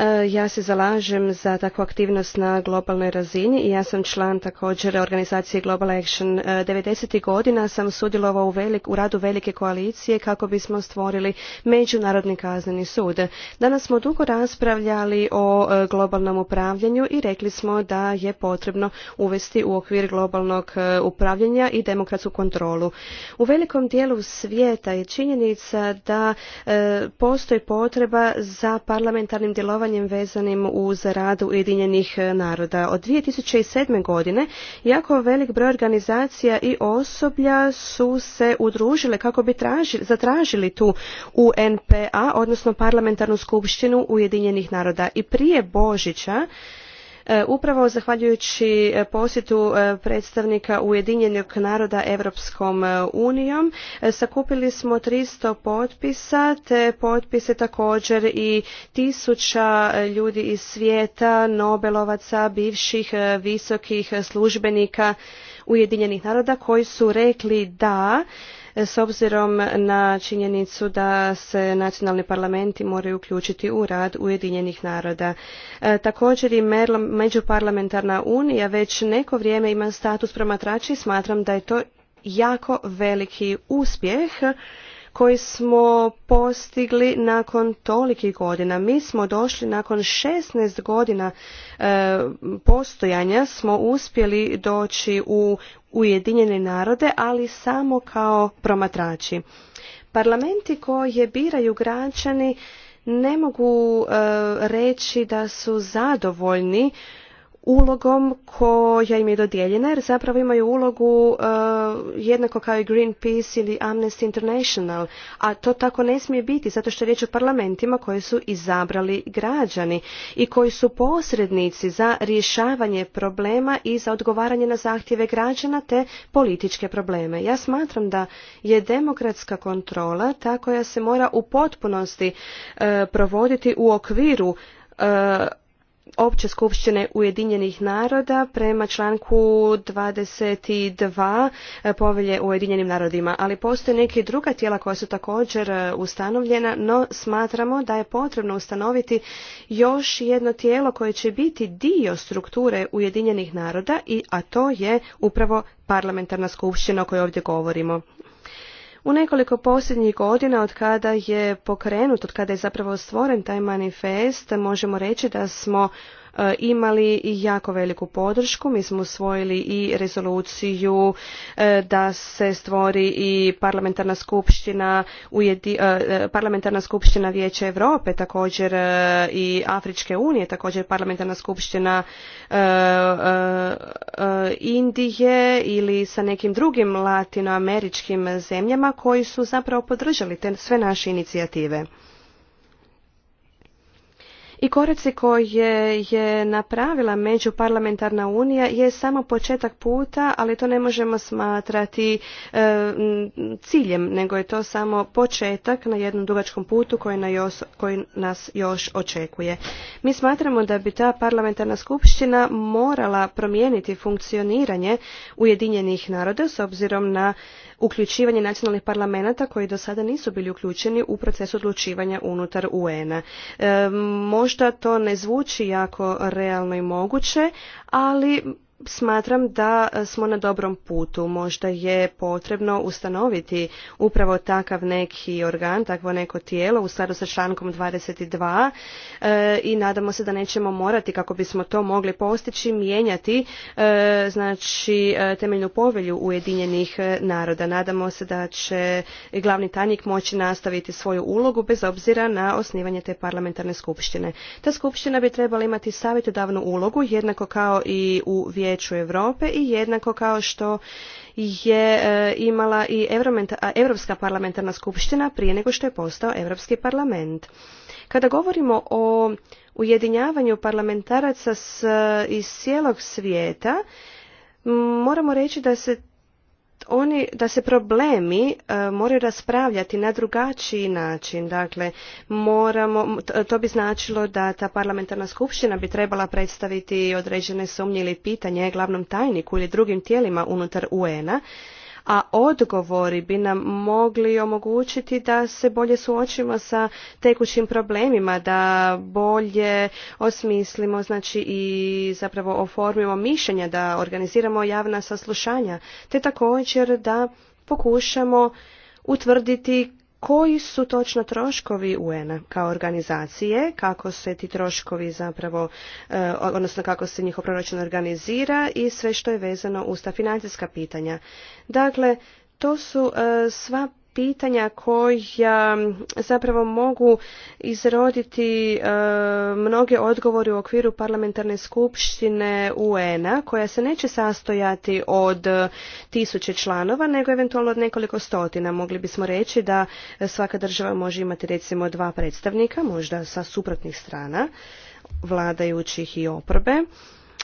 E, ja se zalažem za takvu aktivnost na globalnoj razini i ja sam član također organizacije Global Action. 90. E, godina sam sudjelovao u, velik, u radu velike koalicije kako bismo stvorili Međunarodni kazneni sud. Danas smo dugo raspravljali o e, globalnom upravljanju i rekli smo da je potrebno uvesti u okvir globalnog upravljanja i demokratsku kontrolu. U velikom dijelu svijeta je činjenica da postoji potreba za parlamentarnim djelovanjem djelovanjem vezanim uz rad Ujedinjenih e, naroda. Od 2007. godine jako velik broj organizacija i osoblja su se udružile kako bi tražili, zatražili tu UNPA, odnosno Parlamentarnu skupštinu Ujedinjenih naroda. I prije Božića E, upravo zahvaljujući e, posjetu e, predstavnika Ujedinjenog naroda Evropskom unijom sakupili smo 300 potpisa te potpise također i tisuća ljudi iz svijeta, nobelovaca, bivših visokih službenika Ujedinjenih naroda koji su rekli da s obzirom na činjenicu da se nacionalni parlamenti moraju uključiti u rad Ujedinjenih naroda. E, također i Međuparlamentarna unija već neko vrijeme ima status promatrača i smatram da je to jako veliki uspjeh koji smo postigli nakon tolikih godina. Mi smo došli nakon 16 godina e, postojanja, smo uspjeli doći u Ujedinjene narode, ali samo kao promatrači. Parlamenti koje biraju građani ne mogu e, reći da su zadovoljni ulogom koja im je dodijeljena jer zapravo imaju ulogu e, jednako kao i Greenpeace ili Amnesty International, a to tako ne smije biti zato što je riječ o parlamentima koje su izabrali građani i koji su posrednici za rješavanje problema i za odgovaranje na zahtjeve građana te političke probleme. Ja smatram da je demokratska kontrola ta koja se mora u potpunosti e, provoditi u okviru e, opće skupštine Ujedinjenih naroda prema članku 22 e, povelje Ujedinjenim narodima, ali postoje neki druga tijela koja su također e, ustanovljena, no smatramo da je potrebno ustanoviti još jedno tijelo koje će biti dio strukture Ujedinjenih naroda, i, a to je upravo parlamentarna skupština o kojoj ovdje govorimo. U nekoliko posljednjih godina od kada je pokrenut, od kada je zapravo stvoren taj manifest, možemo reći da smo E, imali jako veliku podršku. Mi smo usvojili i rezoluciju e, da se stvori i parlamentarna skupština, e, parlamentarna skupština Vijeća Europe, također i Afričke unije, također parlamentarna skupština Indije ili sa nekim drugim latinoameričkim zemljama koji su zapravo podržali te sve naše inicijative i koraci koje je napravila međuparlamentarna unija je samo početak puta, ali to ne možemo smatrati e, ciljem, nego je to samo početak na jednom dugačkom putu koji, koji nas još očekuje. Mi smatramo da bi ta parlamentarna skupština morala promijeniti funkcioniranje Ujedinjenih naroda s obzirom na uključivanje nacionalnih parlamenta koji do sada nisu bili uključeni u proces odlučivanja unutar UN-a. E, Možda to ne zvuči jako realno i moguće, ali smatram da smo na dobrom putu. Možda je potrebno ustanoviti upravo takav neki organ, takvo neko tijelo u skladu sa člankom 22 e, i nadamo se da nećemo morati kako bismo to mogli postići mijenjati e, znači e, temeljnu povelju Ujedinjenih naroda. Nadamo se da će glavni tajnik moći nastaviti svoju ulogu bez obzira na osnivanje te parlamentarne skupštine. Ta skupština bi trebala imati savjetodavnu ulogu jednako kao i u vijeću Europe i jednako kao što je e, imala i Europska parlamentarna skupština prije nego što je postao Europski parlament. Kada govorimo o ujedinjavanju parlamentaraca s, e, iz cijelog svijeta, moramo reći da se oni da se problemi e, moraju raspravljati na drugačiji način dakle moramo to bi značilo da ta parlamentarna skupština bi trebala predstaviti određene sumnje ili pitanje glavnom tajniku ili drugim tijelima unutar UN-a a odgovori bi nam mogli omogućiti da se bolje suočimo sa tekućim problemima, da bolje osmislimo znači i zapravo oformimo mišljenja, da organiziramo javna saslušanja, te također da pokušamo utvrditi koji su točno troškovi UN-a kao organizacije, kako se ti troškovi zapravo, e, odnosno kako se njihov proračun organizira i sve što je vezano uz ta financijska pitanja. Dakle, to su e, sva pitanja koja zapravo mogu izroditi e, mnoge odgovore u okviru parlamentarne skupštine UN-a koja se neće sastojati od tisuće članova nego eventualno od nekoliko stotina. Mogli bismo reći da svaka država može imati recimo dva predstavnika možda sa suprotnih strana vladajućih i oporbe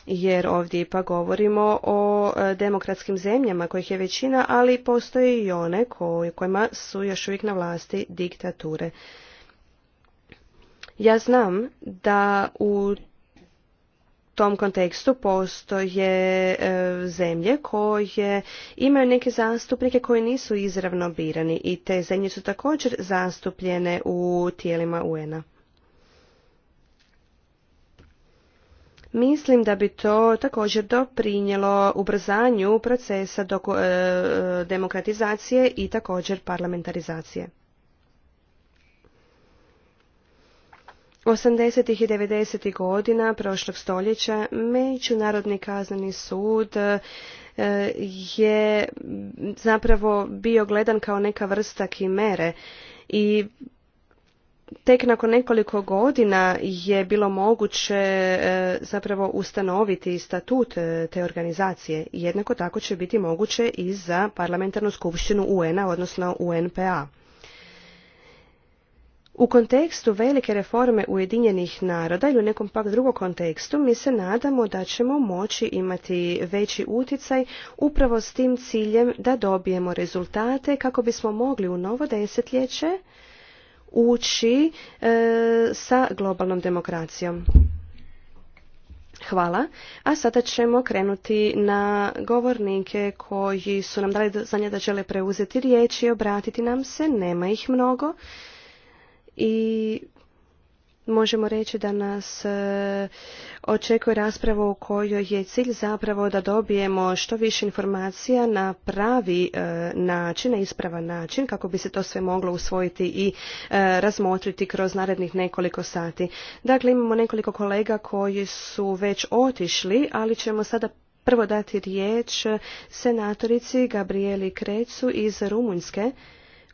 jer ovdje ipak govorimo o e, demokratskim zemljama kojih je većina, ali postoje i one kojima su još uvijek na vlasti diktature. Ja znam da u tom kontekstu postoje e, zemlje koje imaju neke zastupnike koji nisu izravno birani i te zemlje su također zastupljene u tijelima UN-a. Mislim da bi to također doprinjelo ubrzanju procesa e, demokratizacije i također parlamentarizacije. 80. i 90. godina prošlog stoljeća Međunarodni kazneni sud e, je zapravo bio gledan kao neka vrsta kimere i tek nakon nekoliko godina je bilo moguće e, zapravo ustanoviti statut e, te organizacije. Jednako tako će biti moguće i za parlamentarnu skupštinu UN-a, odnosno UNPA. U kontekstu velike reforme Ujedinjenih naroda ili u nekom pak drugom kontekstu mi se nadamo da ćemo moći imati veći uticaj upravo s tim ciljem da dobijemo rezultate kako bismo mogli u novo desetljeće ući e, sa globalnom demokracijom. Hvala. A sada ćemo krenuti na govornike koji su nam dali znanje da žele preuzeti riječ i obratiti nam se. Nema ih mnogo. I možemo reći da nas e, očekuje rasprava u kojoj je cilj zapravo da dobijemo što više informacija na pravi e, način, na ispravan način, kako bi se to sve moglo usvojiti i e, razmotriti kroz narednih nekoliko sati. Dakle, imamo nekoliko kolega koji su već otišli, ali ćemo sada prvo dati riječ senatorici Gabrieli Krecu iz Rumunjske,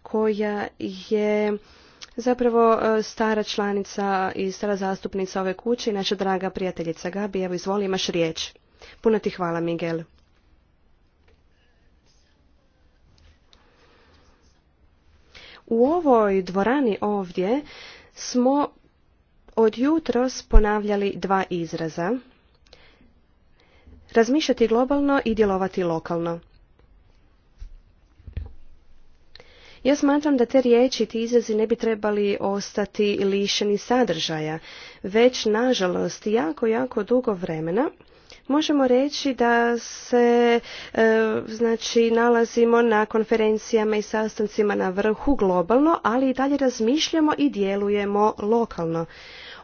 koja je zapravo e, stara članica i stara zastupnica ove kuće i naša draga prijateljica Gabi. Evo, izvoli, imaš riječ. Puno ti hvala, Miguel. U ovoj dvorani ovdje smo od jutros ponavljali dva izraza. Razmišljati globalno i djelovati lokalno. Ja smatram da te riječi, ti izrazi ne bi trebali ostati lišeni sadržaja, već nažalost jako, jako dugo vremena možemo reći da se e, znači nalazimo na konferencijama i sastancima na vrhu globalno, ali i dalje razmišljamo i djelujemo lokalno.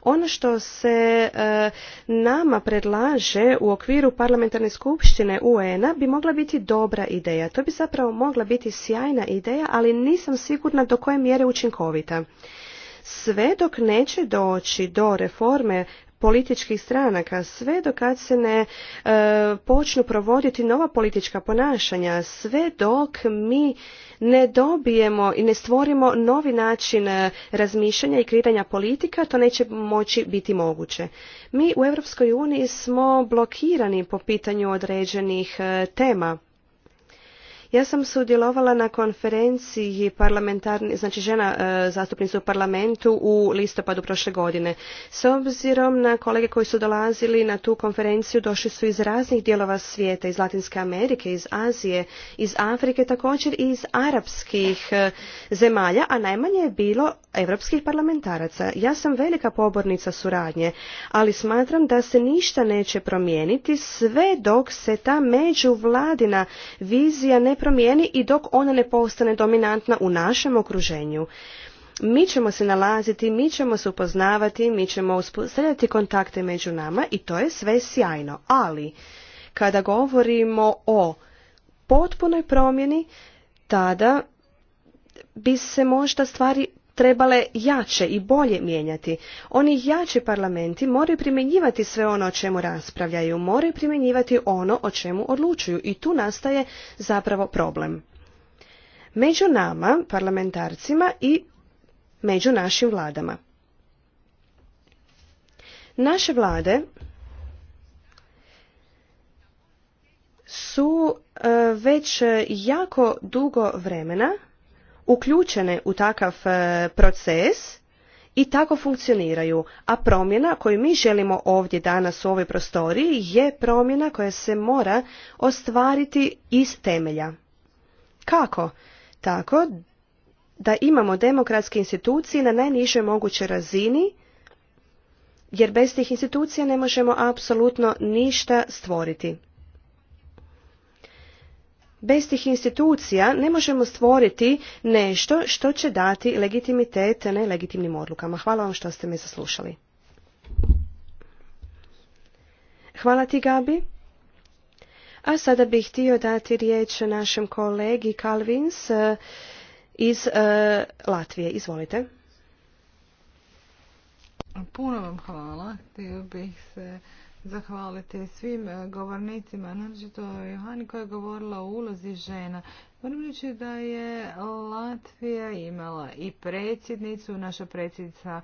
Ono što se e, nama predlaže u okviru parlamentarne skupštine UN-a bi mogla biti dobra ideja. To bi zapravo mogla biti sjajna ideja, ali nisam sigurna do koje mjere učinkovita sve dok neće doći do reforme političkih stranaka sve dok se ne e, počnu provoditi nova politička ponašanja sve dok mi ne dobijemo i ne stvorimo novi način e, razmišljanja i kreiranja politika to neće moći biti moguće mi u europskoj uniji smo blokirani po pitanju određenih e, tema ja sam sudjelovala na konferenciji parlamentarni, znači žena e, zastupnica u parlamentu u listopadu prošle godine. S obzirom na kolege koji su dolazili na tu konferenciju, došli su iz raznih dijelova svijeta, iz Latinske Amerike, iz Azije, iz Afrike, također i iz arapskih e, zemalja, a najmanje je bilo europskih parlamentaraca. Ja sam velika pobornica suradnje, ali smatram da se ništa neće promijeniti sve dok se ta međuvladina vizija ne promijeni i dok ona ne postane dominantna u našem okruženju mi ćemo se nalaziti, mi ćemo se upoznavati, mi ćemo uspostavljati kontakte među nama i to je sve sjajno. Ali, kada govorimo o potpunoj promjeni, tada bi se možda stvari trebale jače i bolje mijenjati. Oni jači parlamenti moraju primjenjivati sve ono o čemu raspravljaju, moraju primjenjivati ono o čemu odlučuju i tu nastaje zapravo problem. Među nama, parlamentarcima i među našim vladama. Naše vlade su e, već jako dugo vremena uključene u takav e, proces i tako funkcioniraju. A promjena koju mi želimo ovdje danas u ovoj prostoriji je promjena koja se mora ostvariti iz temelja. Kako? Tako da imamo demokratske institucije na najnižoj mogućoj razini, jer bez tih institucija ne možemo apsolutno ništa stvoriti. Bez tih institucija ne možemo stvoriti nešto što će dati legitimitet nelegitimnim odlukama. Hvala vam što ste me zaslušali. Hvala ti, Gabi. A sada bih htio dati riječ našem kolegi Kalvins eh, iz eh, Latvije. Izvolite. Puno vam hvala. Htio bih se zahvaliti svim e, govornicima, naročito Johani koja je govorila o ulozi žena. Moram da je Latvija imala i predsjednicu, naša predsjednica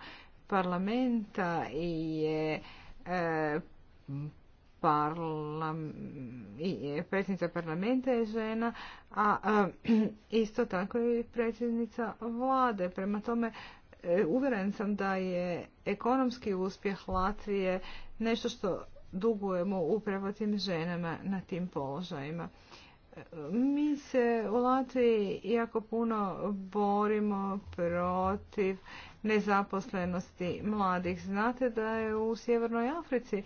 parlamenta i je e, i predsjednica parlamenta je žena, a, e, isto tako i predsjednica vlade. Prema tome, uveren sam da je ekonomski uspjeh Latvije nešto što dugujemo upravo tim ženama na tim položajima. Mi se u Latviji jako puno borimo protiv nezaposlenosti mladih. Znate da je u Sjevernoj Africi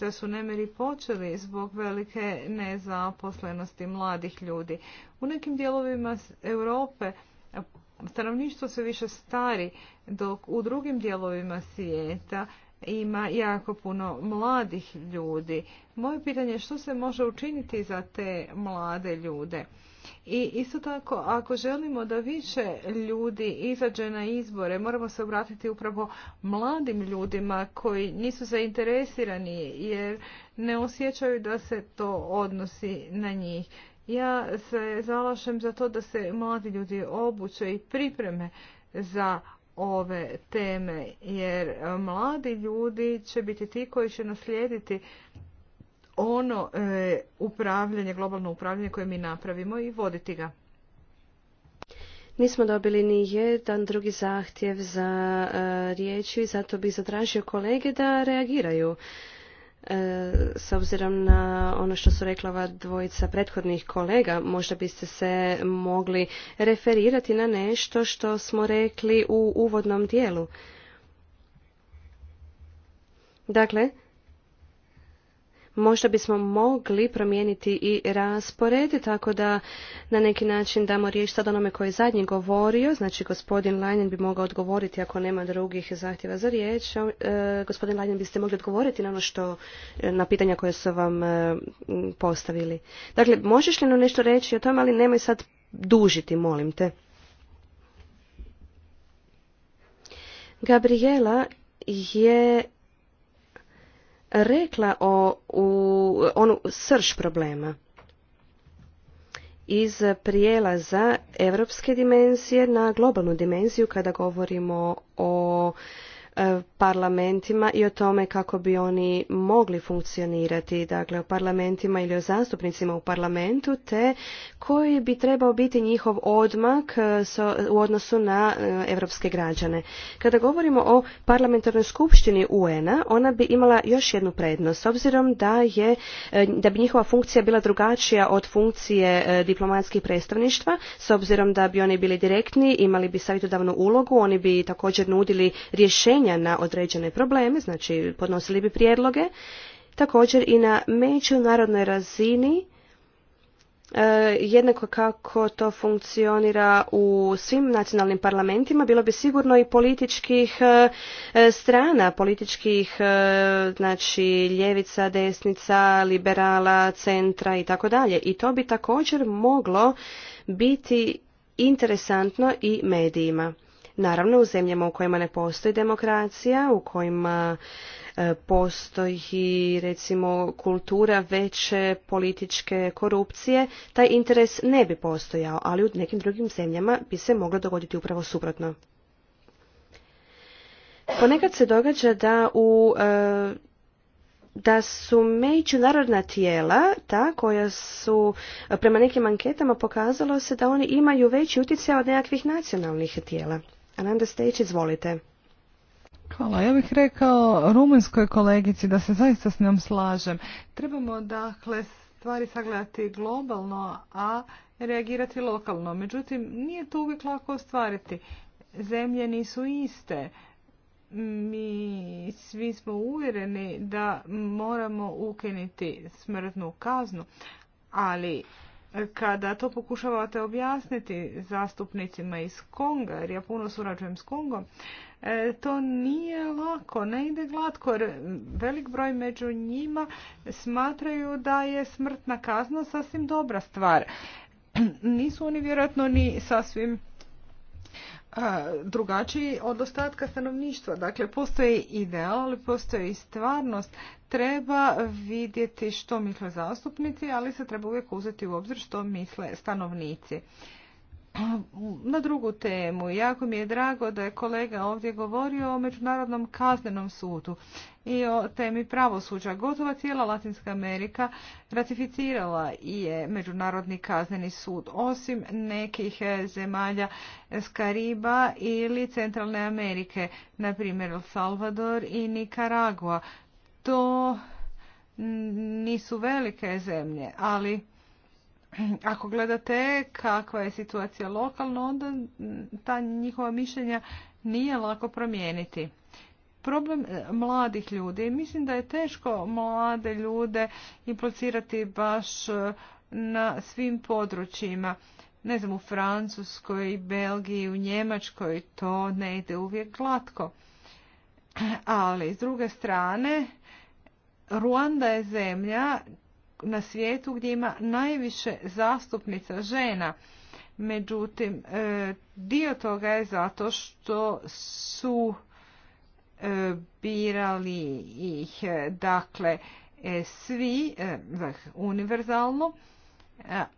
da su nemeri počeli zbog velike nezaposlenosti mladih ljudi. U nekim dijelovima Europe stanovništvo se više stari, dok u drugim dijelovima svijeta ima jako puno mladih ljudi. Moje pitanje je što se može učiniti za te mlade ljude? I isto tako, ako želimo da više ljudi izađe na izbore, moramo se obratiti upravo mladim ljudima koji nisu zainteresirani jer ne osjećaju da se to odnosi na njih. Ja se zalašem za to da se mladi ljudi obuče i pripreme za ove teme jer e, mladi ljudi će biti ti koji će naslijediti ono e, upravljanje, globalno upravljanje koje mi napravimo i voditi ga. Nismo dobili ni jedan drugi zahtjev za e, riječi, zato bih zatražio kolege da reagiraju. E, s obzirom na ono što su rekla ova dvojica prethodnih kolega, možda biste se mogli referirati na nešto što smo rekli u uvodnom dijelu. Dakle, možda bismo mogli promijeniti i raspored, tako da na neki način damo riječ sad onome koji je zadnji govorio, znači gospodin Lajnen bi mogao odgovoriti ako nema drugih zahtjeva za riječ. E, gospodin Lajnen biste mogli odgovoriti na ono što, e, na pitanja koje su vam e, postavili. Dakle, možeš li nam nešto reći o tome, ali nemoj sad dužiti, molim te. Gabriela je rekla o u, onu srž problema iz prijelaza europske dimenzije na globalnu dimenziju kada govorimo o E, parlamentima i o tome kako bi oni mogli funkcionirati, dakle o parlamentima ili o zastupnicima u parlamentu, te koji bi trebao biti njihov odmak e, u odnosu na e, evropske građane. Kada govorimo o parlamentarnoj skupštini UN-a, ona bi imala još jednu prednost, s obzirom da, je, da bi njihova funkcija bila drugačija od funkcije diplomatskih predstavništva, s obzirom da bi oni bili direktni, imali bi savjetodavnu ulogu, oni bi također nudili rješenje rješenja na određene probleme, znači podnosili bi prijedloge, također i na međunarodnoj razini e, jednako kako to funkcionira u svim nacionalnim parlamentima, bilo bi sigurno i političkih e, strana, političkih e, znači ljevica, desnica, liberala, centra i tako dalje. I to bi također moglo biti interesantno i medijima. Naravno, u zemljama u kojima ne postoji demokracija, u kojima e, postoji recimo kultura veće političke korupcije, taj interes ne bi postojao, ali u nekim drugim zemljama bi se moglo dogoditi upravo suprotno. Ponekad se događa da u e, da su međunarodna tijela ta koja su e, prema nekim anketama pokazalo se da oni imaju veći utjecaj od nekakvih nacionalnih tijela. Ananda Stejić, izvolite. Hvala. Ja bih rekao rumunjskoj kolegici da se zaista s njom slažem. Trebamo dakle stvari sagledati globalno, a reagirati lokalno. Međutim, nije to uvijek lako ostvariti. Zemlje nisu iste. Mi svi smo uvjereni da moramo ukinuti smrtnu kaznu, ali kada to pokušavate objasniti zastupnicima iz Konga, jer ja puno surađujem s Kongom, e, to nije lako, ne ide glatko, jer velik broj među njima smatraju da je smrtna kazna sasvim dobra stvar. Nisu oni vjerojatno ni sasvim drugačiji od ostatka stanovništva. Dakle, postoji ideal, ali postoji i stvarnost. Treba vidjeti što misle zastupnici, ali se treba uvijek uzeti u obzir što misle stanovnici na drugu temu. Jako mi je drago da je kolega ovdje govorio o Međunarodnom kaznenom sudu i o temi pravosuđa. Gotova cijela Latinska Amerika ratificirala je Međunarodni kazneni sud, osim nekih e, zemalja Skariba ili Centralne Amerike, na primjer El Salvador i Nicaragua. To nisu velike zemlje, ali ako gledate kakva je situacija lokalno, onda ta njihova mišljenja nije lako promijeniti. Problem e, mladih ljudi, mislim da je teško mlade ljude implicirati baš e, na svim područjima. Ne znam, u Francuskoj, Belgiji, u Njemačkoj to ne ide uvijek glatko. Ali, s druge strane, Ruanda je zemlja na svijetu gdje ima najviše zastupnica žena. Međutim, e, dio toga je zato što su e, birali ih, e, dakle, svi, univerzalno,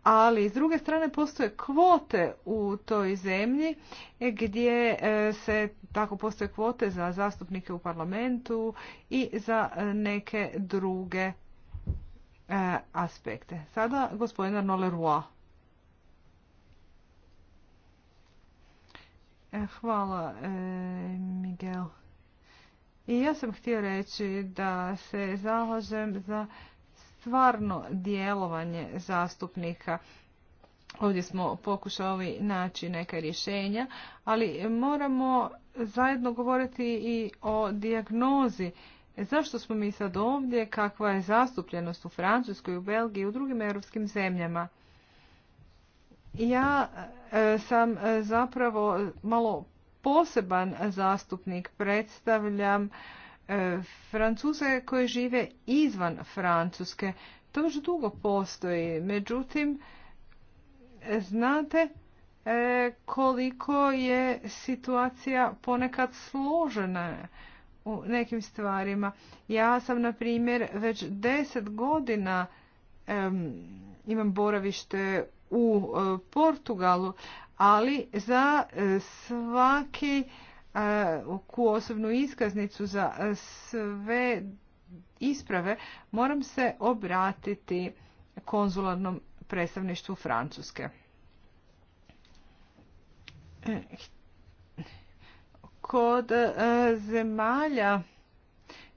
ali s druge strane postoje kvote u toj zemlji gdje se tako postoje kvote za zastupnike u parlamentu i za neke druge E, aspekte. Sada gospodina Leroy. E, hvala, e, Miguel. I ja sam htio reći da se zalažem za stvarno djelovanje zastupnika. Ovdje smo pokušali naći neka rješenja, ali moramo zajedno govoriti i o dijagnozi E, zašto smo mi sad ovdje? Kakva je zastupljenost u Francuskoj, u Belgiji i u drugim europskim zemljama? Ja e, sam e, zapravo malo poseban zastupnik. Predstavljam Francuze koji žive izvan Francuske. To još dugo postoji. Međutim, znate koliko je situacija ponekad složena u nekim stvarima. Ja sam, na primjer, već deset godina imam boravište u e, Portugalu, ali za e, svaki e, osobnu iskaznicu za sve isprave moram se obratiti konzularnom predstavništvu Francuske kod e, zemalja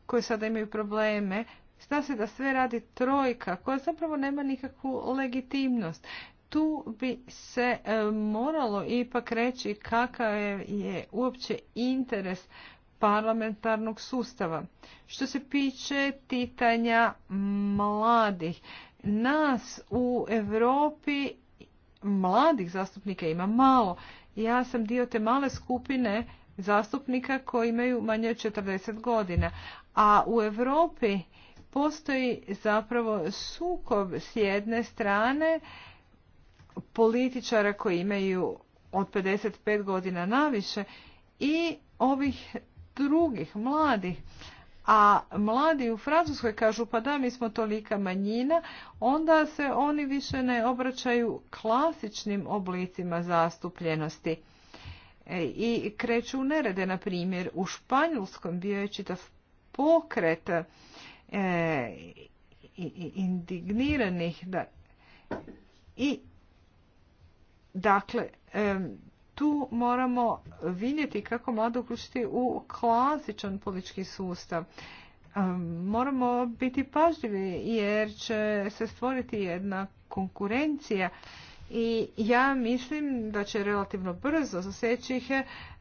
koje sada imaju probleme, zna se da sve radi trojka koja zapravo nema nikakvu legitimnost. Tu bi se e, moralo ipak reći kakav je uopće interes parlamentarnog sustava. Što se piče titanja mladih, nas u Europi mladih zastupnika ima malo. Ja sam dio te male skupine zastupnika koji imaju manje od 40 godina. A u Europi postoji zapravo sukob s jedne strane političara koji imaju od 55 godina naviše i ovih drugih mladih. A mladi u Francuskoj kažu pa da mi smo tolika manjina, onda se oni više ne obraćaju klasičnim oblicima zastupljenosti. E, i kreću u nerede. Na primjer, u Španjolskom bio je čitav pokret e, indigniranih da, i dakle e, tu moramo vidjeti kako mlade uključiti u klasičan politički sustav. Moramo biti pažljivi jer će se stvoriti jedna konkurencija i ja mislim da će relativno brzo za sljedećih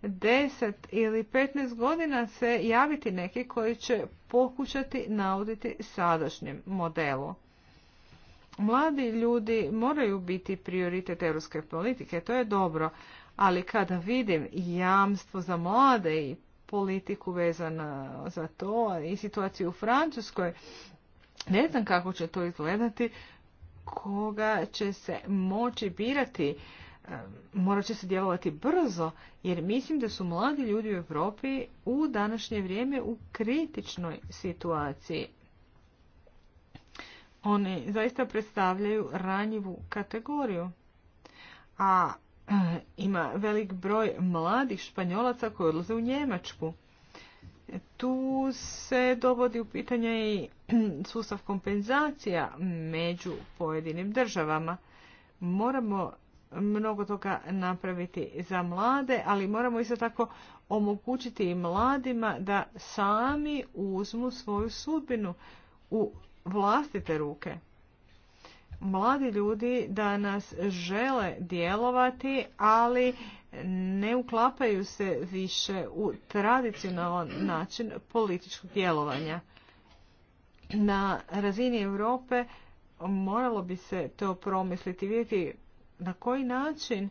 10 ili 15 godina se javiti neki koji će pokušati nauditi sadašnjem modelu. Mladi ljudi moraju biti prioritet europske politike, to je dobro, ali kada vidim jamstvo za mlade i politiku vezana za to i situaciju u Francuskoj, ne znam kako će to izgledati, koga će se moći birati e, morat će se djelovati brzo, jer mislim da su mladi ljudi u Europi u današnje vrijeme u kritičnoj situaciji. Oni zaista predstavljaju ranjivu kategoriju. A e, ima velik broj mladih španjolaca koji odlaze u Njemačku. Tu se dovodi u pitanje i sustav kompenzacija među pojedinim državama. Moramo mnogo toga napraviti za mlade, ali moramo isto tako omogućiti i mladima da sami uzmu svoju sudbinu u vlastite ruke mladi ljudi da nas žele djelovati, ali ne uklapaju se više u tradicionalan način političkog djelovanja. Na razini Europe moralo bi se to promisliti, vidjeti na koji način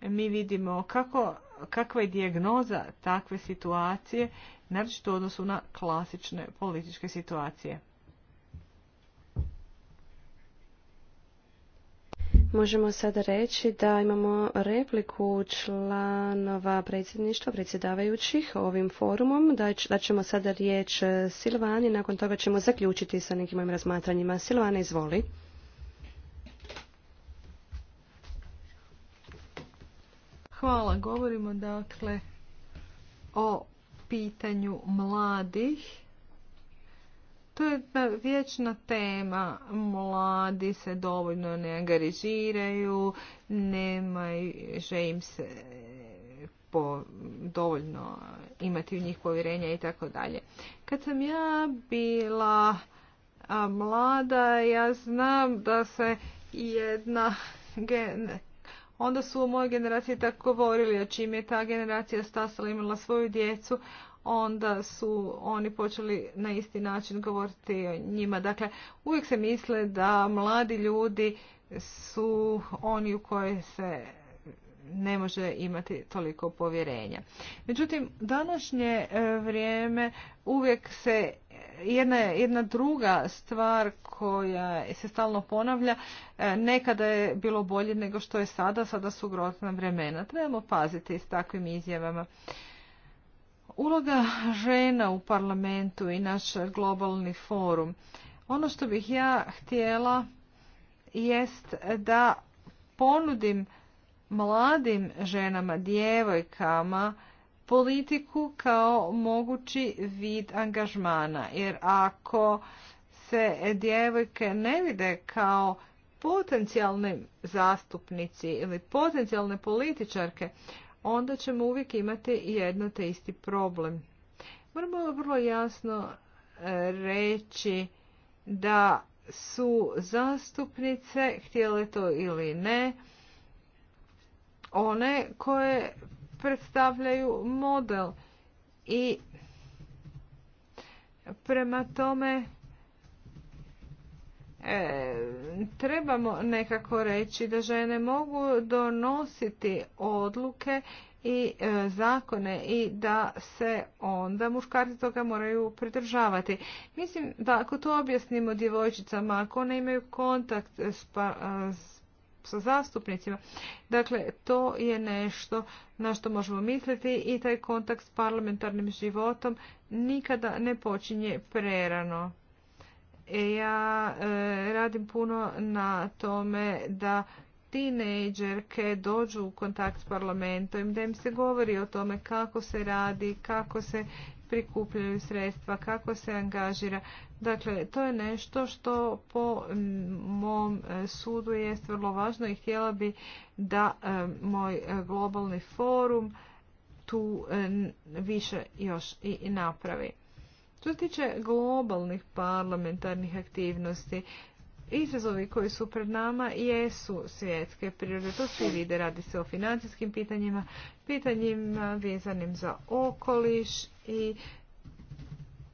mi vidimo kako, kakva je dijagnoza takve situacije, naročito u odnosu na klasične političke situacije. Možemo sada reći da imamo repliku članova predsjedništva, predsjedavajućih ovim forumom. Da ćemo sada riječ Silvani, nakon toga ćemo zaključiti sa nekim mojim razmatranjima. Silvana, izvoli. Hvala. Govorimo dakle o pitanju mladih to je pa vječna tema. Mladi se dovoljno ne angažiraju, nema im se e, po, dovoljno imati u njih povjerenja i tako dalje. Kad sam ja bila mlada, ja znam da se jedna Onda su u mojoj generaciji tako govorili, a čim je ta generacija stasala imala svoju djecu, onda su oni počeli na isti način govoriti o njima. Dakle, uvijek se misle da mladi ljudi su oni u koje se ne može imati toliko povjerenja. Međutim, današnje e, vrijeme uvijek se jedna, jedna druga stvar koja se stalno ponavlja, e, nekada je bilo bolje nego što je sada, sada su grozna vremena. Trebamo paziti s takvim izjavama. Uloga žena u parlamentu i naš globalni forum. Ono što bih ja htjela jest da ponudim mladim ženama, djevojkama, politiku kao mogući vid angažmana. Jer ako se djevojke ne vide kao potencijalni zastupnici ili potencijalne političarke, onda ćemo uvijek imati jedno te isti problem. Moramo vrlo jasno e, reći da su zastupnice, htjele to ili ne, one koje predstavljaju model i prema tome E, trebamo nekako reći da žene mogu donositi odluke i e, zakone i da se onda muškarci toga moraju pridržavati. Mislim da ako to objasnimo djevojčicama, ako one imaju kontakt pa, sa zastupnicima. Dakle, to je nešto na što možemo misliti i taj kontakt s parlamentarnim životom nikada ne počinje prerano. E, ja e, radim puno na tome da tinejdžerke dođu u kontakt s parlamentom, da im se govori o tome kako se radi, kako se prikupljaju sredstva, kako se angažira. Dakle, to je nešto što po mom e, sudu je vrlo važno i htjela bi da moj globalni forum tu više još i napravi. Što se tiče globalnih parlamentarnih aktivnosti, Izazovi koji su pred nama jesu svjetske prirode, to svi vide, radi se o financijskim pitanjima, pitanjima vezanim za okoliš i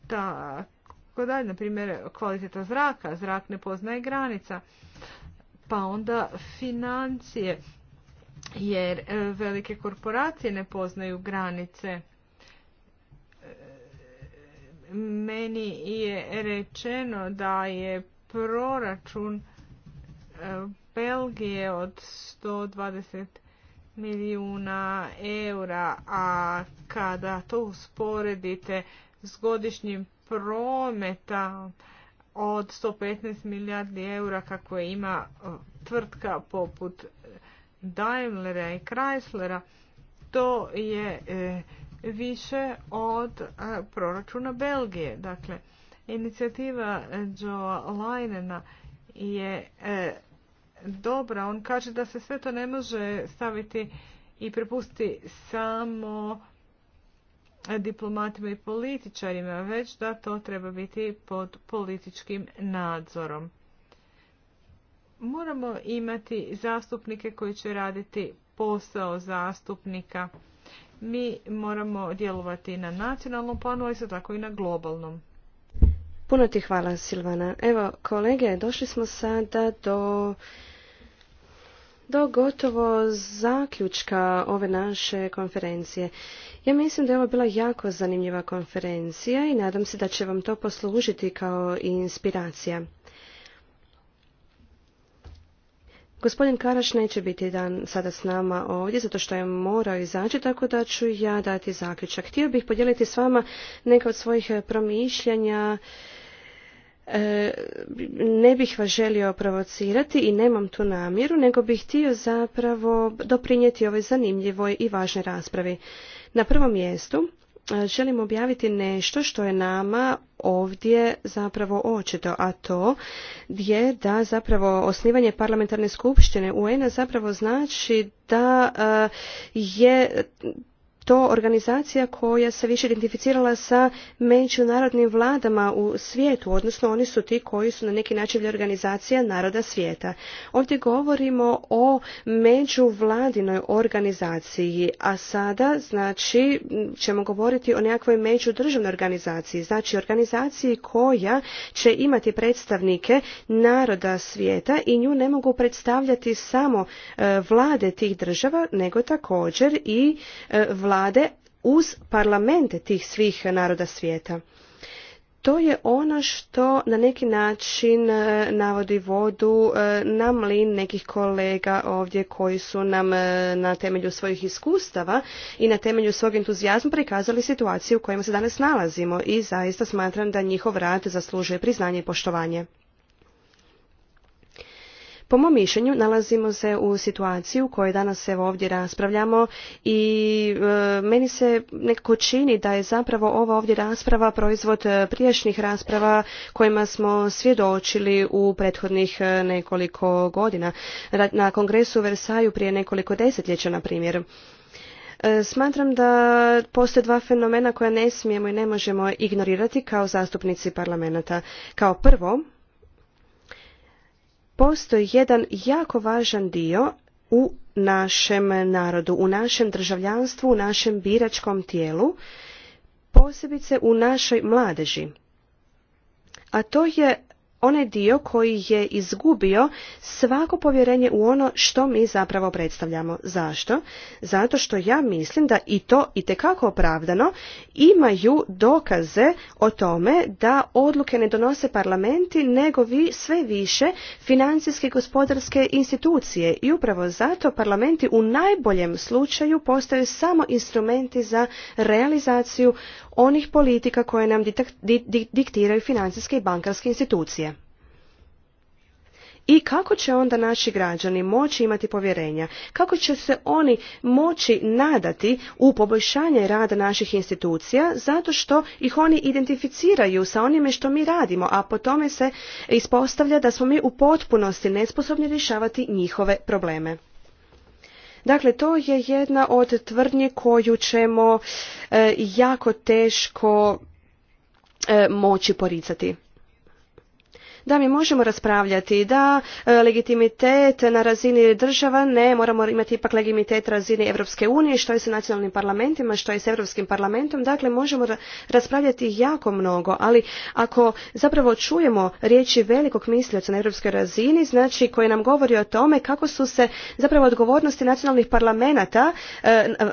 tako dalje, na primjer kvaliteta zraka, zrak ne poznaje granica, pa onda financije, jer e, velike korporacije ne poznaju granice meni je rečeno da je proračun e, Belgije od 120 milijuna eura, a kada to usporedite s godišnjim prometa od 115 milijardi eura kako ima e, tvrtka poput Daimlera i Chryslera, to je e, više od e, proračuna Belgije. Dakle, inicijativa Joa Leinena je e, dobra. On kaže da se sve to ne može staviti i prepustiti samo diplomatima i političarima, već da to treba biti pod političkim nadzorom. Moramo imati zastupnike koji će raditi posao zastupnika mi moramo djelovati na nacionalnom planu, ali se tako i na globalnom. Puno ti hvala Silvana. Evo kolege, došli smo sada do do gotovo zaključka ove naše konferencije. Ja mislim da je ovo bila jako zanimljiva konferencija i nadam se da će vam to poslužiti kao inspiracija. Gospodin Karaš neće biti dan sada s nama ovdje zato što je morao izaći, tako da ću ja dati zaključak. Htio bih podijeliti s vama neka od svojih e, promišljanja. E, ne bih vas želio provocirati i nemam tu namjeru, nego bih htio zapravo doprinijeti ovoj zanimljivoj i važnoj raspravi. Na prvom mjestu E, želim objaviti nešto što je nama ovdje zapravo očito, a to je da zapravo osnivanje parlamentarne skupštine UN-a zapravo znači da e, je to organizacija koja se više identificirala sa međunarodnim vladama u svijetu, odnosno oni su ti koji su na neki način organizacija naroda svijeta. Ovdje govorimo o međuvladinoj organizaciji, a sada znači ćemo govoriti o nekakvoj međudržavnoj organizaciji, znači organizaciji koja će imati predstavnike naroda svijeta i nju ne mogu predstavljati samo e, vlade tih država, nego također i vlade vlade uz parlamente tih svih naroda svijeta. To je ono što na neki način e, navodi vodu e, na mlin nekih kolega ovdje koji su nam e, na temelju svojih iskustava i na temelju svog entuzijazma prikazali situaciju u kojima se danas nalazimo i zaista smatram da njihov rad zaslužuje priznanje i poštovanje. Po mom mišljenju nalazimo se u situaciju u kojoj danas evo ovdje raspravljamo i e, meni se nekako čini da je zapravo ova ovdje rasprava proizvod e, prijašnjih rasprava kojima smo svjedočili u prethodnih e, nekoliko godina. Na kongresu u Versaju prije nekoliko desetljeća, na primjer. Smatram da postoje dva fenomena koja ne smijemo i ne možemo ignorirati kao zastupnici parlamenta. Kao prvo, postoji jedan jako važan dio u našem narodu, u našem državljanstvu, u našem biračkom tijelu, posebice u našoj mladeži. A to je onaj dio koji je izgubio svako povjerenje u ono što mi zapravo predstavljamo. Zašto? Zato što ja mislim da i to i tekako opravdano imaju dokaze o tome da odluke ne donose parlamenti nego sve više financijske i gospodarske institucije i upravo zato parlamenti u najboljem slučaju postaju samo instrumenti za realizaciju onih politika koje nam diktiraju financijske i bankarske institucije. I kako će onda naši građani moći imati povjerenja? Kako će se oni moći nadati u poboljšanje rada naših institucija zato što ih oni identificiraju sa onime što mi radimo, a po tome se ispostavlja da smo mi u potpunosti nesposobni rješavati njihove probleme. Dakle, to je jedna od tvrdnji koju ćemo e, jako teško e, moći poricati da mi možemo raspravljati da e, legitimitet na razini država ne moramo imati ipak legitimitet na razini Europske unije što je sa nacionalnim parlamentima što je sa Europskim parlamentom dakle možemo raspravljati jako mnogo ali ako zapravo čujemo riječi velikog mislioca na europskoj razini znači koji nam govori o tome kako su se zapravo odgovornosti nacionalnih parlamenata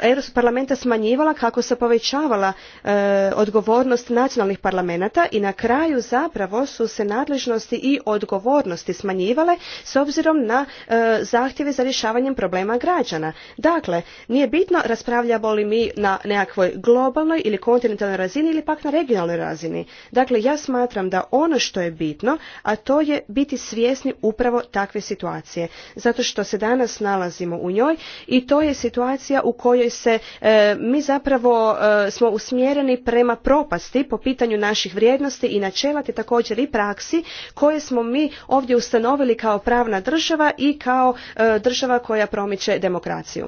Europskog parlamenta smanjivala kako se povećavala e, odgovornost nacionalnih parlamentata i na kraju zapravo su se nadležnosti i odgovornosti smanjivale s obzirom na e, zahtjeve za rješavanjem problema građana. Dakle, nije bitno raspravljamo li mi na nekakvoj globalnoj ili kontinentalnoj razini ili pak na regionalnoj razini. Dakle, ja smatram da ono što je bitno, a to je biti svjesni upravo takve situacije. Zato što se danas nalazimo u njoj i to je situacija u kojoj se e, mi zapravo e, smo usmjereni prema propasti po pitanju naših vrijednosti i načela te također i praksi koje smo mi ovdje ustanovili kao pravna država i kao e, država koja promiče demokraciju.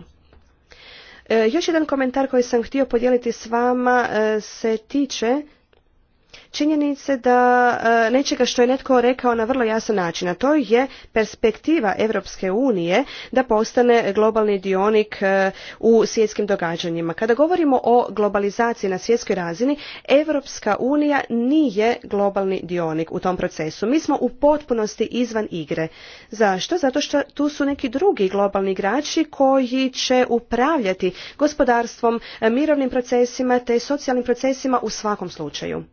E, još jedan komentar koji sam htio podijeliti s vama e, se tiče činjenice da e, nečega što je netko rekao na vrlo jasan način, a to je perspektiva Europske unije da postane globalni dionik e, u svjetskim događanjima. Kada govorimo o globalizaciji na svjetskoj razini, Europska unija nije globalni dionik u tom procesu. Mi smo u potpunosti izvan igre. Zašto? Zato što tu su neki drugi globalni igrači koji će upravljati gospodarstvom, e, mirovnim procesima te socijalnim procesima u svakom slučaju.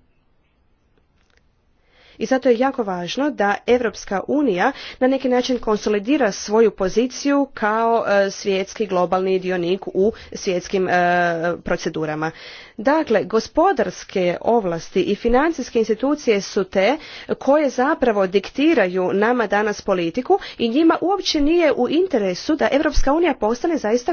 I zato je jako važno da Europska unija na neki način konsolidira svoju poziciju kao e, svjetski globalni dionik u svjetskim e, procedurama. Dakle, gospodarske ovlasti i financijske institucije su te koje zapravo diktiraju nama danas politiku i njima uopće nije u interesu da Europska unija postane zaista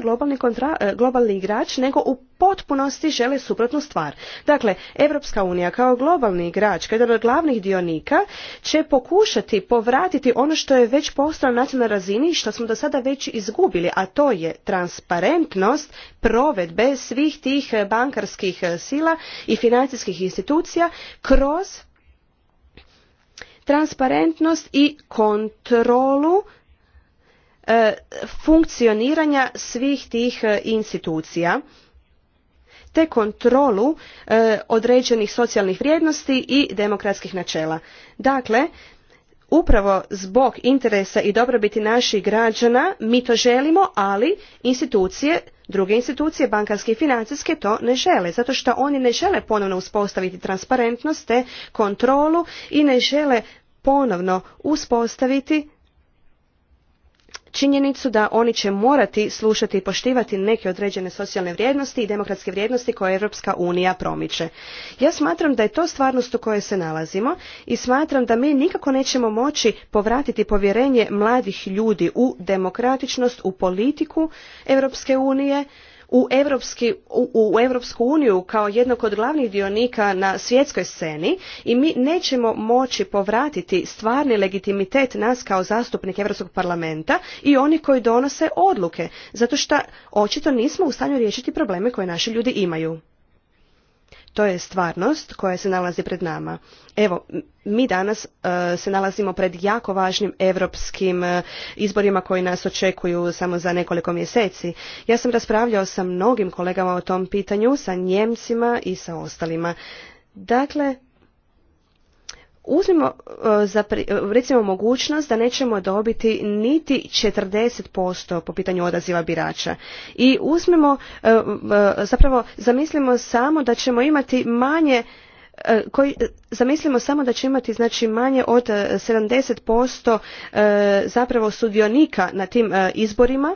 e, globalni, igrač, nego u potpunosti žele suprotnu stvar. Dakle, Europska unija kao globalni igrač, kao jedan od glavnih dionika, će pokušati povratiti ono što je već postalo na nacionalnoj razini i što smo do sada već izgubili, a to je transparentnost, provedbe svih tih eh, bankarskih eh, sila i financijskih institucija kroz transparentnost i kontrolu eh, funkcioniranja svih tih institucija te kontrolu određenih socijalnih vrijednosti i demokratskih načela. Dakle, upravo zbog interesa i dobrobiti naših građana mi to želimo, ali institucije Druge institucije, bankarske i financijske, to ne žele, zato što oni ne žele ponovno uspostaviti transparentnost te kontrolu i ne žele ponovno uspostaviti činjenicu da oni će morati slušati i poštivati neke određene socijalne vrijednosti i demokratske vrijednosti koje Europska unija promiče. Ja smatram da je to stvarnost u kojoj se nalazimo i smatram da mi nikako nećemo moći povratiti povjerenje mladih ljudi u demokratičnost, u politiku Europske unije, u, Europsku uniju kao jednog od glavnih dionika na svjetskoj sceni i mi nećemo moći povratiti stvarni legitimitet nas kao zastupnika Europskog parlamenta i oni koji donose odluke, zato što očito nismo u stanju riješiti probleme koje naši ljudi imaju. To je stvarnost koja se nalazi pred nama. Evo, mi danas e, se nalazimo pred jako važnim europskim e, izborima koji nas očekuju samo za nekoliko mjeseci. Ja sam raspravljao sa mnogim kolegama o tom pitanju, sa Njemcima i sa ostalima. Dakle, uzmimo e, za, e, recimo mogućnost da nećemo dobiti niti 40% po pitanju odaziva birača i uzmimo, e, zapravo zamislimo samo da ćemo imati manje koji zamislimo samo da će imati znači manje od 70% zapravo sudionika na tim izborima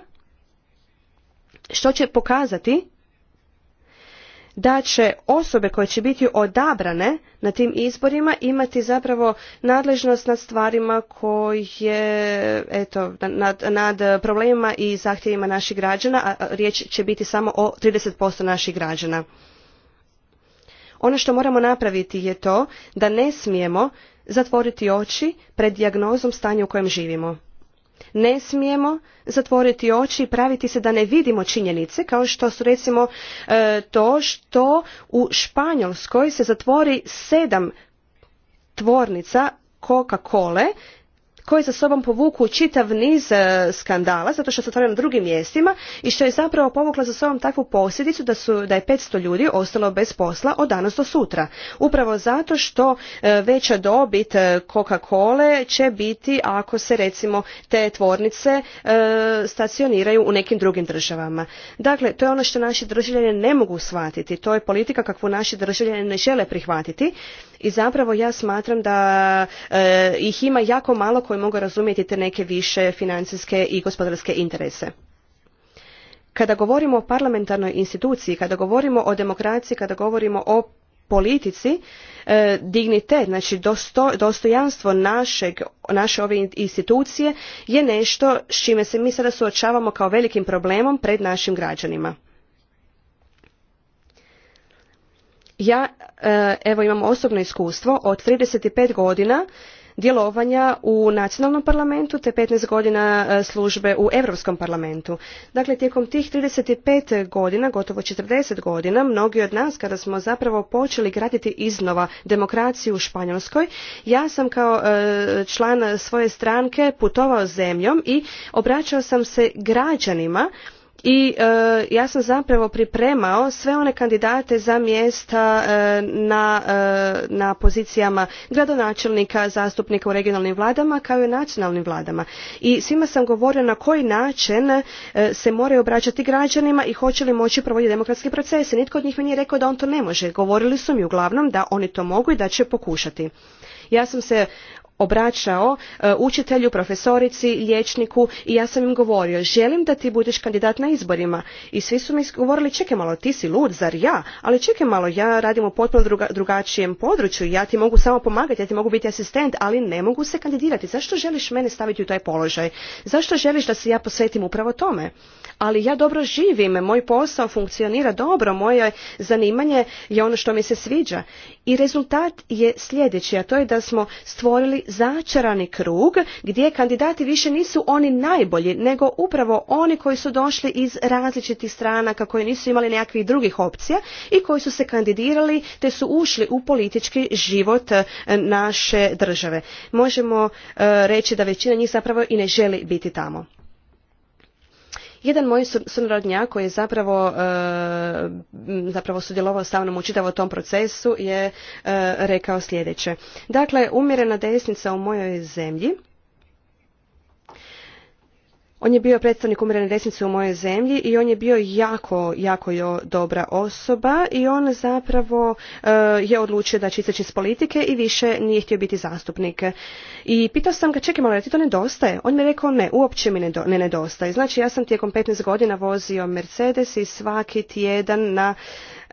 što će pokazati da će osobe koje će biti odabrane na tim izborima imati zapravo nadležnost nad stvarima koje, eto, nad, nad problemima i zahtjevima naših građana, a riječ će biti samo o 30% naših građana. Ono što moramo napraviti je to da ne smijemo zatvoriti oči pred dijagnozom stanja u kojem živimo ne smijemo zatvoriti oči i praviti se da ne vidimo činjenice kao što su recimo e, to što u Španjolskoj se zatvori sedam tvornica Coca-Cole koji za sobom povuku čitav niz e, skandala zato što se otvorio na drugim mjestima i što je zapravo povukla za sobom takvu posljedicu da, su, da je 500 ljudi ostalo bez posla od danas do sutra. Upravo zato što e, veća dobit e, Coca-Cola će biti ako se recimo te tvornice stacioniraju u nekim drugim državama. Dakle, to je ono što naši državljani ne mogu shvatiti. To je politika kakvu naši državljani ne žele prihvatiti i zapravo ja smatram da e, ih ima jako malo koji mogu razumjeti te neke više financijske i gospodarske interese kada govorimo o parlamentarnoj instituciji kada govorimo o demokraciji kada govorimo o politici e, dignitet znači dostojanstvo našeg, naše ove institucije je nešto s čime se mi sada suočavamo kao velikim problemom pred našim građanima Ja e, evo imam osobno iskustvo od 35 godina djelovanja u nacionalnom parlamentu te 15 godina e, službe u Europskom parlamentu. Dakle, tijekom tih 35 godina, gotovo 40 godina, mnogi od nas kada smo zapravo počeli graditi iznova demokraciju u Španjolskoj, ja sam kao e, član svoje stranke putovao zemljom i obraćao sam se građanima i e, ja sam zapravo pripremao sve one kandidate za mjesta e, na, e, na pozicijama gradonačelnika zastupnika u regionalnim vladama kao i u nacionalnim vladama i svima sam govorio na koji način se moraju obraćati građanima i hoće li moći provoditi demokratske procese nitko od njih mi nije rekao da on to ne može govorili su mi uglavnom da oni to mogu i da će pokušati ja sam se obraćao e, učitelju, profesorici, liječniku i ja sam im govorio želim da ti budeš kandidat na izborima i svi su mi govorili čekaj malo ti si lud, zar ja? Ali čekaj malo ja radim u potpuno drugačijem području, ja ti mogu samo pomagati, ja ti mogu biti asistent, ali ne mogu se kandidirati. Zašto želiš mene staviti u taj položaj? Zašto želiš da se ja posvetim upravo tome? Ali ja dobro živim, moj posao funkcionira dobro, moje zanimanje je ono što mi se sviđa. I rezultat je sljedeći, a to je da smo stvorili začarani krug gdje kandidati više nisu oni najbolji, nego upravo oni koji su došli iz različitih stranaka, koji nisu imali nekakvih drugih opcija i koji su se kandidirali te su ušli u politički život e, naše države. Možemo e, reći da većina njih zapravo i ne želi biti tamo. Jedan moj sunarodnjak koji je zapravo, e, zapravo sudjelovao sa mnom u čitavom tom procesu je e, rekao sljedeće. Dakle, umjerena desnica u mojoj zemlji on je bio predstavnik umjerene desnice u mojoj zemlji i on je bio jako, jako dobra osoba i on zapravo e, je odlučio da će izaći iz politike i više nije htio biti zastupnik. I pitao sam ga, čekaj malo, ti to nedostaje? On mi je rekao, ne, uopće mi ne nedostaje. Znači, ja sam tijekom 15 godina vozio Mercedes i svaki tjedan na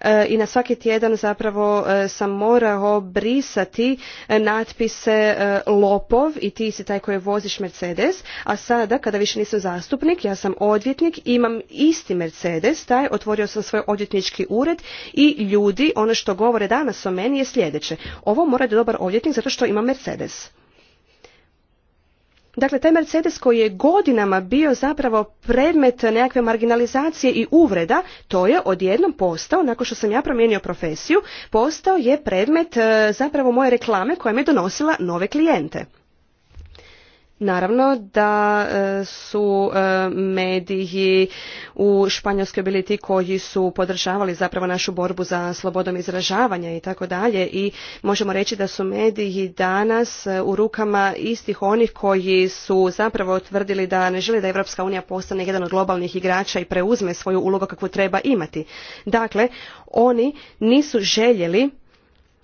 E, i na svaki tjedan zapravo e, sam morao brisati e, natpise lopov i ti si taj koji voziš Mercedes, a sada kada više nisam zastupnik, ja sam odvjetnik, imam isti Mercedes, taj otvorio sam svoj odvjetnički ured i ljudi ono što govore danas o meni je sljedeće. Ovo mora dobar odvjetnik zato što ima Mercedes. Dakle, taj Mercedes koji je godinama bio zapravo predmet nekakve marginalizacije i uvreda, to je odjednom postao, nakon što sam ja promijenio profesiju, postao je predmet e, zapravo moje reklame koja mi je donosila nove klijente. Naravno da e, su e, mediji u Španjolskoj bili ti koji su podržavali zapravo našu borbu za slobodom izražavanja i tako dalje i možemo reći da su mediji danas u rukama istih onih koji su zapravo tvrdili da ne žele da Evropska unija postane jedan od globalnih igrača i preuzme svoju ulogu kakvu treba imati. Dakle, oni nisu željeli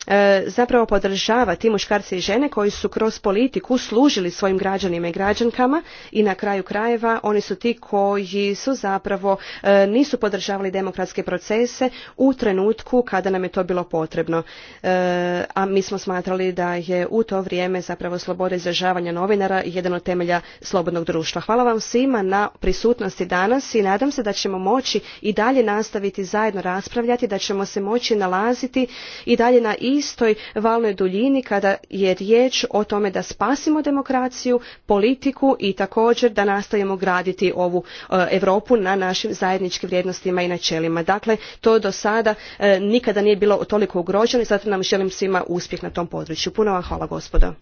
E, zapravo podržava ti muškarci i žene koji su kroz politiku služili svojim građanima i građankama i na kraju krajeva oni su ti koji su zapravo e, nisu podržavali demokratske procese u trenutku kada nam je to bilo potrebno. E, a mi smo smatrali da je u to vrijeme zapravo sloboda izražavanja novinara jedan od temelja slobodnog društva. Hvala vam svima na prisutnosti danas i nadam se da ćemo moći i dalje nastaviti zajedno raspravljati, da ćemo se moći nalaziti i dalje na istoj valnoj duljini kada je riječ o tome da spasimo demokraciju, politiku i također da nastavimo graditi ovu e, Europu na našim zajedničkim vrijednostima i načelima. Dakle, to do sada e, nikada nije bilo toliko ugroženo i zato nam želim svima uspjeh na tom području. Puno vam hvala gospodo.